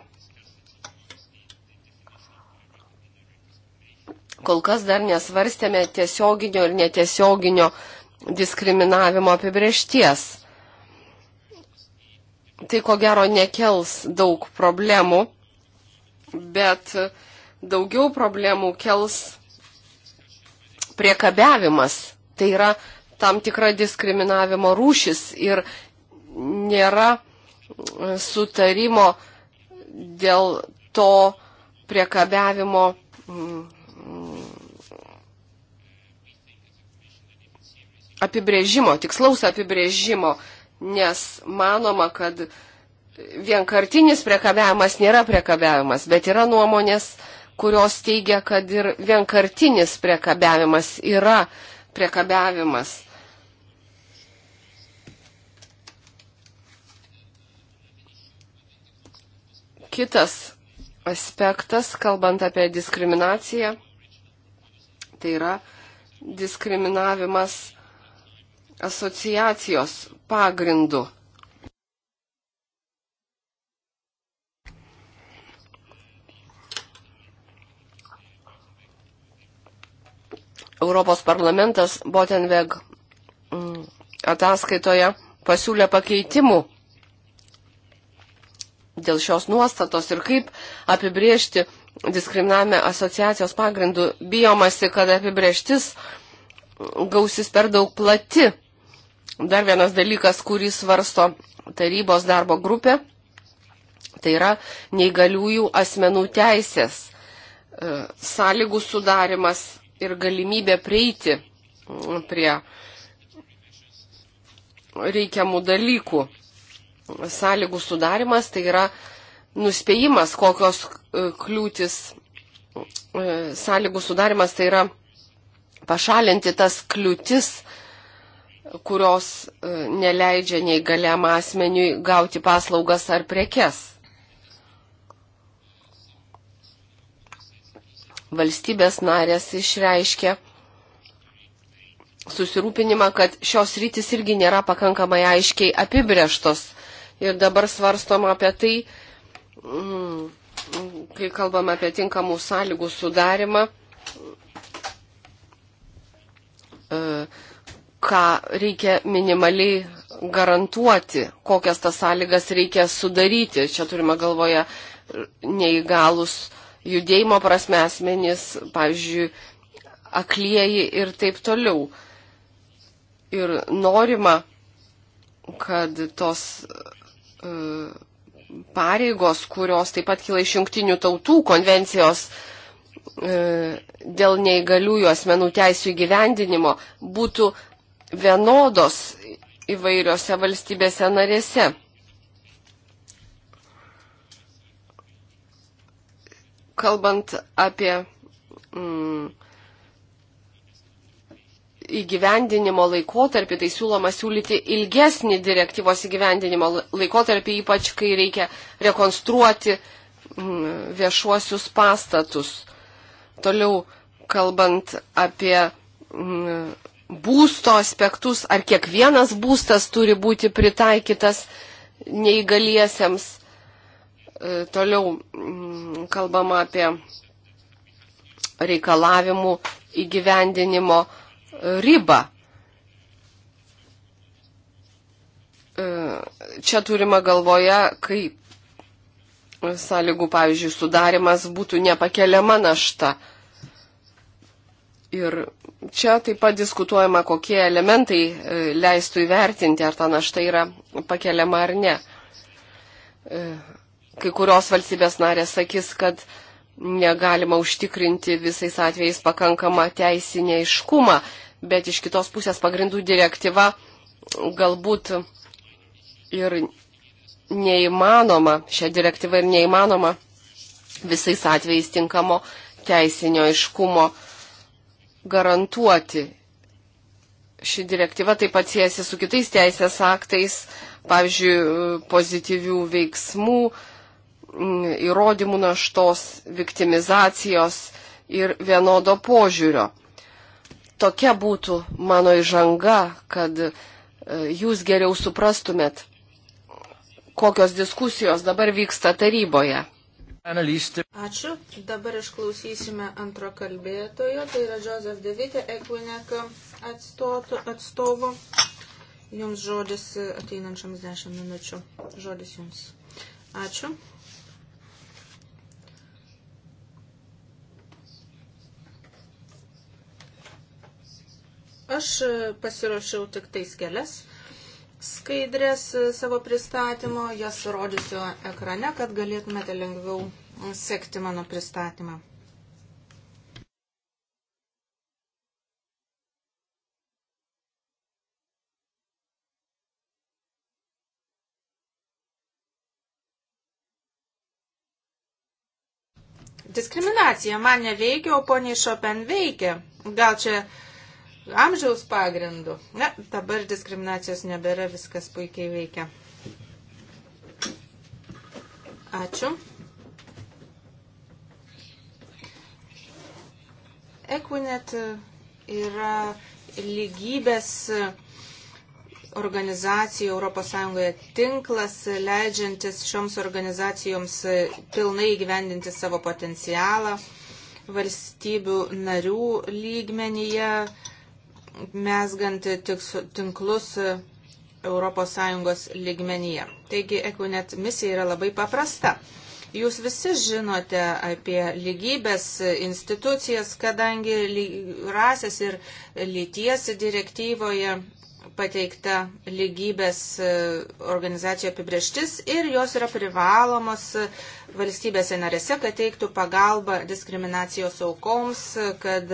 kol kas dar nesvarstėme tiesioginio ir netiesioginio diskriminavimo apibriešties. Tai ko gero nekels daug problemų, bet daugiau problemų kels priekabiavimas. Tai yra tam tikra diskriminavimo rūšis ir nėra e, sutarimo dėl to priekabiavimo apibrėžimo, tikslaus apibrėžimo, nes manoma, kad vienkartinis priekabiavimas nėra priekabiavimas, bet yra nuomonės, kurios teigia, kad ir vienkartinis priekabiavimas yra priekabiavimas. Kitas aspektas, kalbant apie diskriminaciją, tai yra diskriminavimas asociacijos pagrindu. Europos parlamentas Botenveg mm, ataskaitoje pasiūlė pakeitimų dėl šios nuostatos ir kaip apibriežti diskriminavime asociacijos pagrindų bijomasi, kad apibrieštis gausis per daug plati. Dar vienas dalykas, kurį svarsto tarybos darbo grupė, tai yra neįgaliųjų asmenų teisės, e, sąlygų sudarimas ir galimybė prieiti prie reikiamų dalykų. Sąlygų sudarimas tai yra nuspėjimas, kokios e, kliūtis, e, sąlygų sudarimas tai yra pašalinti tas kliūtis, kurios e, neleidžia neįgaliam asmeniui gauti paslaugas ar prekes. Valstybės narės išreiškia susirūpinimą, kad šios rytis irgi nėra pakankamai aiškiai apibrieštos. Ir dabar svarstoma apie tai, mm, kai kalbame apie tinkamų sąlygų sudarimą. Uh, ką reikia minimaliai garantuoti, kokias tas sąlygas reikia sudaryti. Čia turime galvoje neįgalus judėjimo prasme asmenys, pavyzdžiui, aklieji ir taip toliau. Ir norima, kad tos uh, pareigos, kurios taip pat kyla iš jungtinių tautų konvencijos uh, dėl neįgaliųjų asmenų teisų įgyvendinimo, būtų vienodos įvairiose valstybėse narėse. Kalbant apie mm, įgyvendinimo laikotarpį, tai siūloma siūlyti ilgesnį direktyvos įgyvendinimo laikotarpį, ypač kai reikia rekonstruoti mm, viešuosius pastatus. Toliau, kalbant apie mm, būsto aspektus, ar kiekvienas būstas turi būti pritaikytas neįgaliesiems. E, toliau mm, kalbama apie reikalavimų įgyvendinimo ribą. E, čia turima galvoje, kaip sąlygų, pavyzdžiui, sudarimas būtų nepakeliama našta. Ir čia taip pat diskutuojama, kokie elementai e, leistų įvertinti, ar ta našta yra pakeliama ar ne. E, kai kurios valstybės narės sakys, kad negalima užtikrinti visais atvejais pakankamą teisinę iškumą, bet iš kitos pusės pagrindų direktyva galbūt ir neįmanoma, šią direktyvą ir neįmanoma visais atvejais tinkamo teisinio iškumo garantuoti. Ši direktyva taip pat siejasi su kitais teisės aktais, pavyzdžiui, pozityvių veiksmų, įrodymų naštos, viktimizacijos ir vienodo požiūrio. Tokia būtų mano įžanga, kad e, jūs geriau suprastumėt, kokios diskusijos dabar vyksta taryboje. Analystė. Ačiū. Dabar išklausysime antro kalbėtojo, tai yra Joseph Devitė, Equinek atstovo. Jums žodis ateinančiams 10 minučių. Žodis jums. Ačiū. Aš pasiruošiau tik tais kelias skaidrės e, savo pristatymo, jas rodysiu ekrane, kad galėtumėte lengviau sekti mano pristatymą. Diskriminacija man neveikia, o poniai Chopin veikia. Gal čia amžiaus pagrindų. Na, dabar diskriminacijos nebėra, viskas puikiai veikia. Ačiū. Ekunet yra lygybės organizacijų ES tinklas, leidžiantis šioms organizacijoms pilnai įgyvendinti savo potencialą valstybių narių lygmenyje mesgant tinklus ES lygmenyje. Taigi, Ekunet misija yra labai paprasta. Jūs visi žinote apie lygybės institucijas, kadangi rasės ir lyties direktyvoje pateikta lygybės e, organizacijų apibrieštis ir jos yra privalomos e, valstybėse narėse, kad teiktų pagalbą diskriminacijos aukoms, kad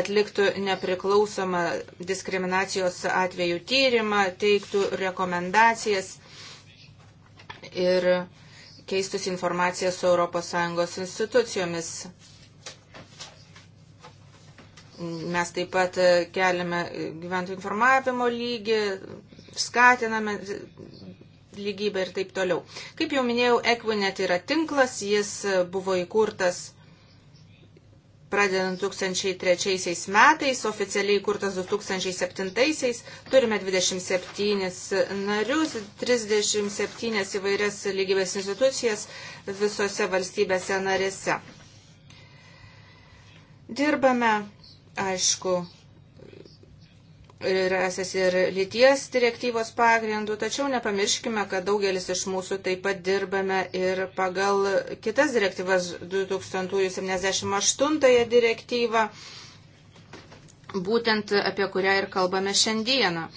atliktų nepriklausomą diskriminacijos atvejų tyrimą, teiktų rekomendacijas ir keistus informaciją su ES institucijomis. Mes taip pat e, keliame e, gyventojų informavimo lygį, skatiname e, lygybę ir taip toliau. Kaip jau minėjau, Equinet yra tinklas, jis buvo įkurtas pradedant 2003 metais, oficialiai įkurtas 2007-aisiais, turime 27 narius, 37 įvairias lygybės institucijas visose valstybėse narėse. Dirbame aišku, rasės ir lyties direktyvos pagrindų, tačiau nepamirškime, kad daugelis iš mūsų taip pat dirbame ir pagal kitas direktyvas 2078 direktyvą, būtent apie kurią ir kalbame šiandieną.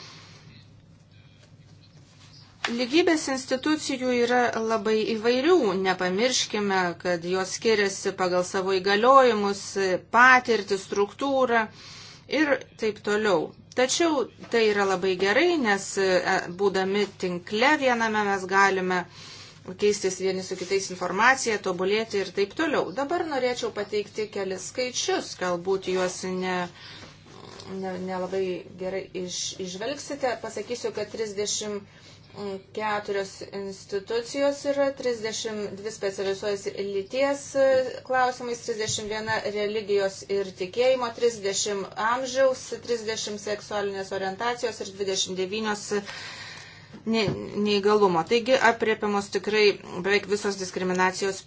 Lygybės institucijų yra labai įvairių. Nepamirškime, kad jos skiriasi pagal savo įgaliojimus, patirtį, struktūrą ir taip toliau. Tačiau tai yra labai gerai, nes e, būdami tinkle viename mes galime keistis vieni su kitais informacija, tobulėti ir taip toliau. Dabar norėčiau pateikti kelis skaičius, galbūt juos ne, ne, nelabai gerai iš, išvelgsite. Pasakysiu, kad 30 keturios institucijos yra, 32 specializuojasi lyties e, klausimais, 31 religijos ir tikėjimo, 30 amžiaus, 30 seksualinės orientacijos ir 29 e, neįgalumo. Taigi apriepiamos tikrai beveik visos diskriminacijos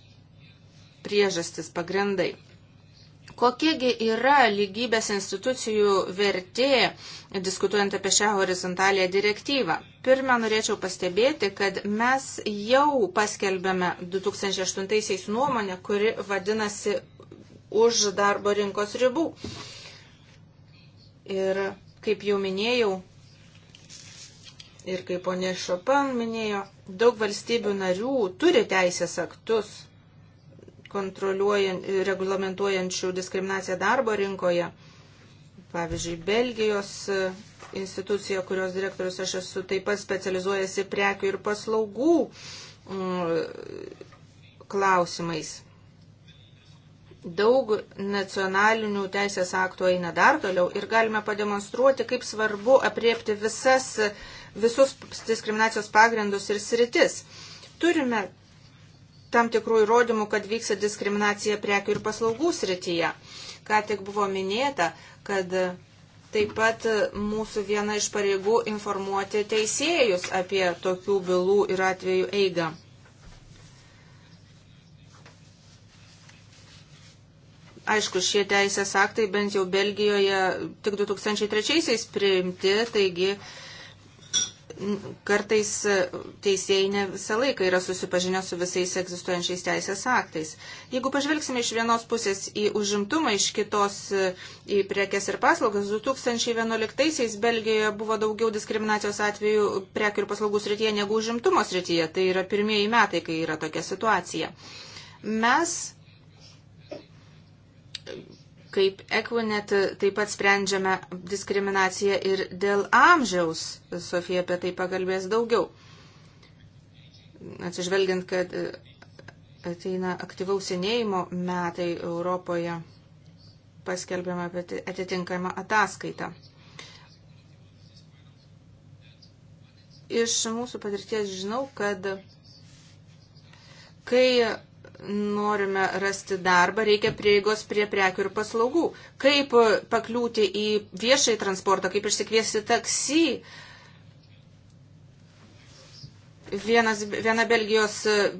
priežastis, pagrindai. Kokiegi yra lygybės institucijų vertė, diskutuojant apie šią horizontalę direktyvą? Pirmą norėčiau pastebėti, kad mes jau paskelbėme 2008 nuomonę, kuri vadinasi už darbo rinkos ribų. Ir kaip jau minėjau, ir kaip ponė Šopan minėjo, daug valstybių narių turi teisės aktus reglamentuojančių diskriminaciją darbo rinkoje. Pavyzdžiui, Belgijos e, institucija, kurios direktorius aš esu, taip pat specializuojasi prekių ir paslaugų mm, klausimais. Daug nacionalinių teisės aktų eina dar toliau ir galime pademonstruoti, kaip svarbu apriepti visas, visus diskriminacijos pagrindus ir sritis. Turime tam tikrų įrodymų, kad vyksta diskriminacija prekių ir paslaugų srityje. Ką tik buvo minėta, kad taip pat mūsų viena iš pareigų informuoti teisėjus apie tokių bylų ir atvejų eigą. Aišku, šie teisės aktai bent jau Belgijoje tik 2003-aisiais priimti, taigi kartais e, teisėjai ne visą laiką yra susipažinę su visais egzistuojančiais teisės aktais. Jeigu pažvelgsime iš vienos pusės į užimtumą, iš kitos e, į prekes ir paslaugas, 2011-aisiais Belgijoje buvo daugiau diskriminacijos atvejų prekių ir paslaugų srityje negu užimtumo srityje. Tai yra pirmieji metai, kai yra tokia situacija. Mes Kaip Equinet taip pat sprendžiame diskriminaciją ir dėl amžiaus. Sofija apie tai pagalbės daugiau. Atsižvelgiant, kad e, ateina aktyvaus senėjimo metai Europoje, paskelbėme apie tai atitinkamą ataskaitą. Iš mūsų patirties žinau, kad kai norime rasti darbą, reikia prieigos prie prekių ir paslaugų. Kaip pakliūti į viešai transportą, kaip išsikviesti taksi. Vienas, viena Belgijos,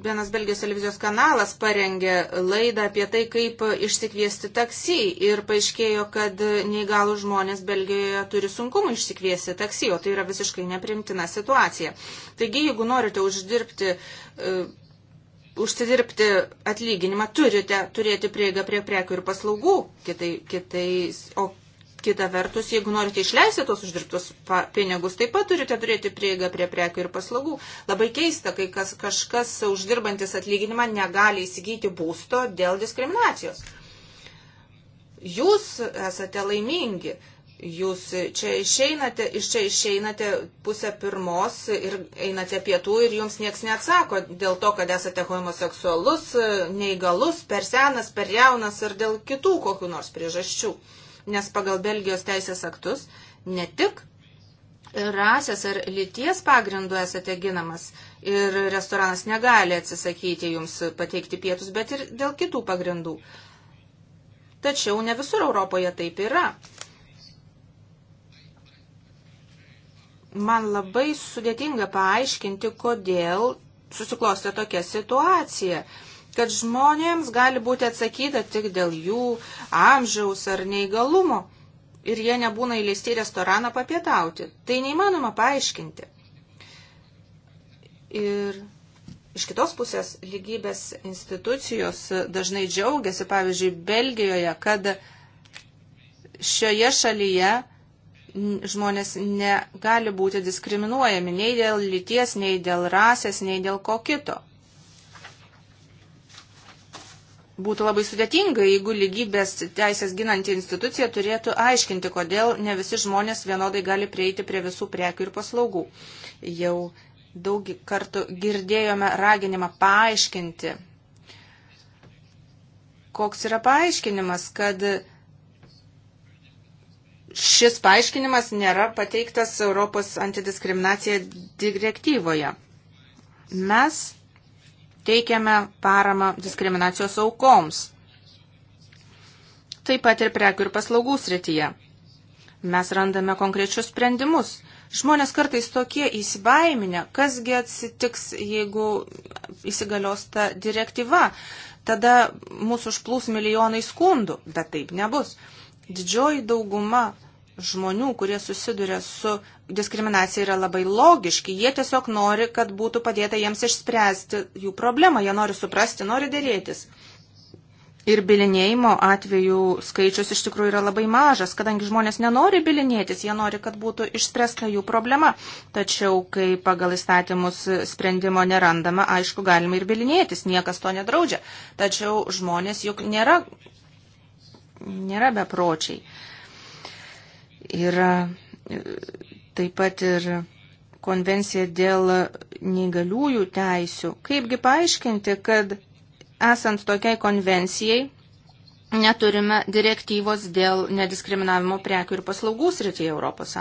vienas Belgijos televizijos kanalas parengė laidą apie tai, kaip išsikviesti taksi ir paaiškėjo, kad neįgalų žmonės Belgijoje turi sunkumų išsikviesti taksi, o tai yra visiškai neprimtina situacija. Taigi, jeigu norite uždirbti uh, užsidirbti atlyginimą, turite turėti prieigą prie prekių ir paslaugų, kitai, kitai, o kita vertus, jeigu norite išleisti tos uždirbtus pinigus, taip pat turite turėti prieigą prie prekių ir paslaugų. Labai keista, kai kas, kažkas uždirbantis atlyginimą negali įsigyti būsto dėl diskriminacijos. Jūs esate laimingi Jūs čia išeinate, iš čia išeinate pusę pirmos ir einate pietų ir jums nieks neatsako dėl to, kad esate homoseksualus, neįgalus, per senas, per jaunas ir dėl kitų kokių nors priežasčių. Nes pagal Belgijos teisės aktus ne tik rasės ar lyties pagrindų esate ginamas ir restoranas negali atsisakyti jums pateikti pietus, bet ir dėl kitų pagrindų. Tačiau ne visur Europoje taip yra. man labai sudėtinga paaiškinti, kodėl susiklostė tokia situacija, kad žmonėms gali būti atsakyta tik dėl jų amžiaus ar neįgalumo ir jie nebūna įleisti į restoraną papietauti. Tai neįmanoma paaiškinti. Ir Iš kitos pusės lygybės institucijos dažnai džiaugiasi, pavyzdžiui, Belgijoje, kad šioje šalyje žmonės negali būti diskriminuojami nei dėl lyties, nei dėl rasės, nei dėl ko kito. Būtų labai sudėtinga, jeigu lygybės teisės ginanti institucija turėtų aiškinti, kodėl ne visi žmonės vienodai gali prieiti prie visų prekių ir paslaugų. Jau daug kartų girdėjome raginimą paaiškinti. Koks yra paaiškinimas, kad šis paaiškinimas nėra pateiktas Europos antidiskriminacija direktyvoje. Mes teikiame paramą diskriminacijos aukoms, taip pat ir prekių ir paslaugų srityje. Mes randame konkrečius sprendimus. Žmonės kartais tokie įsibaiminę, kasgi atsitiks, jeigu įsigalios ta direktyva. Tada mūsų užplūs milijonai skundų, bet taip nebus. Didžioji dauguma žmonių, kurie susiduria su diskriminacija, yra labai logiški. Jie tiesiog nori, kad būtų padėta jiems išspręsti jų problemą. Jie nori suprasti, nori dėrėtis. Ir bilinėjimo atvejų skaičius iš tikrųjų yra labai mažas, kadangi žmonės nenori bilinėtis, jie nori, kad būtų išspręsta jų problema. Tačiau, kai pagal įstatymus sprendimo nerandama, aišku, galima ir bilinėtis, niekas to nedraudžia. Tačiau žmonės juk nėra, nėra bepročiai. Uh, Yra e, taip pat ir konvencija dėl neįgaliųjų teisių. Kaipgi paaiškinti, kad esant tokiai konvencijai neturime direktyvos dėl nediskriminavimo prekių ir paslaugų srityje ES.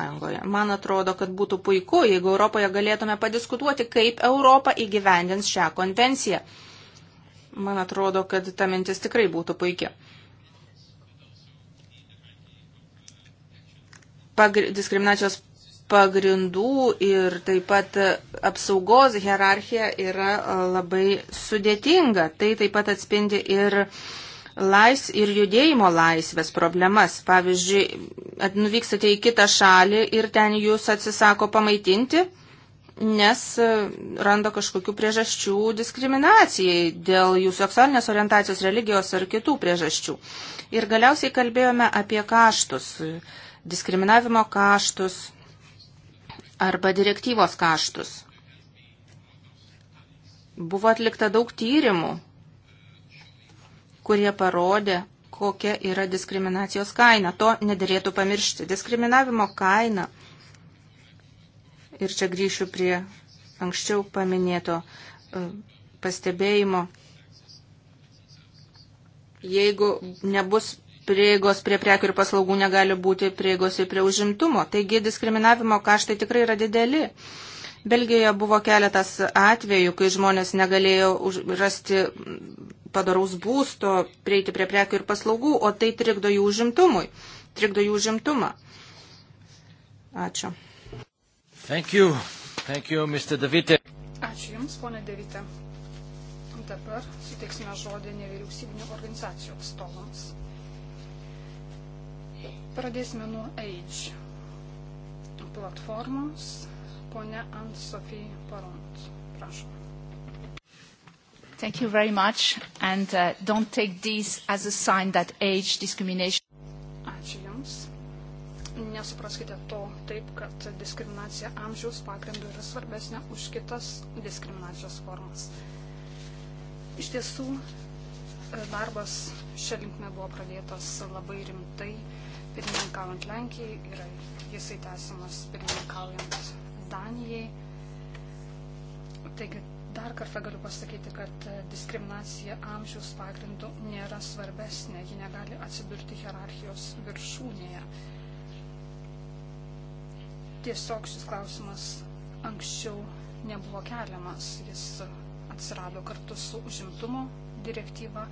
Man atrodo, kad būtų puiku, jeigu Europoje galėtume padiskutuoti, kaip Europa įgyvendins šią konvenciją. Man atrodo, kad ta mintis tikrai būtų puikia. pagri diskriminacijos pagrindų ir taip pat apsaugos hierarchija yra e, labai sudėtinga. Tai taip pat atspindi ir lais ir judėjimo laisvės problemas. Pavyzdžiui, nuvykstate į kitą šalį ir ten jūs atsisako pamaitinti, nes e, randa kažkokių priežasčių diskriminacijai dėl jų seksualinės orientacijos, religijos ar kitų priežasčių. Ir galiausiai kalbėjome apie kaštus diskriminavimo kaštus arba direktyvos kaštus. Buvo atlikta daug tyrimų, kurie parodė, kokia yra diskriminacijos kaina. To nedėlėtų pamiršti. Diskriminavimo kaina, ir čia grįšiu prie anksčiau paminėto e, pastebėjimo, jeigu nebus prieigos prie prekių ir paslaugų negali būti prieigos ir prie užimtumo. Taigi diskriminavimo kaštai tikrai yra dideli. Belgijoje buvo keletas atvejų, kai žmonės negalėjo rasti padaraus būsto, prieiti prie prekių ir paslaugų, o tai trikdo jų užimtumui, trikdo jų užimtumą. Ačiū. Thank you. Thank you, Mr. Davite. Ačiū Jums, ponė Davite. Dabar suteiksime žodį nevyriausybinio organizacijų atstovams. Pradėsime nuo Age platformos. Pone Anne-Sophie Paront. Prašom. Thank you very much and uh, don't take this as a sign that age discrimination. Ačiū Jums. Nesupraskite to taip, kad diskriminacija amžiaus pagrindų yra svarbesnė už kitas diskriminacijos formas. Iš tiesų, e, darbas šią linkmę buvo pradėtas labai rimtai pirmininkaujant Lenkijai ir jisai tęsiamas pirmininkaujant Danijai. Taigi dar kartą galiu pasakyti, kad e, diskriminacija amžiaus pagrindų nėra svarbesnė, ji negali atsidurti hierarchijos viršūnėje. Tiesiog šis klausimas anksčiau nebuvo keliamas, jis atsirado kartu su užimtumo direktyva,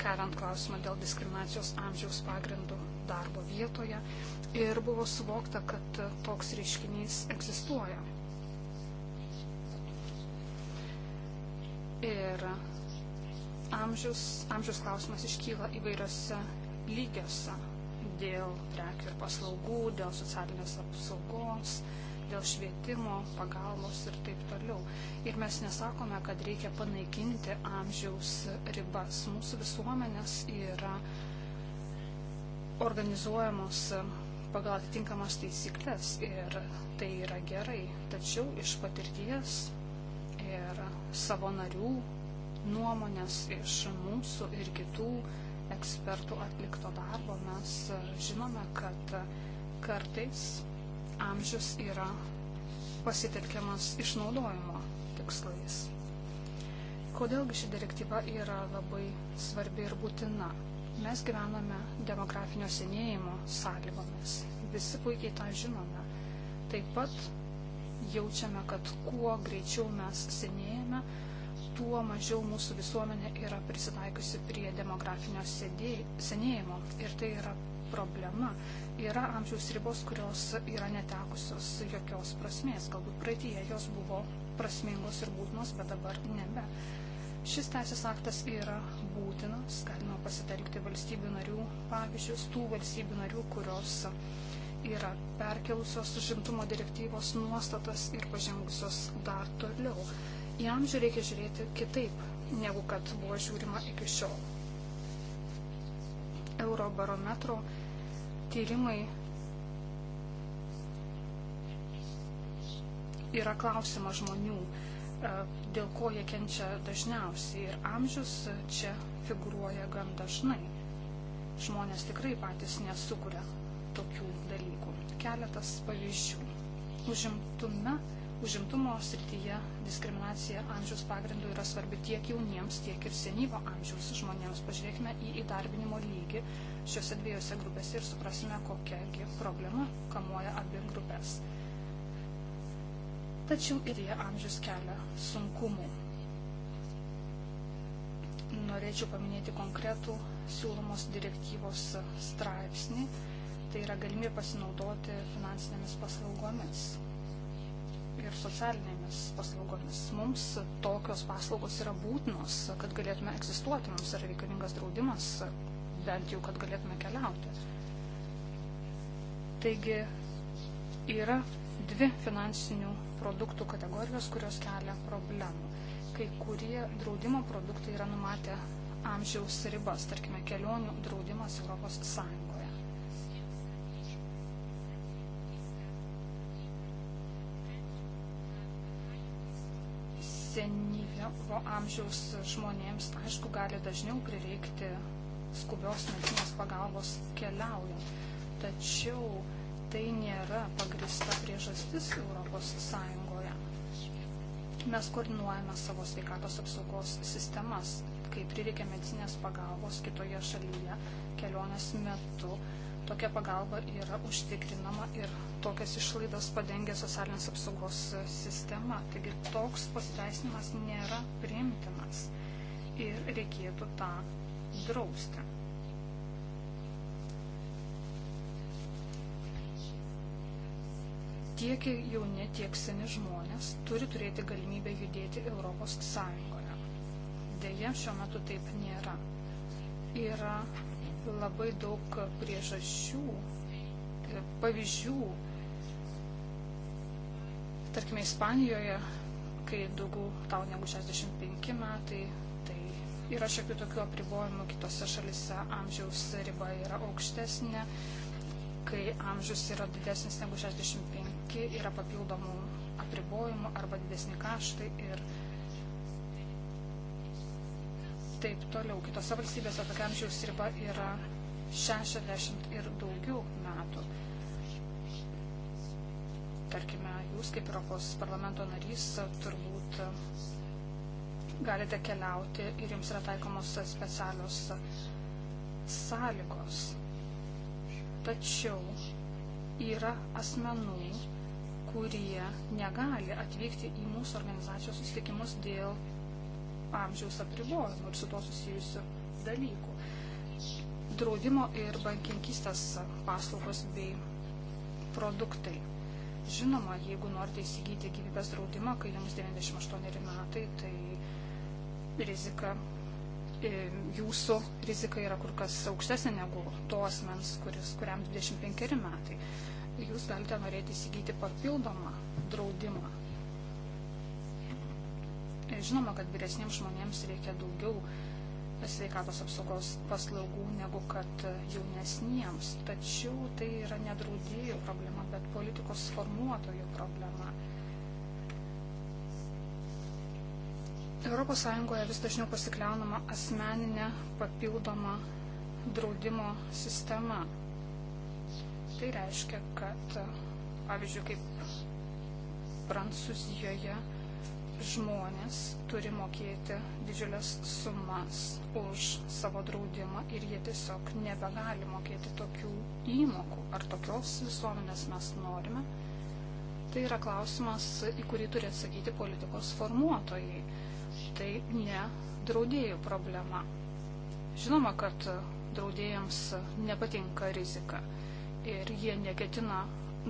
keliant klausimą dėl diskriminacijos amžiaus pagrindų darbo vietoje ir buvo suvokta, kad toks reiškinys egzistuoja. Ir amžius, amžiaus klausimas iškyla įvairiose lygiuose dėl prekių ir paslaugų, dėl socialinės apsaugos, dėl švietimo, pagalbos ir taip toliau. Ir mes nesakome, kad reikia panaikinti amžiaus ribas. Mūsų visuomenės yra uh, organizuojamos e, pagal atitinkamas taisyklės ir tai yra gerai. Tačiau iš patirties ir savo narių nuomonės iš mūsų ir kitų ekspertų atlikto darbo mes žinome, kad kartais amžius yra pasitelkiamas išnaudojimo tikslais. Kodėlgi ši direktyva yra labai svarbi ir būtina? Mes gyvename demografinio senėjimo sąlygomis. Visi puikiai tą žinome. Taip pat jaučiame, kad kuo greičiau mes senėjame, tuo mažiau mūsų visuomenė yra prisitaikiusi prie demografinio senėjimo. Ir tai yra problema. Yra amžiaus ribos, kurios yra netekusios jokios prasmės. Galbūt praeitie jos buvo prasmingos ir būtinos, bet dabar nebe. Šis teisės aktas yra būtinas, galima pasitelkti valstybių narių pavyzdžius, tų valstybių narių, kurios yra perkelusios užimtumo direktyvos nuostatas ir pažengusios dar toliau. Į amžių reikia žiūrėti kitaip, negu kad buvo žiūrima iki šiol. Eurobarometro tyrimai yra klausima žmonių E, dėl ko jie kenčia dažniausiai. Ir amžius čia figuruoja gan dažnai. Žmonės tikrai patys nesukuria tokių dalykų. Keletas pavyzdžių. Užimtume, užimtumo srityje diskriminacija amžiaus pagrindų yra svarbi tiek jauniems, tiek ir senyvo amžiaus žmonėms. Pažiūrėkime į įdarbinimo lygį šiuose dviejose grupėse ir suprasime, kokiagi problema kamuoja abi grupės tačiau ir jie amžius kelia sunkumų. Norėčiau paminėti konkretų siūlomos direktyvos straipsnį, tai yra galimybė pasinaudoti finansinėmis paslaugomis ir socialinėmis paslaugomis. Mums tokios paslaugos yra būtinos, kad galėtume egzistuoti, mums yra reikalingas draudimas, bent jau, kad galėtume keliauti. Taigi yra dvi finansinių produktų kategorijos, kurios kelia problemų. Kai kurie draudimo produktai yra numatę amžiaus ribas, tarkime, kelionių draudimas Europos Sąjungoje. Senyvo amžiaus žmonėms, aišku, gali dažniau prireikti skubios medicinės pagalbos keliaujant. Tačiau tai nėra pagrista priežastis ES. Mes koordinuojame savo sveikatos apsaugos sistemas, kai prireikia medicinės pagalbos kitoje šalyje kelionės metu. Tokia pagalba yra užtikrinama ir tokias išlaidas padengia socialinės apsaugos sistema. Taigi toks pasiteisinimas nėra priimtinas ir reikėtų tą drausti. tiek jauni, tiek seni žmonės turi turėti galimybę judėti Europos Sąjungoje. Deja, šiuo metu taip nėra. Yra labai daug priežasčių, e, pavyzdžių. Tarkime, Ispanijoje, kai daugiau tau negu 65 metai, tai yra šiokių tokių apribojimų, kitose šalise amžiaus riba yra aukštesnė kai amžius yra didesnis negu 65, kiek yra papildomų apribojimų arba didesni kaštai ir taip toliau. Kitose valstybėse tokia amžiaus riba yra 60 ir daugiau metų. Tarkime, jūs kaip Europos parlamento narys turbūt galite keliauti ir jums yra taikomos specialios sąlygos. Tačiau yra asmenų, kurie negali atvykti į mūsų organizacijos susitikimus dėl amžiaus apribojimų ir su tuo susijusių dalykų. Draudimo ir bankininkystės paslaugos bei produktai. Žinoma, jeigu norite įsigyti gyvybės draudimą, kai jums 98 metai, tai rizika, e, jūsų rizika yra kur kas aukštesnė negu to asmens, kuris, kuriam 25 metai jūs galite norėti įsigyti papildomą draudimą. Žinoma, kad vyresniems žmonėms reikia daugiau sveikatos apsaugos paslaugų negu kad jaunesniems. Tačiau tai yra ne draudėjų problema, bet politikos formuotojų problema. ES vis dažniau pasikliaunama asmeninė papildoma draudimo sistema. Tai reiškia, kad, pavyzdžiui, kaip Prancūzijoje žmonės turi mokėti didžiulės sumas už savo draudimą ir jie tiesiog nebegali mokėti tokių įmokų. Ar tokios visuomenės mes norime? Tai yra klausimas, į kurį turi atsakyti politikos formuotojai. Tai ne draudėjų problema. Žinoma, kad draudėjams nepatinka rizika ir jie neketina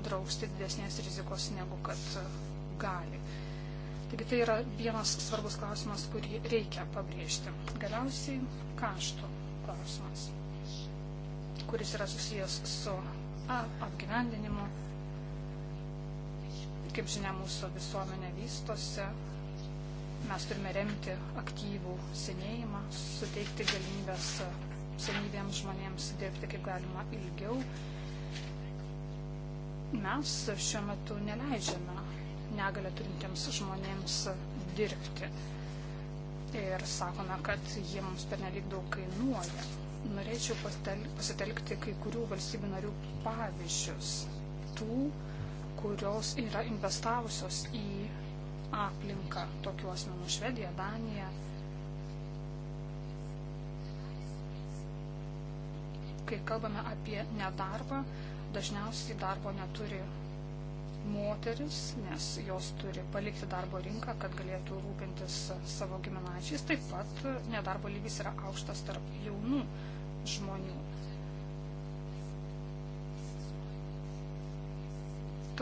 drausti didesnės rizikos negu kad gali. Taigi tai yra vienas svarbus klausimas, kurį reikia pabrėžti. Galiausiai kaštų klausimas, kuris yra susijęs su apgyvendinimu. Kaip žinia, mūsų visuomenė vystosi, mes turime remti aktyvų senėjimą, suteikti galimybės senyviems žmonėms dirbti kaip galima ilgiau Mes šiuo metu neleidžiame negalę turintiems žmonėms dirbti ir sakome, kad jie mums pernelyg daug kainuoja. Norėčiau pasitelkti kai kurių valstybių narių pavyzdžius, tų, kurios yra investavusios į aplinką tokių asmenų Švedija, Danija. Kai kalbame apie nedarbą, dažniausiai darbo neturi moteris, nes jos turi palikti darbo rinką, kad galėtų rūpintis savo giminaičiais. Taip pat nedarbo lygis yra aukštas tarp jaunų žmonių.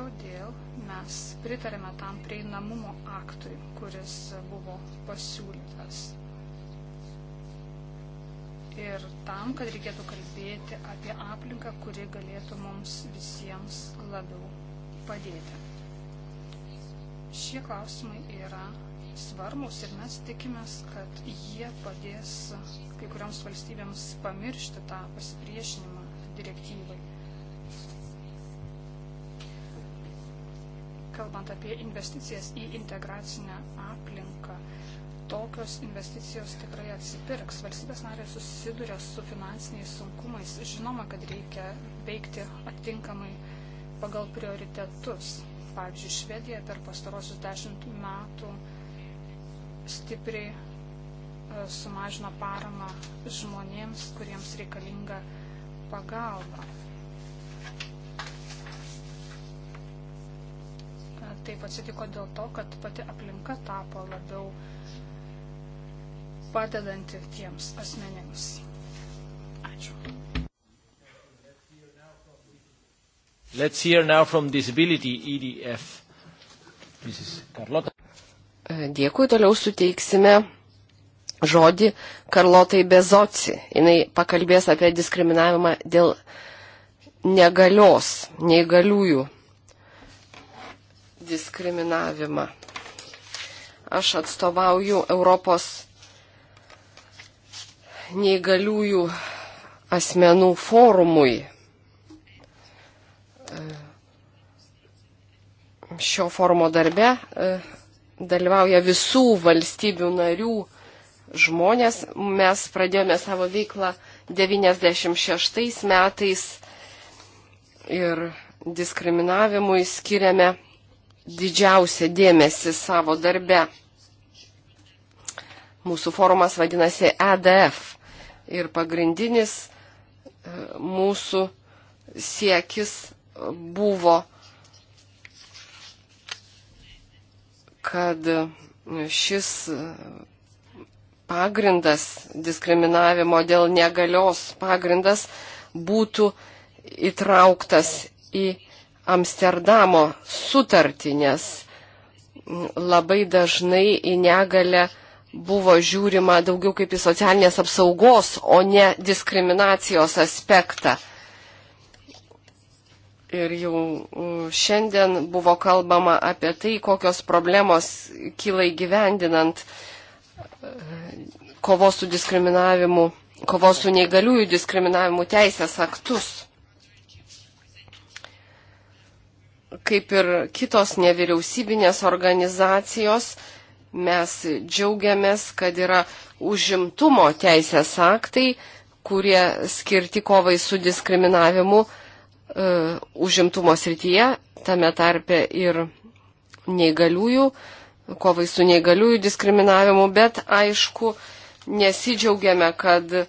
Todėl mes pritarėme tam prieinamumo aktui, kuris buvo pasiūlytas ir tam, kad reikėtų kalbėti apie aplinką, kuri galėtų mums visiems labiau padėti. Šie klausimai yra svarbus ir mes tikimės, kad jie padės kai kurioms valstybėms pamiršti tą pasipriešinimą direktyvai. Kalbant apie investicijas į integracinę aplinką, tokios investicijos tikrai atsipirks. Valstybės narės susiduria su finansiniais sunkumais. Žinoma, kad reikia veikti atitinkamai pagal prioritetus. Pavyzdžiui, Švedija per pastarosius dešimt metų stipriai e, sumažino paramą žmonėms, kuriems reikalinga pagalba. E, taip atsitiko dėl to, kad pati aplinka tapo labiau padedanti tiems asmenims. Ačiū. Let's hear now from Disability EDF. Mrs. Carlota. Dėkui, toliau suteiksime žodį Karlotai Bezoci. Jis pakalbės apie diskriminavimą dėl negalios, neįgaliųjų diskriminavimą. Aš atstovauju Europos neįgaliųjų asmenų forumui. Šio forumo darbe e, dalyvauja visų valstybių narių žmonės. Mes pradėjome savo veiklą 96 metais ir diskriminavimui skiriame didžiausią dėmesį savo darbe. Mūsų forumas vadinasi EDF ir pagrindinis e, mūsų siekis buvo, kad šis pagrindas diskriminavimo dėl negalios pagrindas būtų įtrauktas į Amsterdamo sutartinės. Labai dažnai į negalę buvo žiūrima daugiau kaip į socialinės apsaugos, o ne diskriminacijos aspektą. Ir jau šiandien buvo kalbama apie tai, kokios problemos kyla įgyvendinant e, kovos su diskriminavimu, kovos su neįgaliųjų diskriminavimu teisės aktus. Kaip ir kitos nevyriausybinės organizacijos, Mes džiaugiamės, kad yra užimtumo teisės aktai, kurie skirti kovai su diskriminavimu e, užimtumo srityje, tame tarpe ir neįgaliųjų, kovai su neįgaliųjų diskriminavimu, bet aišku, nesidžiaugiame, kad e,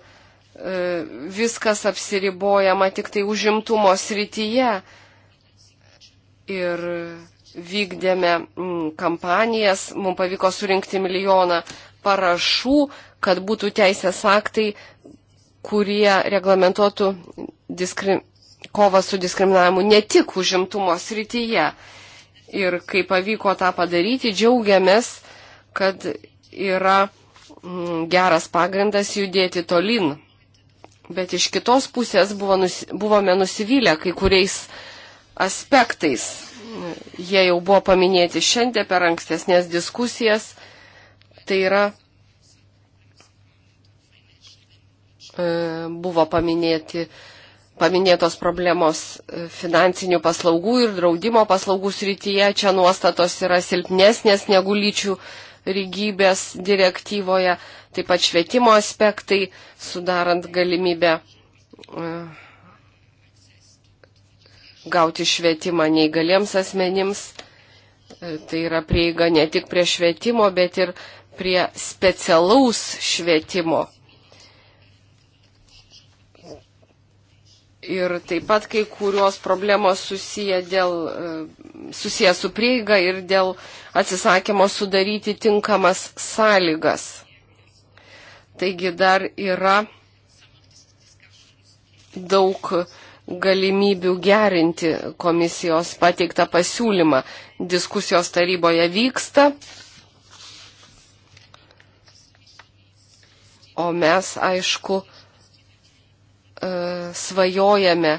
viskas apsiribojama tik tai užimtumo srityje. Ir e, vykdėme mm, kampanijas, mums pavyko surinkti milijoną parašų, kad būtų teisės aktai, kurie reglamentuotų diskri... kovą su diskriminavimu ne tik užimtumo srityje. Ir kai pavyko tą padaryti, džiaugiamės, kad yra mm, geras pagrindas judėti tolin. Bet iš kitos pusės buvo nus, buvome nusivylę kai kuriais aspektais. Jie jau buvo paminėti šiandien per ankstesnės diskusijas. Tai yra e, buvo paminėti, paminėtos problemos e, finansinių paslaugų ir draudimo paslaugų srityje. Čia nuostatos yra silpnesnės negu lyčių lygybės direktyvoje, taip pat švietimo aspektai, sudarant galimybę. Uh, gauti švietimą neįgaliems asmenims. E, tai yra prieiga ne tik prie švietimo, bet ir prie specialaus švietimo. Ir taip pat kai kurios problemos susiję, dėl, e, susiję su prieiga ir dėl atsisakymo sudaryti tinkamas sąlygas. Taigi dar yra daug galimybių gerinti komisijos pateiktą pasiūlymą. Diskusijos taryboje vyksta, o mes, aišku, e, svajojame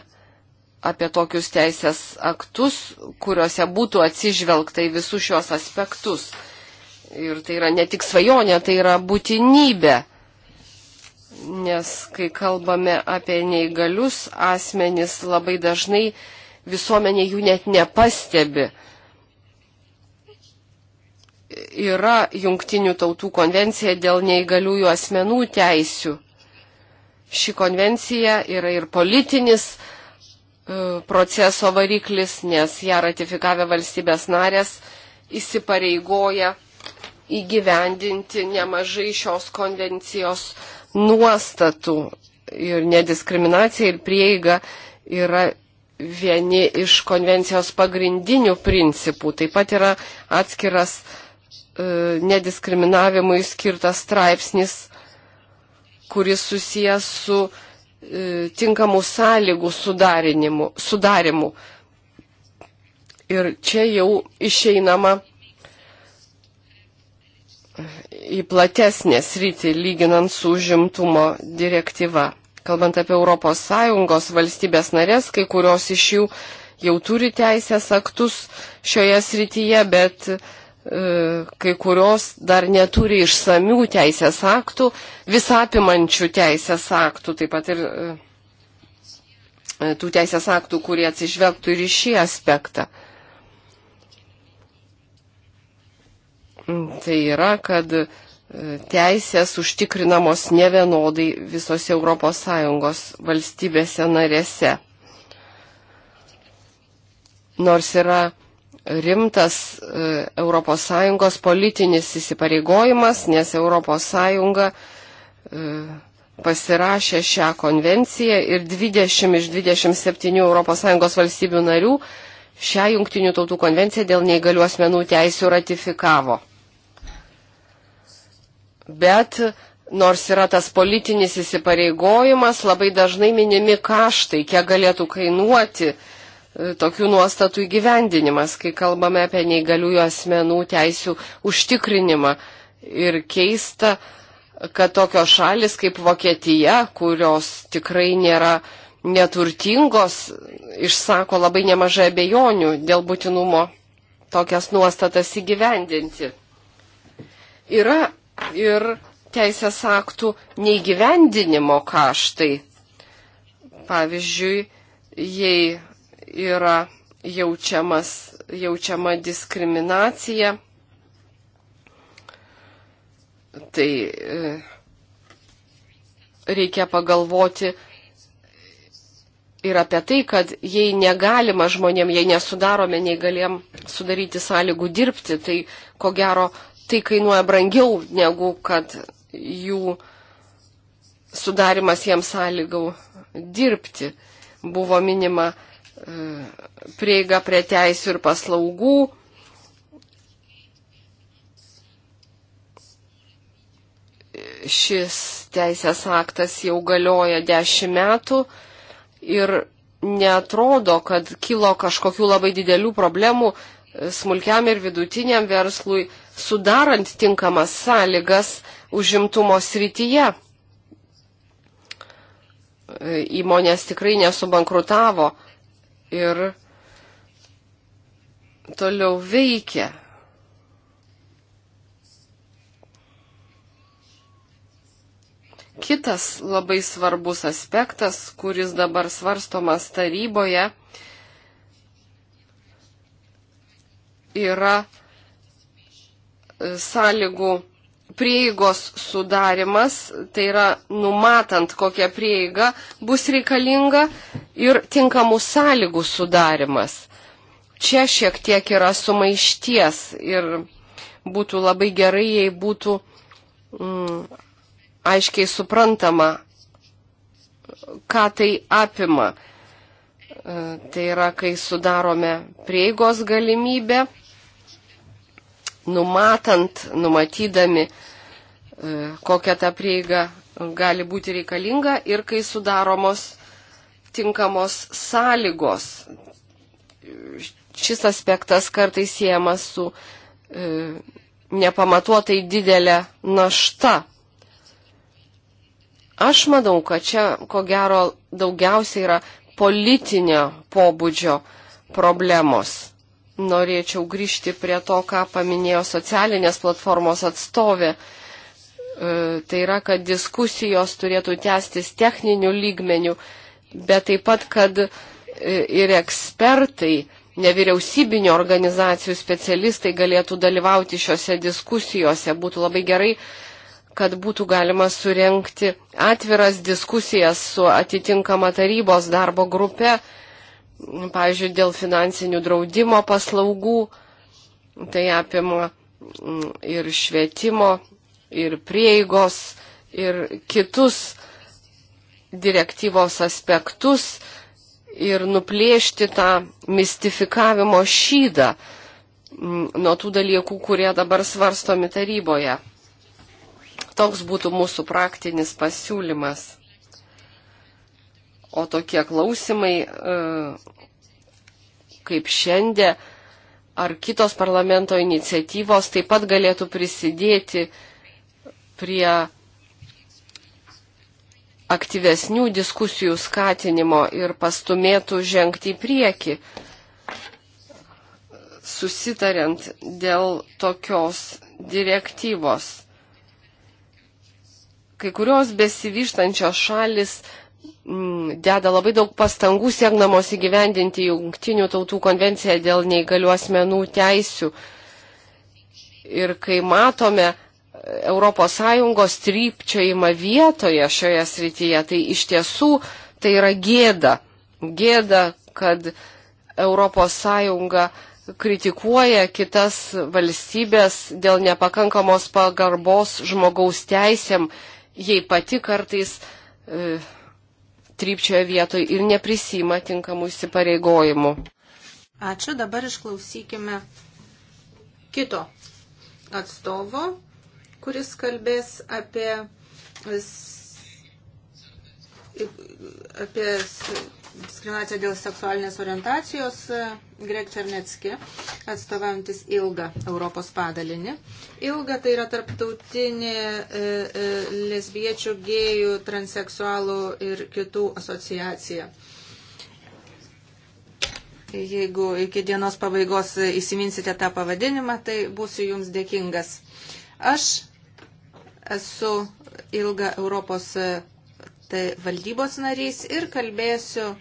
apie tokius teisės aktus, kuriuose būtų atsižvelgta į visus šios aspektus. Ir tai yra ne tik svajonė, tai yra būtinybė nes kai kalbame apie neįgalius asmenis, labai dažnai visuomenė jų net nepastebi. Yra jungtinių tautų konvencija dėl neįgaliųjų asmenų teisių. Ši konvencija yra ir politinis e, proceso variklis, nes ją ratifikavę valstybės narės įsipareigoja įgyvendinti nemažai šios konvencijos nuostatų ir nediskriminacija ir prieiga yra vieni iš konvencijos pagrindinių principų. Taip pat yra atskiras e, nediskriminavimui skirtas straipsnis, kuris susijęs su e, tinkamų sąlygų sudarinimu, sudarimu. Ir čia jau išeinama į platesnę sritį lyginant su užimtumo direktyva. Kalbant apie ES valstybės narės, kai kurios iš jų jau turi teisės aktus šioje srityje, bet e, kai kurios dar neturi išsamių teisės aktų, visapimančių teisės aktų, taip pat ir e, e tų teisės aktų, kurie atsižvelgtų ir į šį aspektą. Tai yra, kad e, teisės užtikrinamos nevienodai visose ES valstybėse narėse. Nors yra rimtas ES politinis įsipareigojimas, nes ES e, pasirašė šią konvenciją ir 20 iš 27 ES valstybių narių šią Junktinių tautų konvenciją dėl neįgalių asmenų teisių ratifikavo bet nors yra tas politinis įsipareigojimas, labai dažnai minimi kaštai, kiek galėtų kainuoti e, tokių nuostatų įgyvendinimas, kai kalbame apie neįgaliųjų asmenų teisų užtikrinimą. Ir keista, kad tokios šalis kaip Vokietija, kurios tikrai nėra neturtingos, išsako labai nemažai abejonių dėl būtinumo tokias nuostatas įgyvendinti. Yra ir teisės aktų neįgyvendinimo kaštai. Pavyzdžiui, jei yra jaučiamas, jaučiama diskriminacija, tai e, reikia pagalvoti ir apie tai, kad jei negalima žmonėm, jei nesudarome neįgalėm sudaryti sąlygų dirbti, tai ko gero tai kainuoja brangiau negu kad jų sudarimas jiems sąlygau dirbti. Buvo minima e, prieiga prie teisų ir paslaugų. Šis teisės aktas jau galioja dešimt metų ir netrodo, kad kilo kažkokių labai didelių problemų smulkiam ir vidutiniam verslui sudarant tinkamas sąlygas užimtumo srityje. Įmonės tikrai nesubankrutavo ir toliau veikia. Kitas labai svarbus aspektas, kuris dabar svarstomas taryboje, yra sąlygų prieigos sudarimas, tai yra numatant, kokia prieiga bus reikalinga ir tinkamų sąlygų sudarimas. Čia šiek tiek yra sumaišties ir būtų labai gerai, jei būtų mm, aiškiai suprantama, ką tai apima. E, tai yra, kai sudarome prieigos galimybę numatant, numatydami, e, kokia ta prieiga gali būti reikalinga ir kai sudaromos tinkamos sąlygos. Šis aspektas kartais siejamas su e, nepamatuotai didelė našta. Aš manau, kad čia ko gero daugiausiai yra politinio pobūdžio problemos norėčiau grįžti prie to, ką paminėjo socialinės platformos atstovė. E, tai yra, kad diskusijos turėtų tęstis techninių lygmenių, bet taip pat, kad e, ir ekspertai, nevyriausybinio organizacijų specialistai galėtų dalyvauti šiuose diskusijose. Būtų labai gerai, kad būtų galima surenkti atviras diskusijas su atitinkama tarybos darbo grupe pavyzdžiui, dėl finansinių draudimo paslaugų, tai apima mm, ir švietimo, ir prieigos, ir kitus direktyvos aspektus ir nuplėšti tą mistifikavimo šydą mm, nuo tų dalykų, kurie dabar svarstomi taryboje. Toks būtų mūsų praktinis pasiūlymas. O tokie klausimai, e, kaip šiandien, ar kitos parlamento iniciatyvos taip pat galėtų prisidėti prie aktyvesnių diskusijų skatinimo ir pastumėtų žengti į priekį, susitariant dėl tokios direktyvos. Kai kurios besivyštančios šalis Mm, deda labai daug pastangų siekdamos įgyvendinti Junktinių tautų konvenciją dėl neįgalių asmenų teisių. Ir kai matome ES trypčiojimą vietoje šioje srityje, tai iš tiesų tai yra gėda. Gėda, kad ES kritikuoja kitas valstybės dėl nepakankamos pagarbos žmogaus teisėm, jei pati kartais e, trypčioje vietoje ir neprisima tinkamų įsipareigojimų. Ačiū, dabar išklausykime kito atstovo, kuris kalbės apie, apie diskriminaciją dėl seksualinės orientacijos Greg Černetski atstovaujantis ilgą Europos padalinį. Ilga tai yra tarptautinė e, e, lesbiečių, gėjų, transeksualų ir kitų asociacija. Jeigu iki dienos pabaigos įsiminsite tą pavadinimą, tai būsiu jums dėkingas. Aš esu ilga Europos e, tai valdybos narys ir kalbėsiu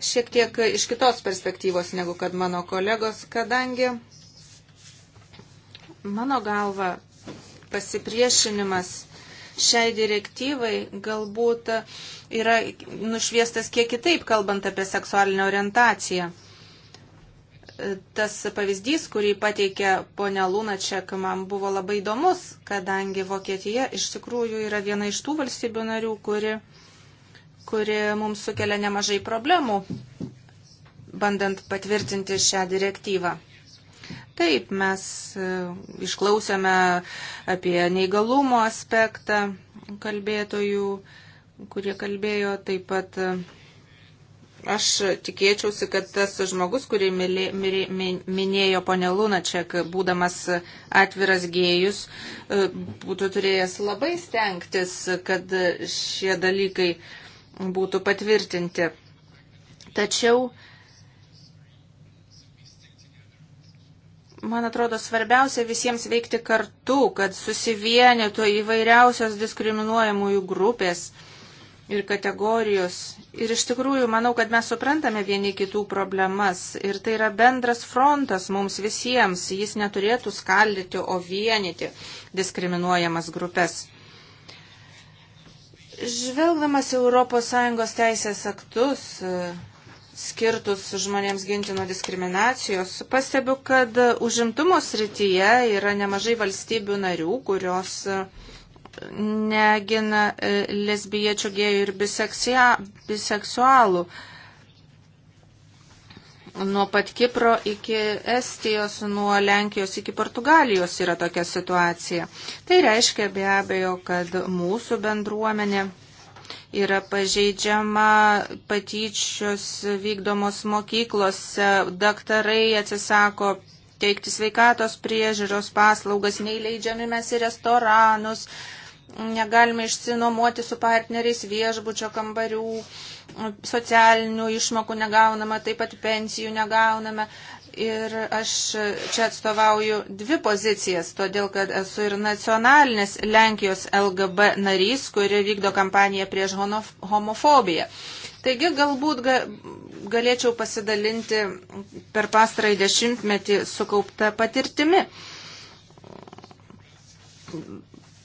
šiek tiek iš kitos perspektyvos negu kad mano kolegos, kadangi mano galva pasipriešinimas šiai direktyvai galbūt yra nušviestas kiek kitaip, kalbant apie seksualinę orientaciją. Tas pavyzdys, kurį pateikė ponia Lunačiak, man buvo labai įdomus, kadangi Vokietija iš tikrųjų yra viena iš tų valstybių narių, kuri uh, kuri mums sukelia nemažai problemų, bandant patvirtinti šią direktyvą. Taip, mes e, išklausėme apie neįgalumo aspektą kalbėtojų, kurie kalbėjo taip pat. E, aš tikėčiausi, kad tas žmogus, kurį minėjo ponė Lunačiak, būdamas atviras gėjus, e, būtų turėjęs labai stengtis, kad šie dalykai uh, būtų patvirtinti. Tačiau, man atrodo, svarbiausia visiems veikti kartu, kad susivienytų įvairiausios diskriminuojamųjų grupės ir kategorijos. Ir iš tikrųjų, manau, kad mes suprantame vieni kitų problemas. Ir tai yra bendras frontas mums visiems. Jis neturėtų skaldyti, o vienyti diskriminuojamas grupės. Žvelgdamas ES teisės aktus, e, skirtus žmonėms ginti nuo diskriminacijos, pastebiu, kad užimtumo srityje yra nemažai valstybių narių, kurios e, negina e, lesbiečių, gėjų ir biseksia, biseksualų. Nuo pat Kipro iki Estijos, nuo Lenkijos iki Portugalijos yra tokia situacija. Tai reiškia be abejo, kad mūsų bendruomenė yra pažeidžiama patyčios vykdomos mokyklose, daktarai atsisako teikti sveikatos priežiūros paslaugas, neįleidžiami mes į restoranus, negalime išsinuomoti su partneriais viešbučio kambarių socialinių išmokų negauname, taip pat pensijų negauname. Ir aš čia atstovauju dvi pozicijas, todėl kad esu ir nacionalinis Lenkijos LGB narys, kuri vykdo kampaniją prieš homofobiją. Taigi galbūt ga, galėčiau pasidalinti per pastarąjį dešimtmetį sukauptą patirtimi,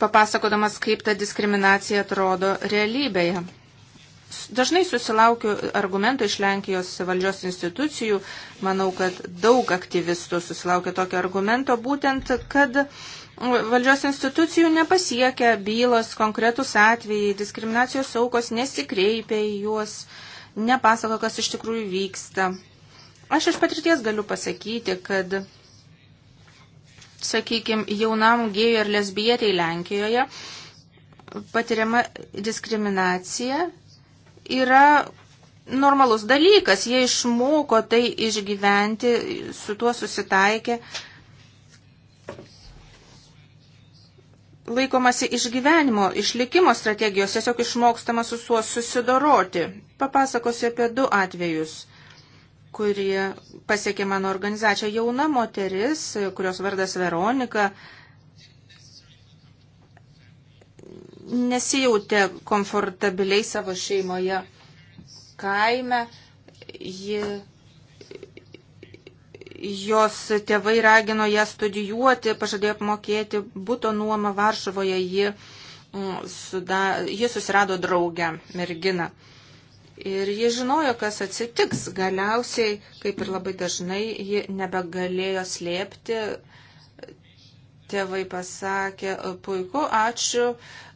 papasakodamas, kaip ta diskriminacija atrodo realybėje. Dažnai susilaukiu argumentų iš Lenkijos valdžios institucijų, manau, kad daug aktyvistų susilaukia tokio argumento, būtent, kad valdžios institucijų nepasiekia bylos, konkretus atvejai, diskriminacijos aukos nesikreipia į juos, nepasako, kas iš tikrųjų vyksta. Aš iš patirties galiu pasakyti, kad, sakykime, jaunam gėjui ar lesbietei Lenkijoje patiriama diskriminacija yra normalus dalykas. Jie išmoko tai išgyventi, su tuo susitaikė. Laikomasi išgyvenimo, išlikimo strategijos, tiesiog išmokstama su tuo susidoroti. Papasakosiu apie du atvejus kurie pasiekė mano organizaciją jauna moteris, kurios vardas Veronika, nesijautė komfortabiliai savo šeimoje kaime. Ji, jos tėvai ragino ją studijuoti, pažadėjo apmokėti būto nuomą Varšuvoje. Ji, mm, suda, ji susirado draugę merginą. Ir ji žinojo, kas atsitiks. Galiausiai, kaip ir labai dažnai, ji nebegalėjo slėpti tėvai pasakė, puiku, ačiū,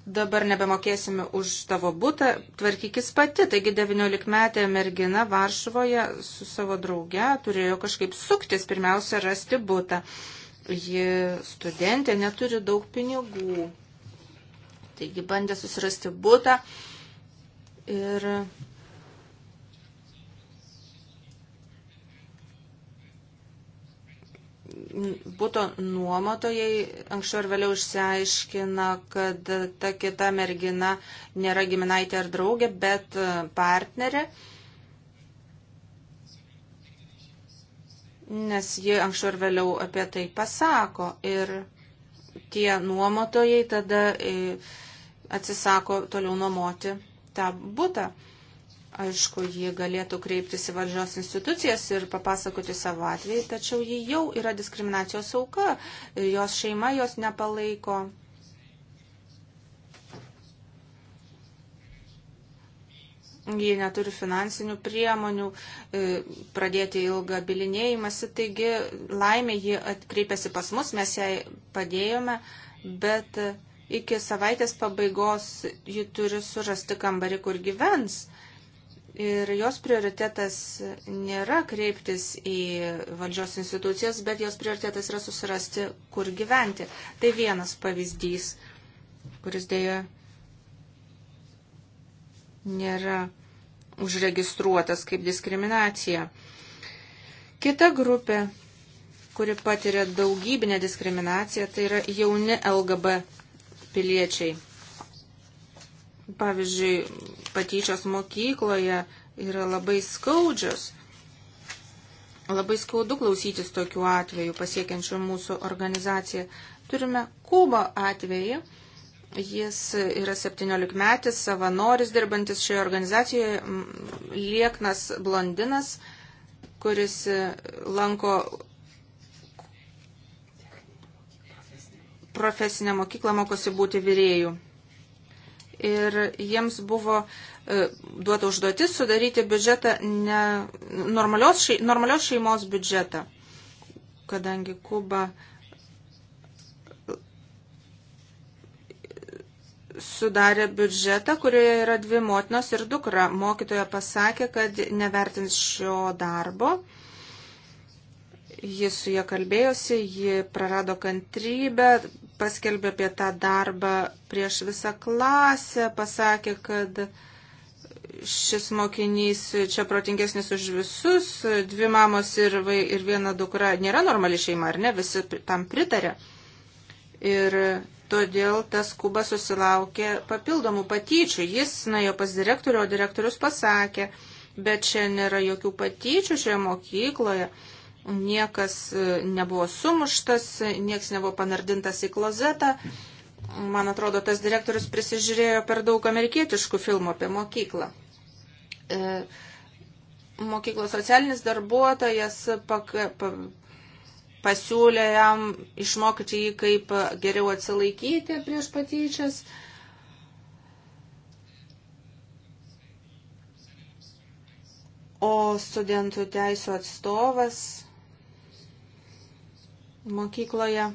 dabar nebemokėsime už tavo būtą, tvarkykis pati. Taigi 19 metė mergina Varšuvoje su savo drauge turėjo kažkaip suktis, pirmiausia, rasti būtą. Ji studentė neturi daug pinigų. Taigi bandė susirasti būtą ir būto nuomotojai anksčiau ir vėliau išsiaiškina, kad ta kita mergina nėra giminaitė ar draugė, bet e, partnerė, nes ji anksčiau ir vėliau apie tai pasako ir tie nuomotojai tada e, atsisako toliau nuomoti tą būtą. Aišku, ji galėtų kreiptis į valdžios institucijas ir papasakoti savo atvejį, tačiau ji jau yra diskriminacijos auka ir jos šeima jos nepalaiko. Ji neturi finansinių priemonių e, pradėti ilgą bilinėjimąsi, taigi laimė ji atkreipėsi pas mus, mes jai padėjome, bet iki savaitės pabaigos ji turi surasti kambarį, kur gyvens Ir jos prioritetas nėra kreiptis į valdžios institucijas, bet jos prioritetas yra susirasti, kur gyventi. Tai vienas pavyzdys, kuris dėja nėra užregistruotas kaip diskriminacija. Kita grupė, kuri patiria daugybinę diskriminaciją, tai yra jauni LGB piliečiai. Pavyzdžiui, patyčios mokykloje yra labai skaudžios. Labai skaudu klausytis tokių atvejų pasiekiančių mūsų organizaciją. Turime Kubo atvejį. Jis yra 17 metis, savanoris dirbantis šioje organizacijoje, lieknas blondinas, kuris e, lanko profesinę mokyklą, mokosi būti vyrėjų ir jiems buvo e, duota užduotis sudaryti biudžetą ne, normalios, še, normalios šeimos biudžetą, kadangi Kuba e, sudarė biudžetą, kurioje yra dvi motinos ir dukra. Mokytoja pasakė, kad nevertins šio darbo. Jis su jie kalbėjosi, ji prarado kantrybę, paskelbė apie tą darbą prieš visą klasę, pasakė, kad šis mokinys čia protingesnis už visus, dvi mamos ir, vai, ir viena dukra nėra normali šeima, ar ne, visi tam pritarė. Ir todėl tas kubas susilaukė papildomų patyčių. Jis nuėjo pas direktorių, o direktorius pasakė, bet čia nėra jokių patyčių šioje mokykloje niekas e, nebuvo sumuštas, niekas nebuvo panardintas į klozetą. Man atrodo, tas direktorius prisižiūrėjo per daug amerikietiškų filmų apie mokyklą. E, mokyklos socialinis darbuotojas pak, pa, pasiūlė jam išmokyti jį, kaip geriau atsilaikyti prieš patyčias. O studentų teisų atstovas mokykloje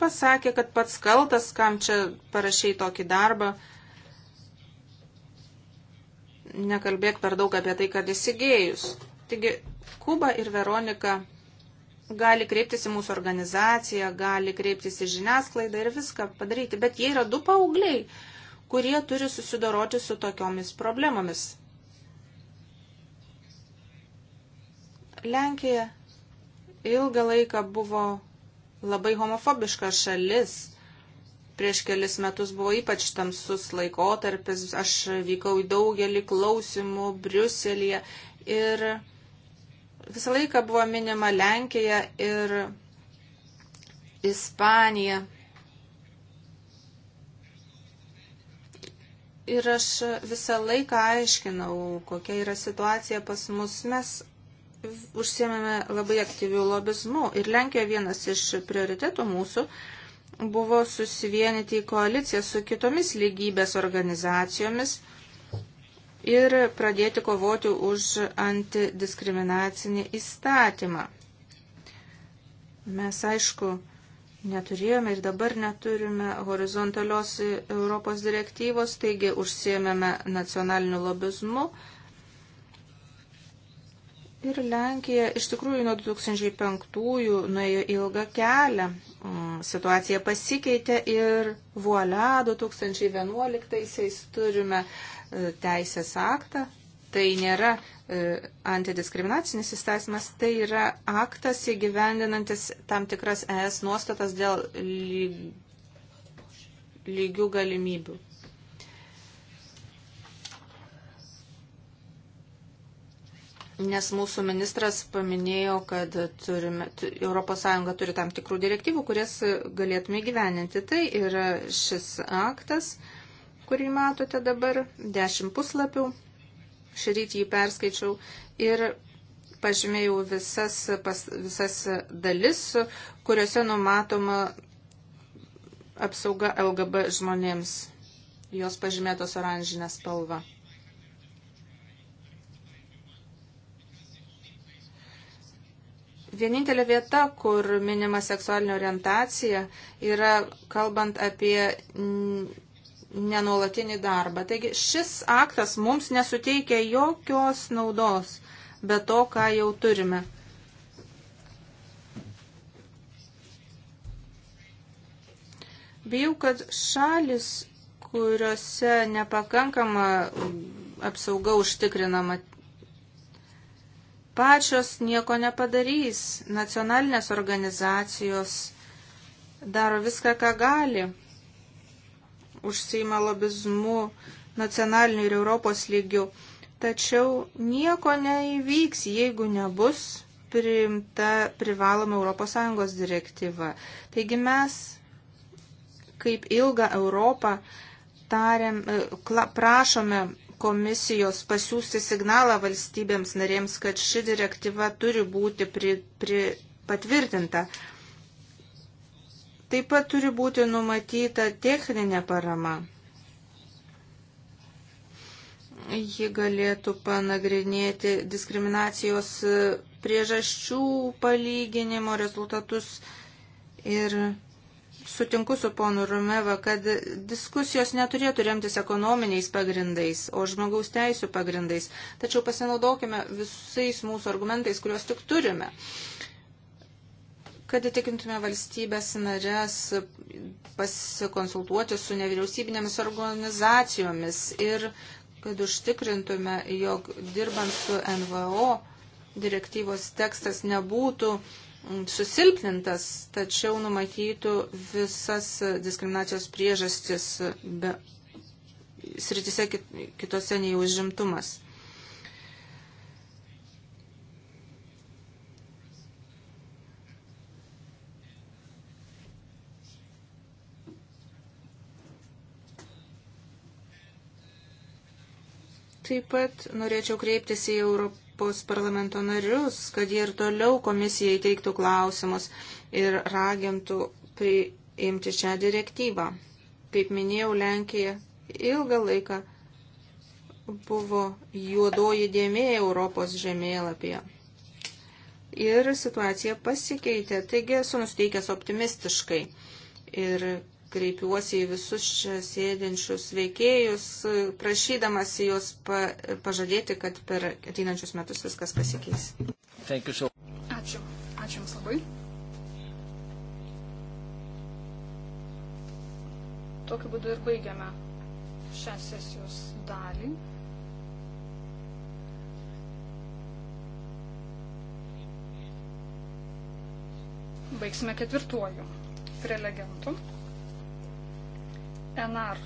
pasakė, kad pats kaltas, kam čia parašiai tokį darbą. Nekalbėk per daug apie tai, kad įsigėjus. Taigi, Kuba ir Veronika gali kreiptis į mūsų organizaciją, gali kreiptis į žiniasklaidą ir viską padaryti, bet jie yra du paaugliai, kurie turi susidoroti su tokiomis problemomis. Lenkija ilgą laiką buvo labai homofobiška šalis. Prieš kelis metus buvo ypač tamsus laikotarpis, aš vykau į daugelį klausimų Briuselėje ir visą laiką buvo minima Lenkija ir Ispanija. Ir aš visą laiką aiškinau, kokia yra situacija pas mus. Mes užsiemėme labai aktyvių lobizmų ir Lenkijoje vienas iš prioritetų mūsų buvo susivienyti į koaliciją su kitomis lygybės organizacijomis ir pradėti kovoti už antidiskriminacinį įstatymą. Mes, aišku, neturėjome ir dabar neturime horizontalios Europos direktyvos, taigi užsiemėme nacionaliniu lobizmu Ir Lenkija iš tikrųjų nuo 2005-ųjų nuėjo ilgą kelią. Situacija pasikeitė ir voilà 2011-aisiais turime e, teisės aktą. Tai nėra e, antidiskriminacinis įstatymas, tai yra aktas įgyvendinantis tam tikras ES nuostatas dėl lygių galimybių. Nes mūsų ministras paminėjo, kad turime, ES turi tam tikrų direktyvų, kurias galėtume gyveninti. Tai yra šis aktas, kurį matote dabar, 10 puslapių. Šį rytį jį perskaičiau ir pažymėjau visas, pas, visas dalis, kuriuose numatoma apsauga LGB žmonėms. Jos pažymėtos oranžinė spalva. Vienintelė vieta, kur minima seksualinė orientacija, yra kalbant apie nenuolatinį darbą. Taigi šis aktas mums nesuteikia jokios naudos be to, ką jau turime. Bijau, kad šalis, kuriuose nepakankama apsauga užtikrinama pačios nieko nepadarys. Nacionalinės organizacijos daro viską, ką gali. Užsima lobizmu nacionaliniu ir Europos lygiu. Tačiau nieko neįvyks, jeigu nebus priimta privaloma ES direktyva. Taigi mes, kaip ilgą Europą, tariam, e, prašome komisijos pasiūsti signalą valstybėms narėms, kad ši direktyva turi būti pri, pri, patvirtinta. Taip pat turi būti numatyta techninė parama. Ji galėtų panagrinėti diskriminacijos priežasčių palyginimo rezultatus ir sutinku su ponu Rumeva, kad diskusijos neturėtų remtis ekonominiais pagrindais, o žmogaus teisų pagrindais. Tačiau pasinaudokime visais mūsų argumentais, kuriuos tik turime, kad įtikintume valstybės narės pasikonsultuoti su nevyriausybinėmis organizacijomis ir kad užtikrintume, jog dirbant su NVO direktyvos tekstas nebūtų susilpnintas, tačiau numatytų visas diskriminacijos priežastis be sritise kitose nei užimtumas. Taip pat norėčiau kreiptis į Europą Europos parlamento narius, kad jie ir toliau komisijai teiktų klausimus ir ragintų priimti šią direktyvą. Kaip minėjau, Lenkija ilgą laiką buvo juodoji dėmė Europos žemėlapyje. Ir situacija pasikeitė, taigi esu nusteikęs optimistiškai. Ir kreipiuosi į visus čia sėdinčius veikėjus, prašydamas juos pa, pažadėti, kad per ateinančius metus viskas pasikeis. So. Ačiū. Ačiū Jums labai. Tokiu būdu ir baigiame šią sesijos dalį. Baigsime ketvirtuoju prelegentu. NR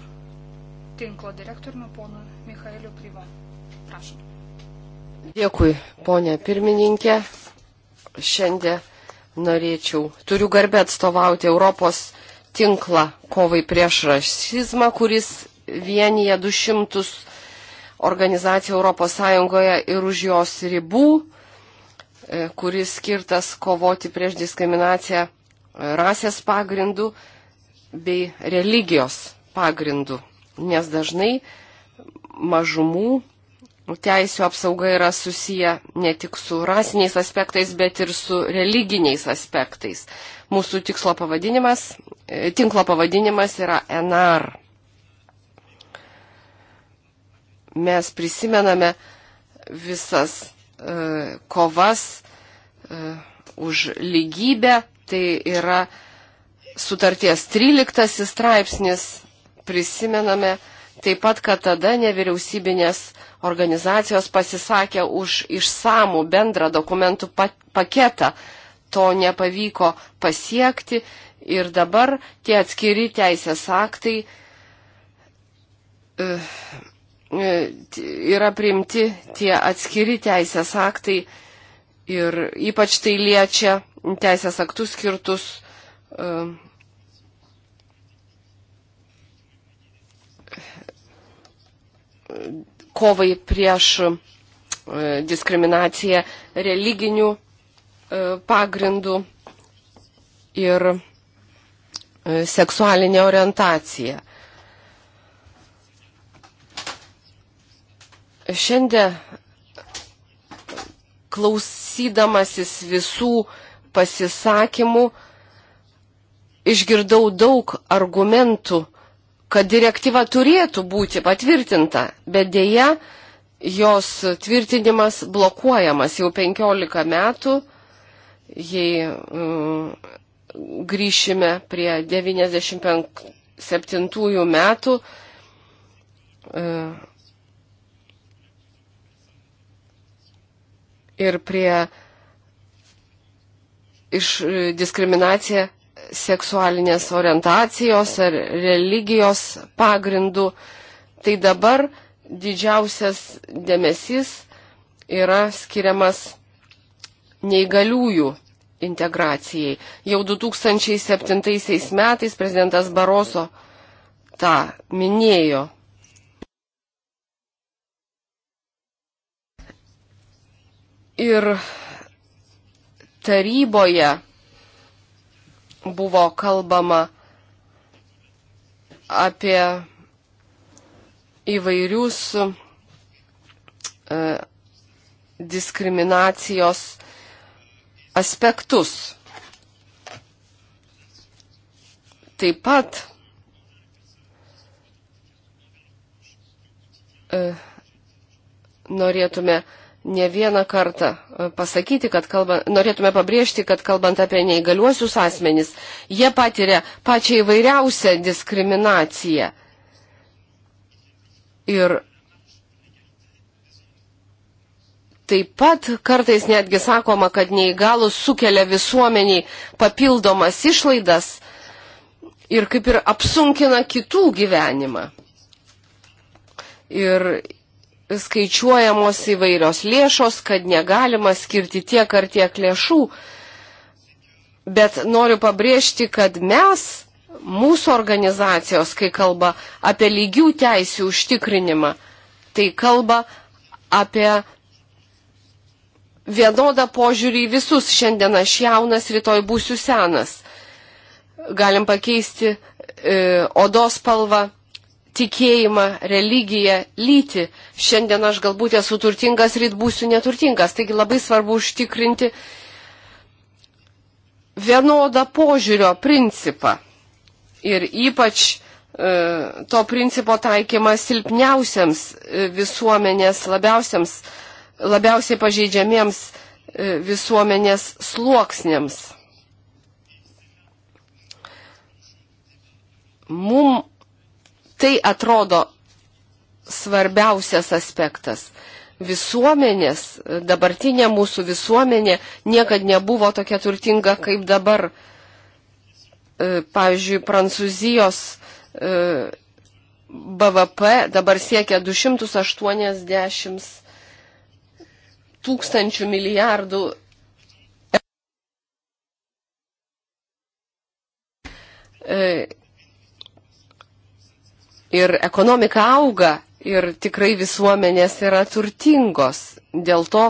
tinklo direktoriumi ponu Michaeliu Kryvo. Prašom. Dėkui, ponė pirmininkė. Šiandien norėčiau, turiu garbę atstovauti Europos tinklą kovai prieš rasizmą, kuris vienyje 200 organizacijų Europos Sąjungoje ir už jos ribų, e, kuris skirtas kovoti prieš diskriminaciją rasės pagrindų bei religijos pagrindu, nes dažnai mažumų teisų apsauga yra susiję ne tik su rasiniais aspektais, bet ir su religiniais aspektais. Mūsų tikslo pavadinimas, e, tinklo pavadinimas yra NR. Mes prisimename visas e, kovas e, už lygybę, tai yra sutarties 13 straipsnis prisimename taip pat, kad tada nevyriausybinės organizacijos pasisakė už išsamų bendrą dokumentų paketą. To nepavyko pasiekti ir dabar tie atskiri teisės aktai e, e, yra priimti tie atskiri teisės aktai ir ypač tai liečia teisės aktus skirtus e, kovai prieš e, diskriminaciją religinių e, pagrindų ir e, seksualinė orientacija. Šiandien klausydamasis visų pasisakymų, išgirdau daug argumentų kad direktyva turėtų būti patvirtinta, bet dėja jos tvirtinimas blokuojamas jau 15 metų, jei mm, grįšime prie 97 metų. E, ir prie iš diskriminaciją seksualinės orientacijos ar religijos pagrindų, tai dabar didžiausias dėmesys yra skiriamas neįgaliųjų integracijai. Jau 2007 metais prezidentas Baroso tą minėjo. Ir taryboje buvo kalbama apie įvairius e, diskriminacijos aspektus. Taip pat e, norėtume ne vieną kartą e, pasakyti, kad kalba, norėtume pabrėžti, kad kalbant apie neįgaliuosius asmenys, jie patiria pačią įvairiausią diskriminaciją. Ir taip pat kartais netgi sakoma, kad neįgalus sukelia visuomeniai papildomas išlaidas ir kaip ir apsunkina kitų gyvenimą. Ir skaičiuojamos įvairios lėšos, kad negalima skirti tiek ar tiek lėšų. Bet noriu pabrėžti, kad mes, mūsų organizacijos, kai kalba apie lygių teisų užtikrinimą, tai kalba apie vienodą požiūrį į visus. Šiandien aš jaunas, rytoj būsiu senas. Galim pakeisti e, odos spalvą tikėjimą, religiją, lytį. Šiandien aš galbūt esu turtingas, ryt būsiu neturtingas. Taigi labai svarbu užtikrinti vienodą požiūrio principą. Ir ypač e, to principo taikymas silpniausiams e, visuomenės, labiausiams, labiausiai pažeidžiamiems e, visuomenės sluoksniams. Mums Tai atrodo svarbiausias aspektas. Visuomenės, dabartinė mūsų visuomenė niekad nebuvo tokia turtinga kaip dabar. E, pavyzdžiui, Prancūzijos e, BVP dabar siekia 280 tūkstančių milijardų. E, ir ekonomika auga ir tikrai visuomenės yra turtingos. Dėl to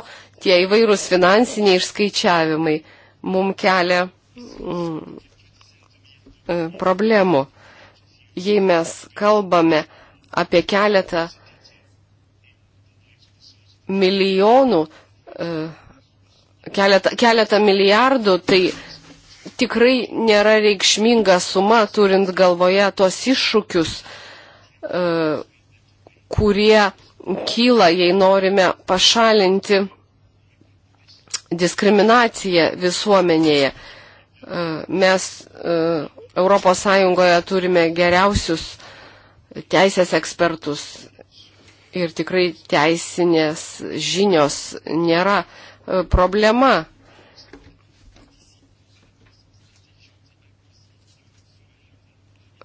tie įvairūs finansiniai išskaičiavimai mum kelia mm, e, problemų. Jei mes kalbame apie keletą milijonų, e, keletą, keletą milijardų, tai tikrai nėra reikšminga suma, turint galvoje tos iššūkius, E, kurie kyla, jei norime pašalinti diskriminaciją visuomenėje. E, mes ES turime geriausius teisės ekspertus ir tikrai teisinės žinios nėra e, problema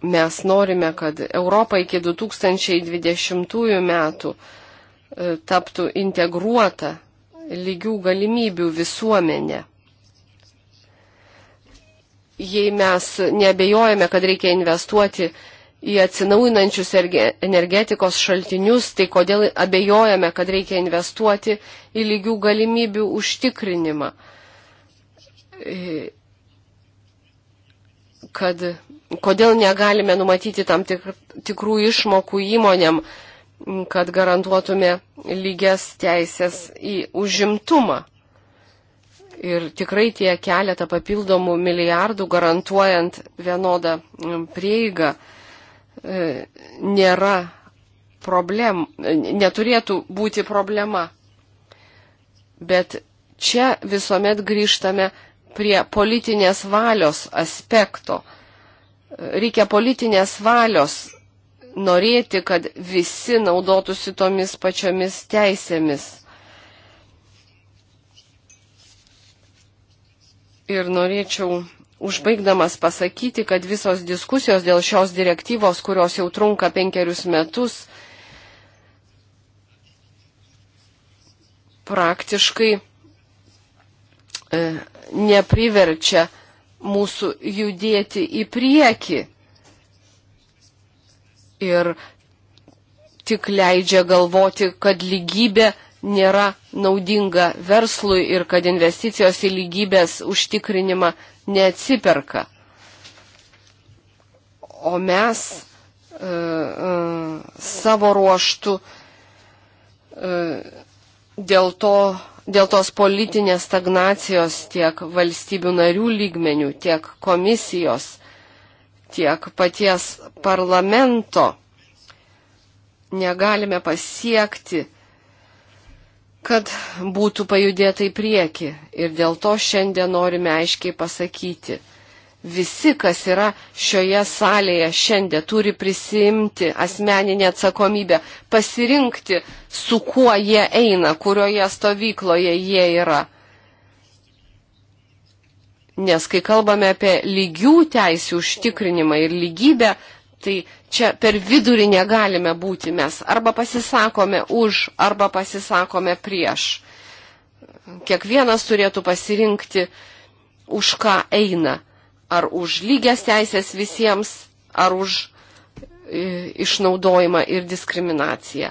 Mes norime, kad Europa iki 2020 metų e, taptų integruota lygių galimybių visuomenė. Jei mes nebejojame, kad reikia investuoti į atsinaujinančius energetikos šaltinius, tai kodėl abejojame, kad reikia investuoti į lygių galimybių užtikrinimą, e, kad kodėl negalime numatyti tam tik, tikrų išmokų įmonėm, kad garantuotume lygias teisės į užimtumą. Ir tikrai tie keletą papildomų milijardų garantuojant vienodą prieigą e, nėra problem, e, neturėtų būti problema. Bet čia visuomet grįžtame prie politinės valios aspekto reikia politinės valios norėti, kad visi naudotųsi tomis pačiomis teisėmis. Ir norėčiau užbaigdamas pasakyti, kad visos diskusijos dėl šios direktyvos, kurios jau trunka penkerius metus, praktiškai e, nepriverčia mūsų judėti į priekį. Ir tik leidžia galvoti, kad lygybė nėra naudinga verslui ir kad investicijos į lygybės užtikrinimą neatsiperka. O mes e, e, savo ruoštų e, dėl to dėl tos politinės stagnacijos tiek valstybių narių lygmenių, tiek komisijos, tiek paties parlamento negalime pasiekti, kad būtų pajudėta į priekį. Ir dėl to šiandien norime aiškiai pasakyti, visi, kas yra šioje salėje šiandien, turi prisimti asmeninę atsakomybę, pasirinkti, su kuo jie eina, kurioje stovykloje jie yra. Nes kai kalbame apie lygių teisų užtikrinimą ir lygybę, tai čia per vidurį negalime būti mes. Arba pasisakome už, arba pasisakome prieš. Kiekvienas turėtų pasirinkti, už ką eina ar už lygias teisės visiems, ar už e, išnaudojimą ir diskriminaciją.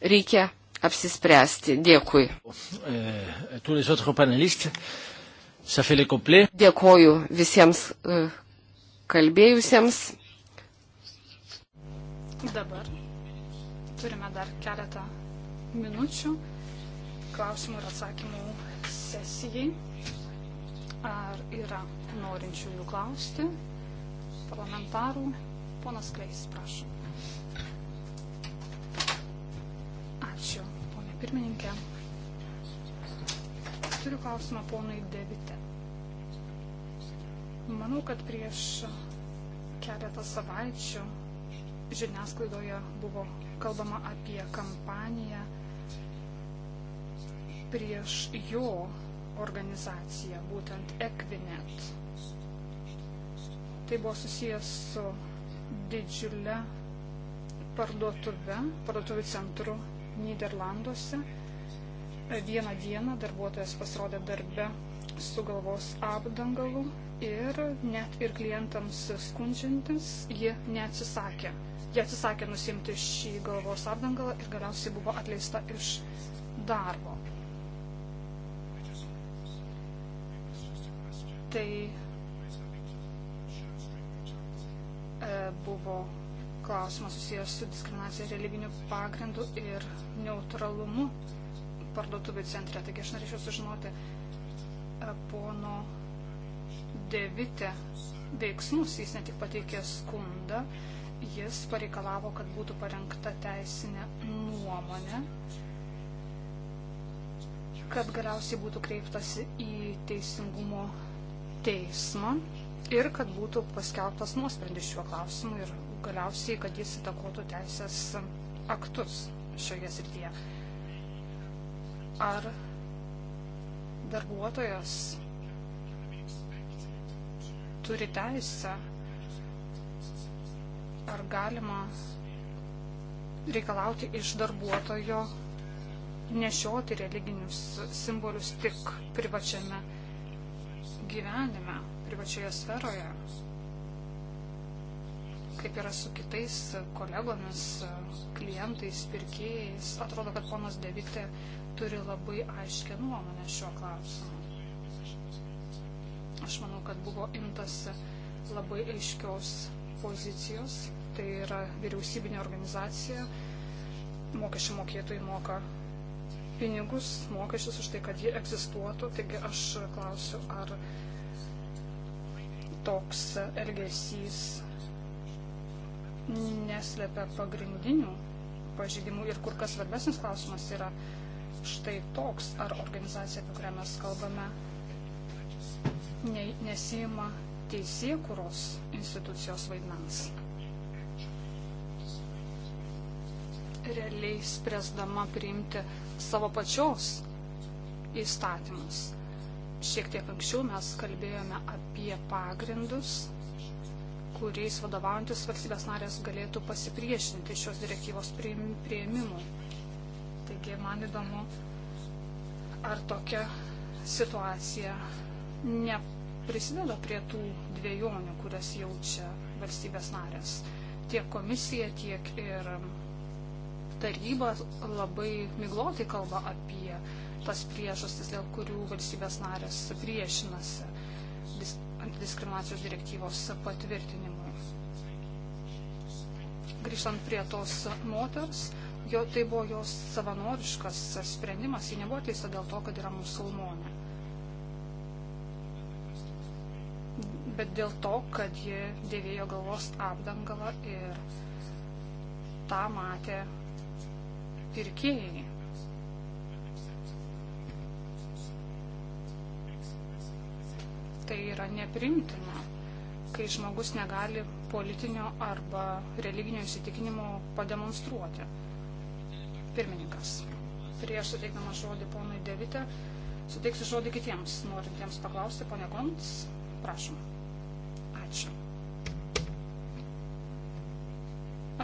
Reikia apsispręsti. Dėkui. E, Dėkoju visiems e, kalbėjusiems. Dabar turime dar keletą minučių klausimų ir atsakymų sesijai. Ar yra norinčiųjų klausti, parlamentarų. Ponas Kleis, prašom. Ačiū, ponė pirmininkė. Turiu klausimą ponui Devite. Manau, kad prieš keletą savaičių žiniasklaidoje buvo kalbama apie kampaniją prieš jo organizaciją, būtent Equinet. Tai buvo susijęs su didžiulė parduotuve, parduotuvių centru Niderlanduose. Vieną dieną darbuotojas pasirodė darbe su galvos apdangalu ir net ir klientams skundžiantis ji neatsisakė. Ji atsisakė nusimti šį galvos apdangalą ir galiausiai buvo atleista iš darbo. Tai E, buvo klausimas susijęs su diskriminacija religiniu pagrindu ir neutralumu parduotuvių centre. Taigi aš norėčiau sužinoti e, pono Devite veiksmus. Jis ne tik pateikė skundą, jis pareikalavo, kad būtų parengta teisinė nuomonė, kad galiausiai būtų kreiptasi į teisingumo teismą ir kad būtų paskelbtas nuosprendis šiuo klausimu ir galiausiai, kad jis įtakotų teisės aktus šioje srityje. Ar darbuotojas turi teisę, ar galima reikalauti iš darbuotojo nešioti religinius simbolius tik privačiame gyvenime privačioje sferoje, kaip yra su kitais kolegomis, klientais, pirkėjais. Atrodo, kad ponas Devitė turi labai aiškę nuomonę šiuo klausimu. Aš manau, kad buvo imtas labai aiškios pozicijos. Tai yra vyriausybinė organizacija. Mokesčių mokėtojai moka pinigus, mokesčius už tai, kad ji egzistuotų. Taigi aš klausiu, ar toks elgesys neslepia pagrindinių pažydimų ir kur kas svarbesnis klausimas yra štai toks, ar organizacija, apie kurią mes kalbame, nesima teisėkuros institucijos vaidmens. Realiai spręsdama priimti savo pačios įstatymus Šiek tiek anksčiau mes kalbėjome apie pagrindus, kuriais vadovaujantis valstybės narės galėtų pasipriešinti šios direktyvos prieimimui. Taigi man įdomu, ar tokia situacija neprisideda prie tų dviejonių, kurias jaučia valstybės narės. Tiek komisija, tiek ir taryba labai miglotai kalba apie tas priežastis, dėl kurių valstybės narės priešinasi antidiskriminacijos direktyvos patvirtinimui. Grįžtant prie tos moters, jo, tai buvo jos savanoriškas sprendimas, ji nebuvo teista dėl to, kad yra musulmonė. Bet dėl to, kad ji dėvėjo galvos apdangalą ir tą matė pirkėjai. Tai yra neprimtina, kai žmogus negali politinio arba religinio įsitikinimo pademonstruoti. Pirmininkas, prieš suteikdama žodį ponui Devite, suteiksiu žodį kitiems norintiems paklausti. Pone Gons, prašom. Ačiū.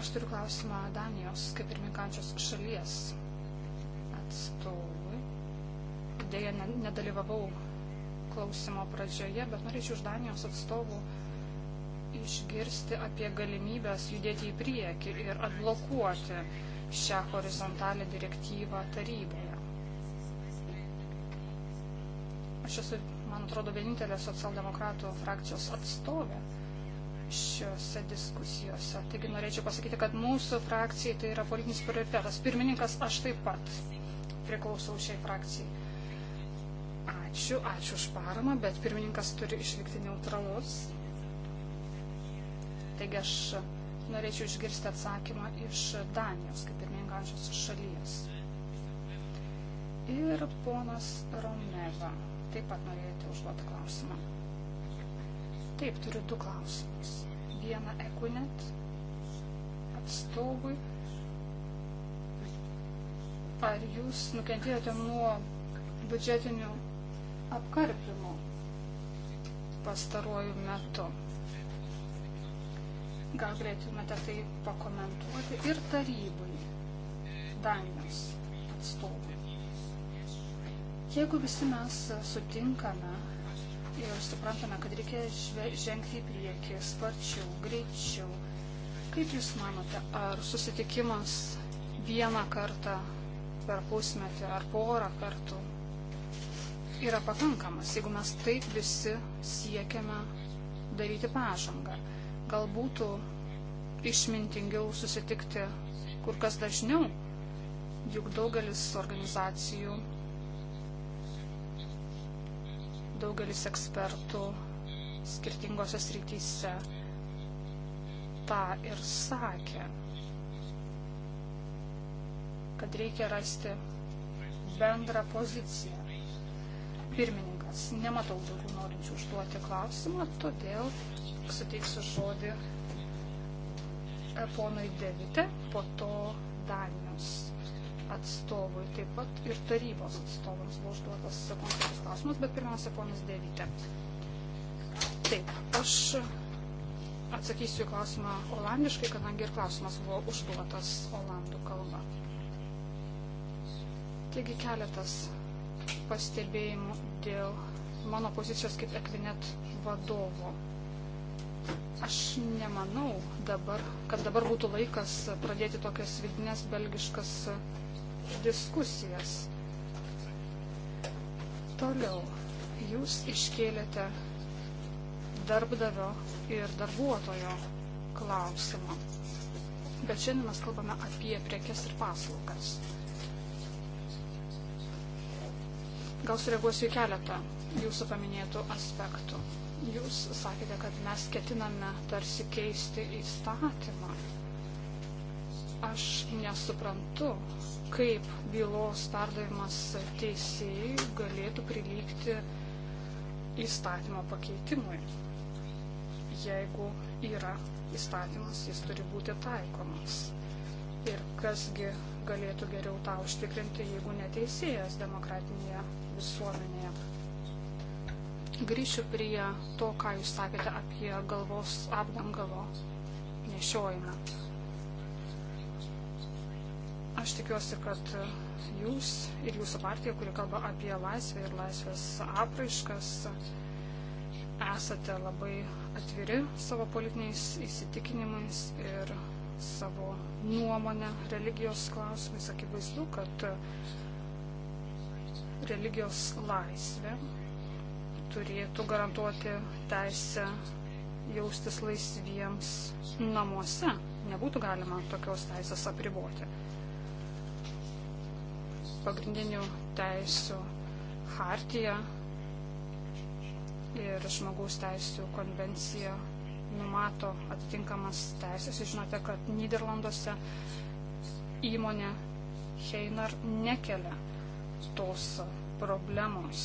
Aš turiu klausimą Danijos, kaip pirmininkančios šalies atstovui. Dėja, nedalyvavau klausimo pradžioje, bet norėčiau iš Danijos atstovų išgirsti apie galimybės judėti į priekį ir atblokuoti šią horizontalią direktyvą taryboje. Aš esu, man atrodo, vienintelė socialdemokratų frakcijos atstovė šiuose diskusijose. Taigi norėčiau pasakyti, kad mūsų frakcijai tai yra politinis prioritetas. Pirmininkas aš taip pat priklausau šiai frakcijai. Ačiū, ačiū už paramą, bet pirmininkas turi išlikti neutralus. Taigi aš norėčiau išgirsti atsakymą iš Danijos, kaip pirmininkančios šalies. Ir ponas Romeva taip pat norėjote užduoti klausimą. Taip, turiu du klausimus. Vieną Equinet atstovui. Ar jūs nukentėjote nuo biudžetinių apkarpimų pastaruoju metu. Gal galėtumėte tai pakomentuoti ir tarybai, Danijos atstovui. Jeigu visi mes sutinkame ir suprantame, kad reikia žengti į priekį sparčiau, greičiau, kaip Jūs manote, ar susitikimas vieną kartą per pusmetį ar porą kartų yra pakankamas, jeigu mes taip visi siekiame daryti pažangą. Gal būtų išmintingiau susitikti kur kas dažniau, juk daugelis organizacijų, daugelis ekspertų skirtingose srityse tą ir sakė, kad reikia rasti bendrą poziciją. Pirmininkas, nematau daugiau norinčių užduoti klausimą, todėl suteiksiu žodį e, ponui Devite, po to Danijos atstovui, taip pat ir tarybos atstovams buvo užduotas konkretus klausimas, bet pirmiausia, ponas Devite. Taip, aš atsakysiu į klausimą olandiškai, kadangi ir klausimas buvo užduotas olandų kalba. Taigi keletas pastebėjimų dėl mano pozicijos kaip Ekvinet vadovo. Aš nemanau dabar, kad dabar būtų laikas pradėti tokias vidinės belgiškas diskusijas. Toliau, jūs iškėlėte darbdavio ir darbuotojo klausimą. Bet šiandien mes kalbame apie prekes ir paslaugas. Gal sureaguosiu į keletą jūsų paminėtų aspektų. Jūs sakėte, kad mes ketiname tarsi keisti įstatymą. Aš nesuprantu, kaip bylos perdavimas teisėjai galėtų prilygti įstatymo pakeitimui. Jeigu yra įstatymas, jis turi būti taikomas. Ir kasgi galėtų geriau tą užtikrinti, jeigu neteisėjas demokratinėje visuomenėje. Grįšiu prie to, ką jūs sakėte apie galvos apdangalo nešiojimą. Aš tikiuosi, kad jūs ir jūsų partija, kuri kalba apie laisvę ir laisvės apraiškas, esate labai atviri savo politiniais įsitikinimais ir savo nuomonę religijos klausimais. Akivaizdu, kad religijos laisvė turėtų garantuoti teisę jaustis laisviems namuose. Nebūtų galima tokios teisės apriboti. Pagrindinių teisų hartija ir žmogaus teisų konvencija numato atitinkamas teisės. Jūs žinote, kad Niderlanduose įmonė Heinar nekelia tos problemos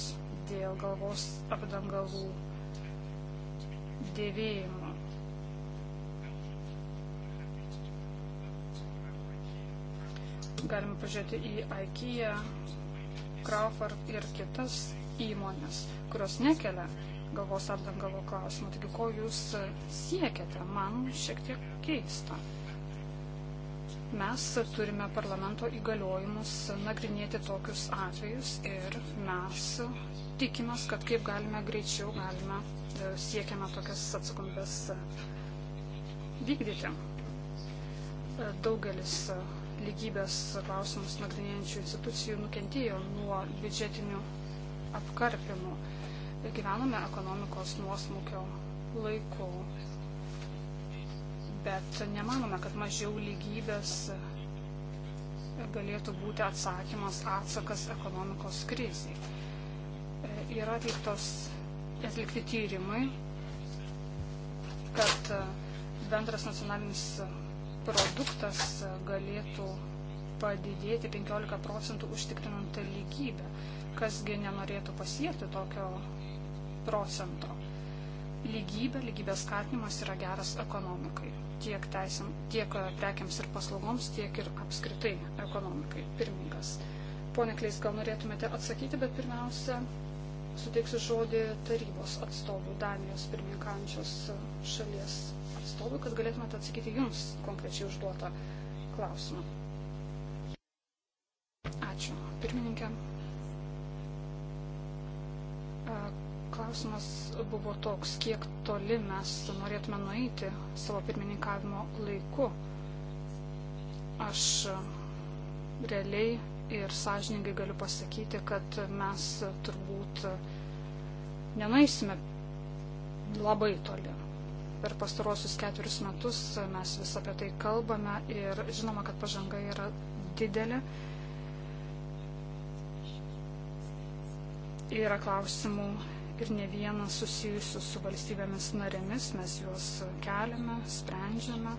dėl galvos apdangalų dėvėjimo. Galime pažiūrėti į IKEA, Crawford ir kitas įmonės, kurios nekelia galvos apdangalo klausimą. Taigi, ko jūs siekiate, man šiek tiek keista. Mes turime parlamento įgaliojimus nagrinėti tokius atvejus ir mes tikimės, kad kaip galime greičiau galime e, siekiame tokias atsakomybės e, vykdyti. E, daugelis lygybės klausimus nagrinėjančių institucijų nukentėjo nuo biudžetinių apkarpimų. Gyvename ekonomikos nuosmukio laiku bet nemanome, kad mažiau lygybės galėtų būti atsakymas, atsakas ekonomikos kriziai. E, yra atliktos, atlikti tyrimai, kad e, bendras nacionalinis produktas galėtų padidėti 15 procentų užtikrinant lygybę. Kasgi nenorėtų pasiekti tokio procento. Lygybė, lygybės skatinimas yra geras ekonomikai tiek, teisėm, tiek e, prekiams ir paslaugoms, tiek ir apskritai ekonomikai. Pirmininkas. Pone Kleis, gal norėtumėte atsakyti, bet pirmiausia, suteiksiu žodį tarybos atstovų, Danijos pirmininkančios e, šalies atstovų, kad galėtumėte atsakyti jums konkrečiai užduotą klausimą. Ačiū. Pirmininkė e, klausimas buvo toks, kiek toli mes norėtume nueiti savo pirmininkavimo laiku. Aš e, realiai ir sąžiningai galiu pasakyti, kad mes turbūt nenueisime labai toli. Per pastaruosius ketverius metus mes vis apie tai kalbame ir žinoma, kad pažanga yra didelė. yra klausimų ir ne vieną susijusių su valstybėmis narėmis. Mes juos keliame, sprendžiame.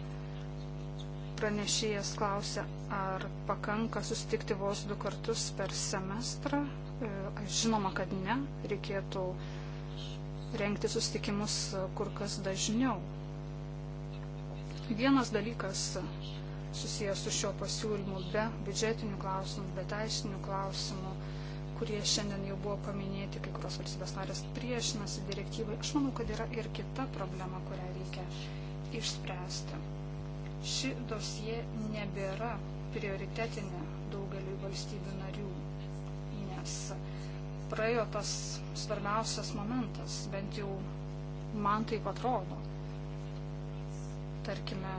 Pranešėjas klausė, ar pakanka sustikti vos du kartus per semestrą. E, žinoma, kad ne. Reikėtų rengti sustikimus kur kas dažniau. Vienas dalykas susijęs su šio pasiūlymu be biudžetinių klausimų, be teisinių klausimų kurie šiandien jau buvo paminėti, kai kurios valstybės narės priešinasi direktyvai. Aš manau, kad yra ir kita problema, kurią reikia išspręsti. Ši dosie nebėra prioritetinė daugeliu valstybių narių, nes praėjo tas svarbiausias momentas, bent jau man taip atrodo. Tarkime,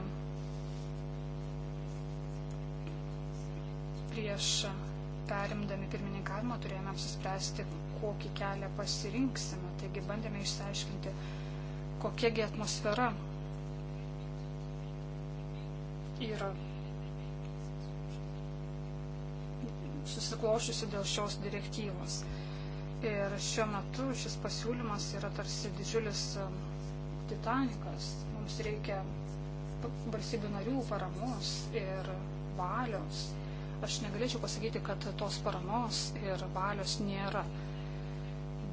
prieš perimdami pirmininkavimą turėjome apsispręsti, kokį kelią pasirinksime. Taigi bandėme išsiaiškinti, kokiagi atmosfera yra susiklošiusi dėl šios direktyvos. Ir šiuo metu šis pasiūlymas yra tarsi didžiulis um, titanikas. Mums reikia valstybių narių paramos ir valios Aš negalėčiau pasakyti, kad tos paramos ir valios nėra,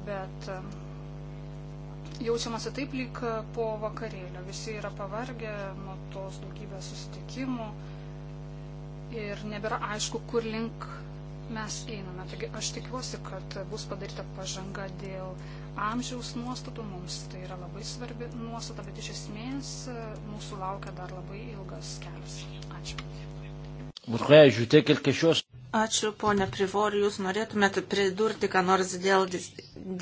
bet jaučiamasi taip lyg po vakarėlio. Visi yra pavargę nuo tos daugybės susitikimų ir nebėra aišku, kur link mes einame. Taigi aš tikiuosi, kad bus padaryta pažanga dėl amžiaus nuostatų. Mums tai yra labai svarbi nuostata, bet iš esmės e, mūsų laukia dar labai ilgas kelias. Ačiū. Ačiū, ponia Privor, jūs norėtumėte pridurti, ką nors dėl dis,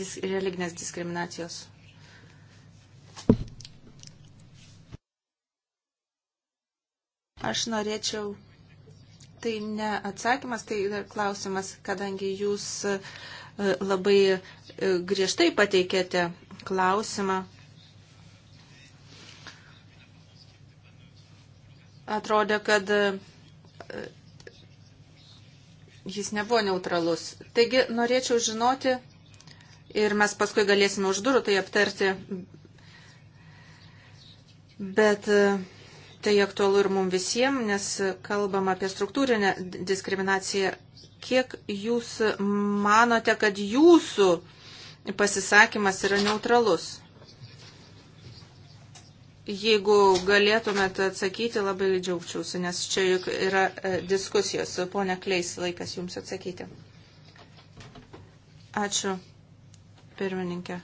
dis, religinės diskriminacijos. Aš norėčiau, tai ne atsakymas, tai klausimas, kadangi jūs e, labai e, griežtai pateikėte klausimą. Atrodė, kad Jis nebuvo neutralus. Taigi norėčiau žinoti, ir mes paskui galėsime už durų tai aptarti, bet e, tai aktualu ir mums visiems, nes kalbam apie struktūrinę diskriminaciją. Kiek jūs manote, kad jūsų pasisakymas yra neutralus? Jeigu galėtumėt atsakyti, labai džiaugčiausi, nes čia juk yra e, diskusijos. Pone Kleis, laikas jums atsakyti. Ačiū, pirmininkė.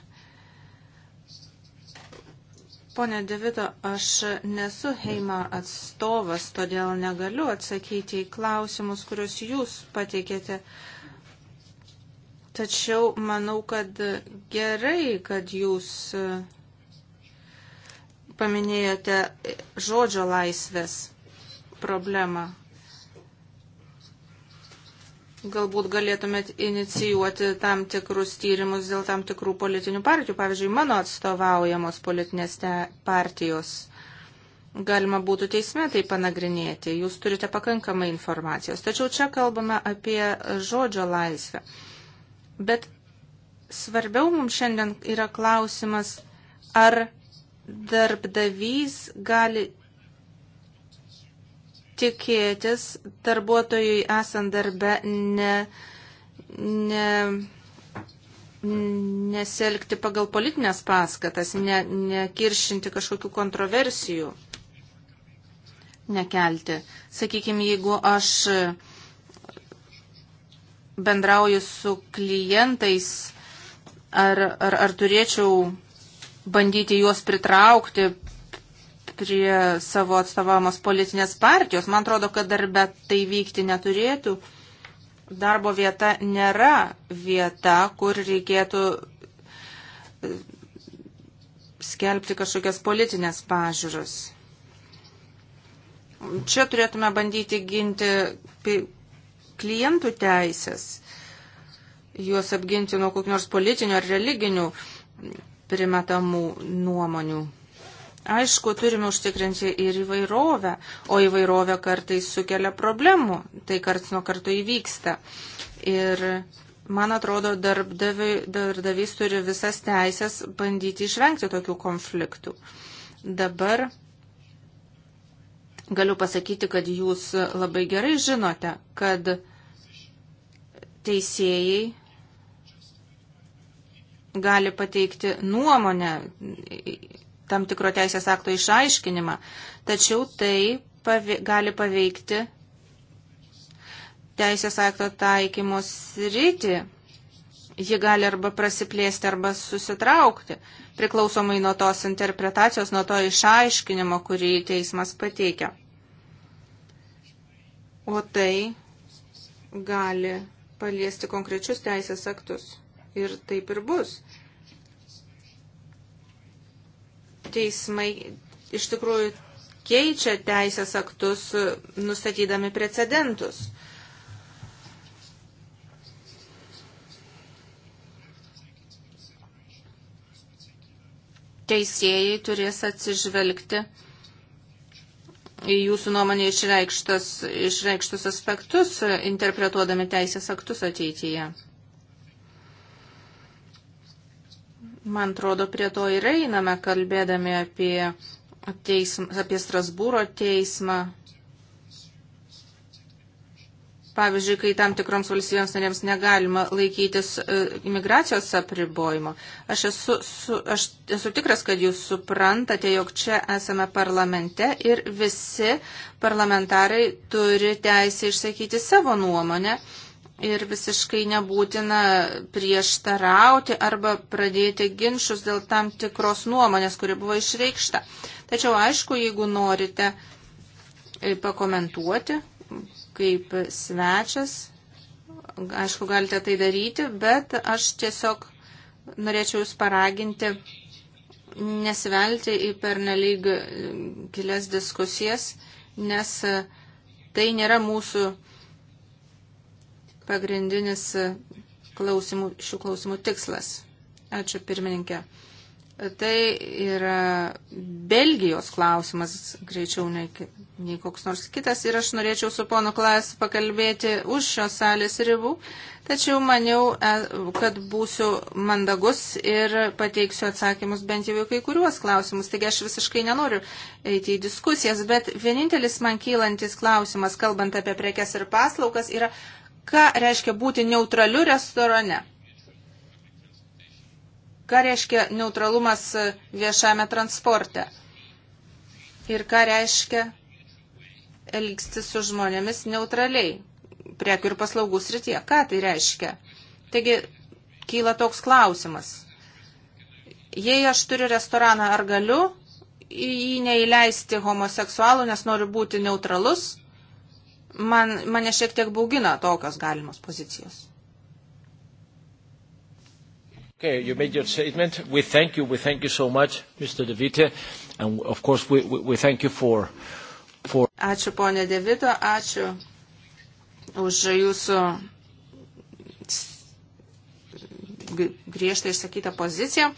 Pone Devito, aš nesu Heima atstovas, todėl negaliu atsakyti į klausimus, kuriuos jūs pateikėte. Tačiau manau, kad gerai, kad jūs paminėjote žodžio laisvės problemą. Galbūt galėtumėt inicijuoti tam tikrus tyrimus dėl tam tikrų politinių partijų, pavyzdžiui, mano atstovaujamos politinės partijos. Galima būtų teisme tai panagrinėti, jūs turite pakankamai informacijos. Tačiau čia kalbame apie žodžio laisvę. Bet svarbiau mums šiandien yra klausimas, ar darbdavys gali tikėtis darbuotojui esant darbe ne, ne, nesielgti pagal politinės paskatas, ne, nekiršinti kažkokių kontroversijų, nekelti. Sakykime, jeigu aš bendrauju su klientais, ar, ar, ar turėčiau bandyti juos pritraukti prie savo atstovamos politinės partijos. Man atrodo, kad darbe tai vykti neturėtų. Darbo vieta nėra vieta, kur reikėtų e, skelbti kažkokias politinės pažiūras. Čia turėtume bandyti ginti klientų teisės, juos apginti nuo kokių nors politinių ar religinių primetamų nuomonių. Aišku, turime užtikrinti ir įvairovę, o įvairovė kartais sukelia problemų, tai karts nuo karto įvyksta. Ir man atrodo, darbdavys turi visas teisės bandyti išvengti tokių konfliktų. Dabar galiu pasakyti, kad jūs labai gerai žinote, kad teisėjai gali pateikti nuomonę tam tikro teisės akto išaiškinimą, tačiau tai pave gali paveikti teisės akto taikymos rytį. Ji gali arba prasiplėsti, arba susitraukti, priklausomai nuo tos interpretacijos, nuo to išaiškinimo, kurį teismas pateikia. O tai gali paliesti konkrečius teisės aktus ir taip ir bus. Teismai iš tikrųjų keičia teisės aktus, e, nustatydami precedentus. Teisėjai turės atsižvelgti į jūsų nuomonę išreikštus aspektus, e, interpretuodami teisės aktus ateityje. Man atrodo, prie to ir einame, kalbėdami apie, teism, apie Strasbūro teismą. Pavyzdžiui, kai tam tikroms valstybėms narėms negalima laikytis e, imigracijos apribojimo. Aš esu, su, aš esu tikras, kad jūs suprantate, jog čia esame parlamente ir visi parlamentarai turi teisę išsakyti savo nuomonę. Uh, ir visiškai nebūtina prieštarauti arba pradėti ginčius dėl tam tikros nuomonės, kuri buvo išreikšta. Tačiau aišku, jeigu norite e, pakomentuoti kaip svečias, aišku, galite tai daryti, bet aš tiesiog norėčiau Jūs paraginti nesivelti į pernelyg e, gilias diskusijas, nes e, tai nėra mūsų pagrindinis e, klausimų, šių klausimų tikslas. Ačiū pirmininkė. Tai yra Belgijos klausimas, greičiau nei, nei koks nors kitas. Ir aš norėčiau su ponu Klas pakalbėti už šios salės ribų, tačiau maniau, e, kad būsiu mandagus ir pateiksiu atsakymus bent jau į kai kuriuos klausimus. Taigi aš visiškai nenoriu eiti į diskusijas, bet vienintelis man kylantis klausimas, kalbant apie prekes ir paslaukas, yra ką reiškia būti neutraliu restorane. Ką reiškia neutralumas viešame transporte. Ir ką reiškia elgsti su žmonėmis neutraliai prekių ir paslaugų srityje. Ką tai reiškia? Taigi, kyla toks klausimas. Jei aš turiu restoraną, ar galiu į jį neįleisti homoseksualų, nes noriu būti neutralus? Man, mane šiek tiek baugina tokios galimos pozicijos. Okay, you made your statement. We thank you. We thank you so much, Mr. De Vite. And of course, we, we, we thank you for, for... Ačiū, ponė De Vito. Ačiū už jūsų griežtai išsakytą poziciją.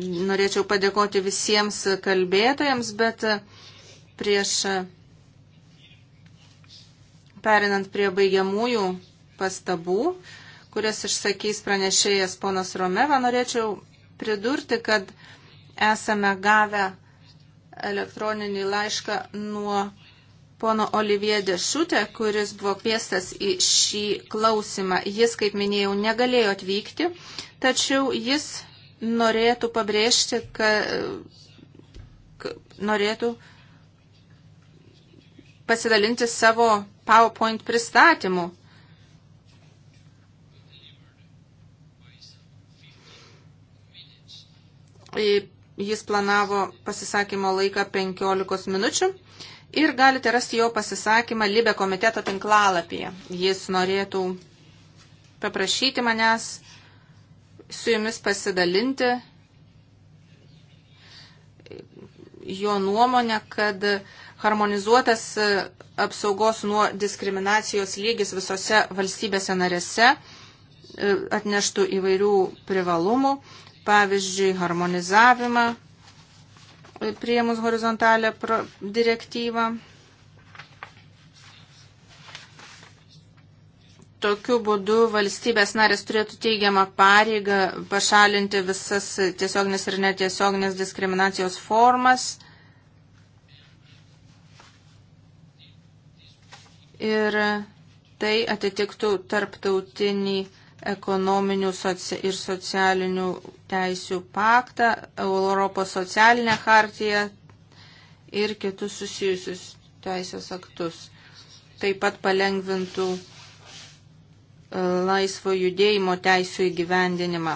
Norėčiau padėkoti visiems kalbėtojams, bet prieš Perinant prie baigiamųjų pastabų, kurias išsakys pranešėjas ponas Romeva, norėčiau pridurti, kad esame gavę elektroninį laišką nuo pono Olivier Dešutė, kuris buvo kviestas į šį klausimą. Jis, kaip minėjau, negalėjo atvykti, tačiau jis norėtų pabrėžti, kad norėtų pasidalinti savo PowerPoint pristatymu. Jis planavo pasisakymo laiką 15 minučių ir galite rasti jo pasisakymą Libe komiteto tinklalapyje. Jis norėtų paprašyti manęs su jumis pasidalinti jo nuomonę, kad harmonizuotas e, apsaugos nuo diskriminacijos lygis visose valstybėse narėse e, atneštų įvairių privalumų, pavyzdžiui, harmonizavimą e, priemus horizontalę direktyvą. Tokiu būdu valstybės narės turėtų teigiamą pareigą pašalinti visas tiesioginės ir netiesioginės diskriminacijos formas ir tai atitiktų tarptautinį ekonominių ir socialinių teisių paktą, Europos socialinę hartiją ir kitus susijusius teisės aktus. Taip pat palengvintų e, laisvo judėjimo teisų įgyvendinimą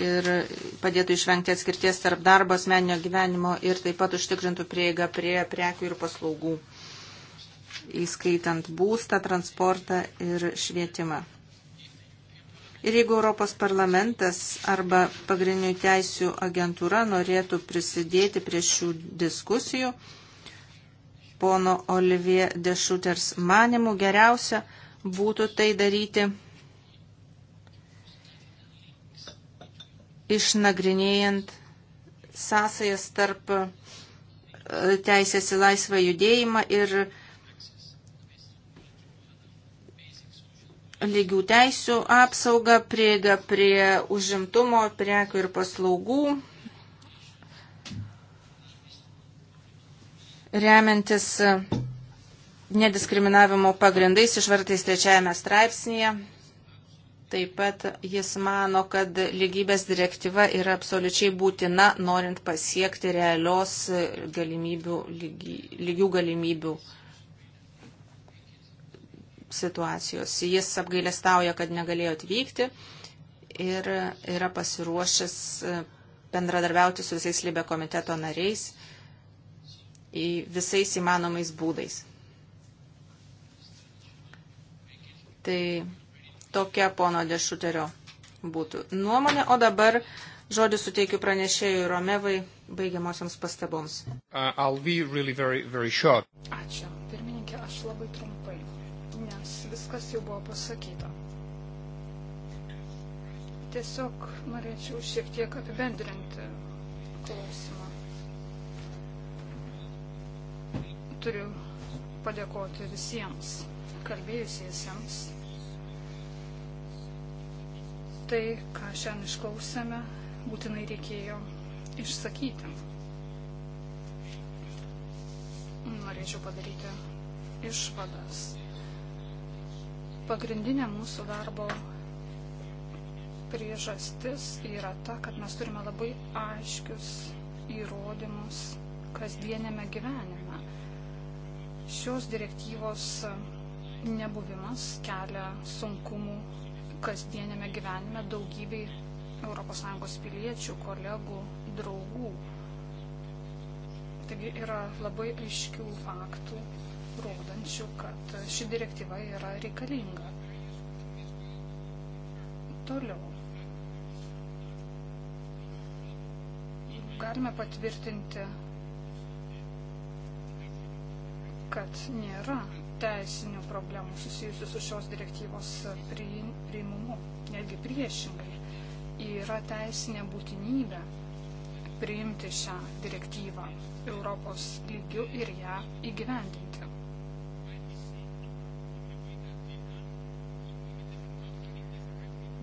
ir padėtų išvengti atskirties tarp darbo, asmeninio gyvenimo ir taip pat užtikrintų prieigą prie prekių ir paslaugų įskaitant būstą, transportą ir švietimą. Ir jeigu Europos parlamentas arba pagrindinių teisių agentūra norėtų prisidėti prie šių diskusijų, pono Olivier Dešuters manimų geriausia būtų tai daryti išnagrinėjant sąsajas tarp e, teisės į laisvą judėjimą ir lygių teisių apsaugą, prieiga prie užimtumo, prekių ir paslaugų, remiantis nediskriminavimo pagrindais išvartais trečiajame straipsnėje. Taip pat jis mano, kad lygybės direktyva yra absoliučiai būtina, norint pasiekti realios galimybių, lygi, lygių galimybių situacijos. Jis apgailestauja, kad negalėjo atvykti ir yra pasiruošęs e, bendradarbiauti su visais Libė komiteto nariais į visais įmanomais būdais. Tai tokia pono Dešuterio būtų nuomonė, o dabar žodį suteikiu pranešėjui Romevai baigiamosiams pastaboms. Uh, really very, very Ačiū. Pirmininkė, aš labai trumpai nes viskas jau buvo pasakyta. Tiesiog norėčiau šiek tiek apibendrinti klausimą. Turiu padėkoti visiems kalbėjusiesiems. Tai, ką šiandien išklausėme, būtinai reikėjo išsakyti. Norėčiau padaryti išvadas pagrindinė mūsų darbo priežastis yra ta, kad mes turime labai aiškius įrodymus kasdienėme gyvenime. Šios direktyvos nebuvimas kelia sunkumų kasdienėme gyvenime daugybei ES piliečių, kolegų, draugų. Taigi yra labai aiškių faktų, rodančių, kad ši direktyva yra reikalinga. Toliau. Galime patvirtinti, kad nėra teisinių problemų susijusių su šios direktyvos priimumu. Netgi priešingai yra teisinė būtinybė priimti šią direktyvą Europos lygių ir ją įgyvendinti.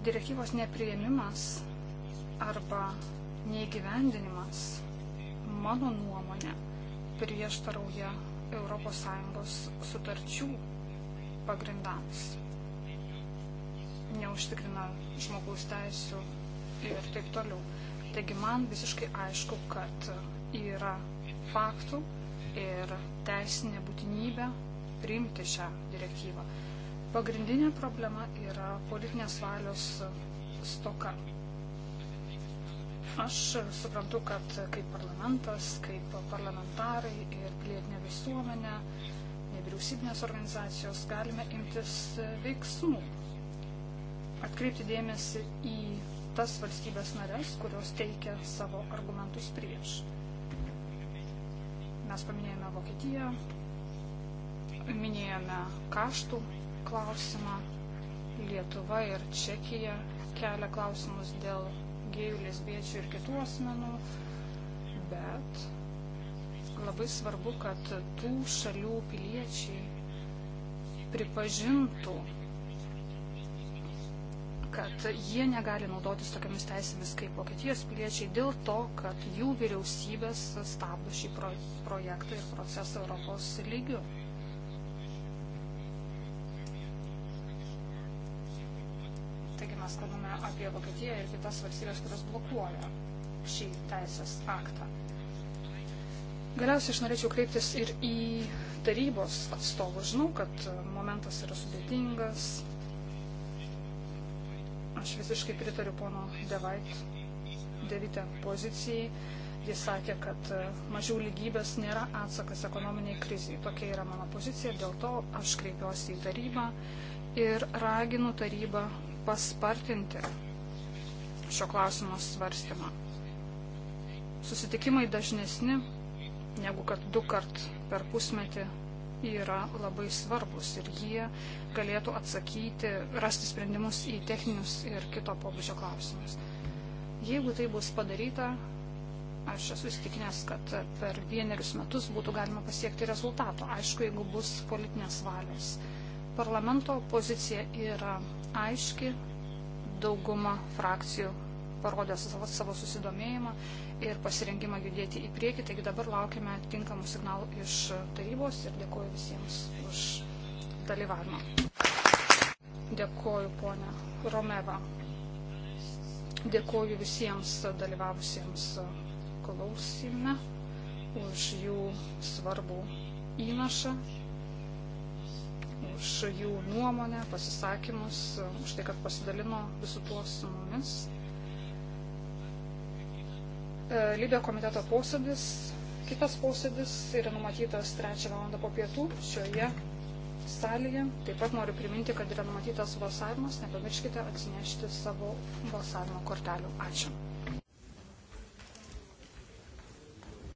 direktyvos neprieimimas arba neįgyvendinimas, mano nuomonė, prieštarauja ES sutarčių pagrindams. Neužtikrina žmogaus teisų ir taip toliau. Taigi man visiškai aišku, kad yra faktų ir teisinė būtinybė priimti šią direktyvą. Pagrindinė problema yra politinės valios stoka. Aš suprantu, kad kaip parlamentas, kaip parlamentarai ir pilietinė visuomenė, nevyriausybinės organizacijos galime imtis veiksmų. Atkreipti dėmesį į tas valstybės narės, kurios teikia savo argumentus prieš. Mes paminėjome Vokietiją, minėjome kaštų klausimą. Lietuva ir Čekija kelia klausimus dėl gėjų, lesbiečių ir kitų asmenų, bet labai svarbu, kad tų šalių piliečiai pripažintų, kad jie negali naudotis tokiamis teisėmis kaip Vokietijos piliečiai dėl to, kad jų vyriausybės stabdo šį projektą ir procesą Europos lygiu. mes kalbame apie Vokietiją ir kitas valstybės, kurios blokuoja šį teisės aktą. Galiausiai aš norėčiau kreiptis ir į tarybos atstovus. Žinau, kad momentas yra sudėtingas. Aš visiškai pritariu pono Devait devite pozicijai. Jis sakė, kad mažiau lygybės nėra atsakas ekonominiai kriziai. Tokia yra mano pozicija, dėl to aš kreipiuosi į tarybą ir raginu tarybą paspartinti šio klausimo svarstymą. Susitikimai dažnesni negu kad du kart per pusmetį yra labai svarbus ir jie galėtų atsakyti, rasti sprendimus į techninius ir kito pobūdžio klausimus. Jeigu tai bus padaryta, aš esu įstikinęs, kad per vienerius metus būtų galima pasiekti rezultato, aišku, jeigu bus politinės valios. Parlamento pozicija yra aiški, dauguma frakcijų parodė savo, savo susidomėjimą ir pasirengimą judėti į priekį, taigi dabar laukiame tinkamų signalų iš tarybos ir dėkoju visiems už dalyvavimą. Dėkoju, ponia Romeva. Dėkoju visiems dalyvavusiems klausime už jų svarbų įnašą už jų nuomonę, pasisakymus, už tai, kad pasidalino visų tuo su mumis. E, Lybė komiteto posėdis, kitas posėdis yra numatytas 3 val. po pietų šioje salėje. Taip pat noriu priminti, kad yra numatytas balsavimas, nepamirškite atsinešti savo balsavimo kortelių. Ačiū.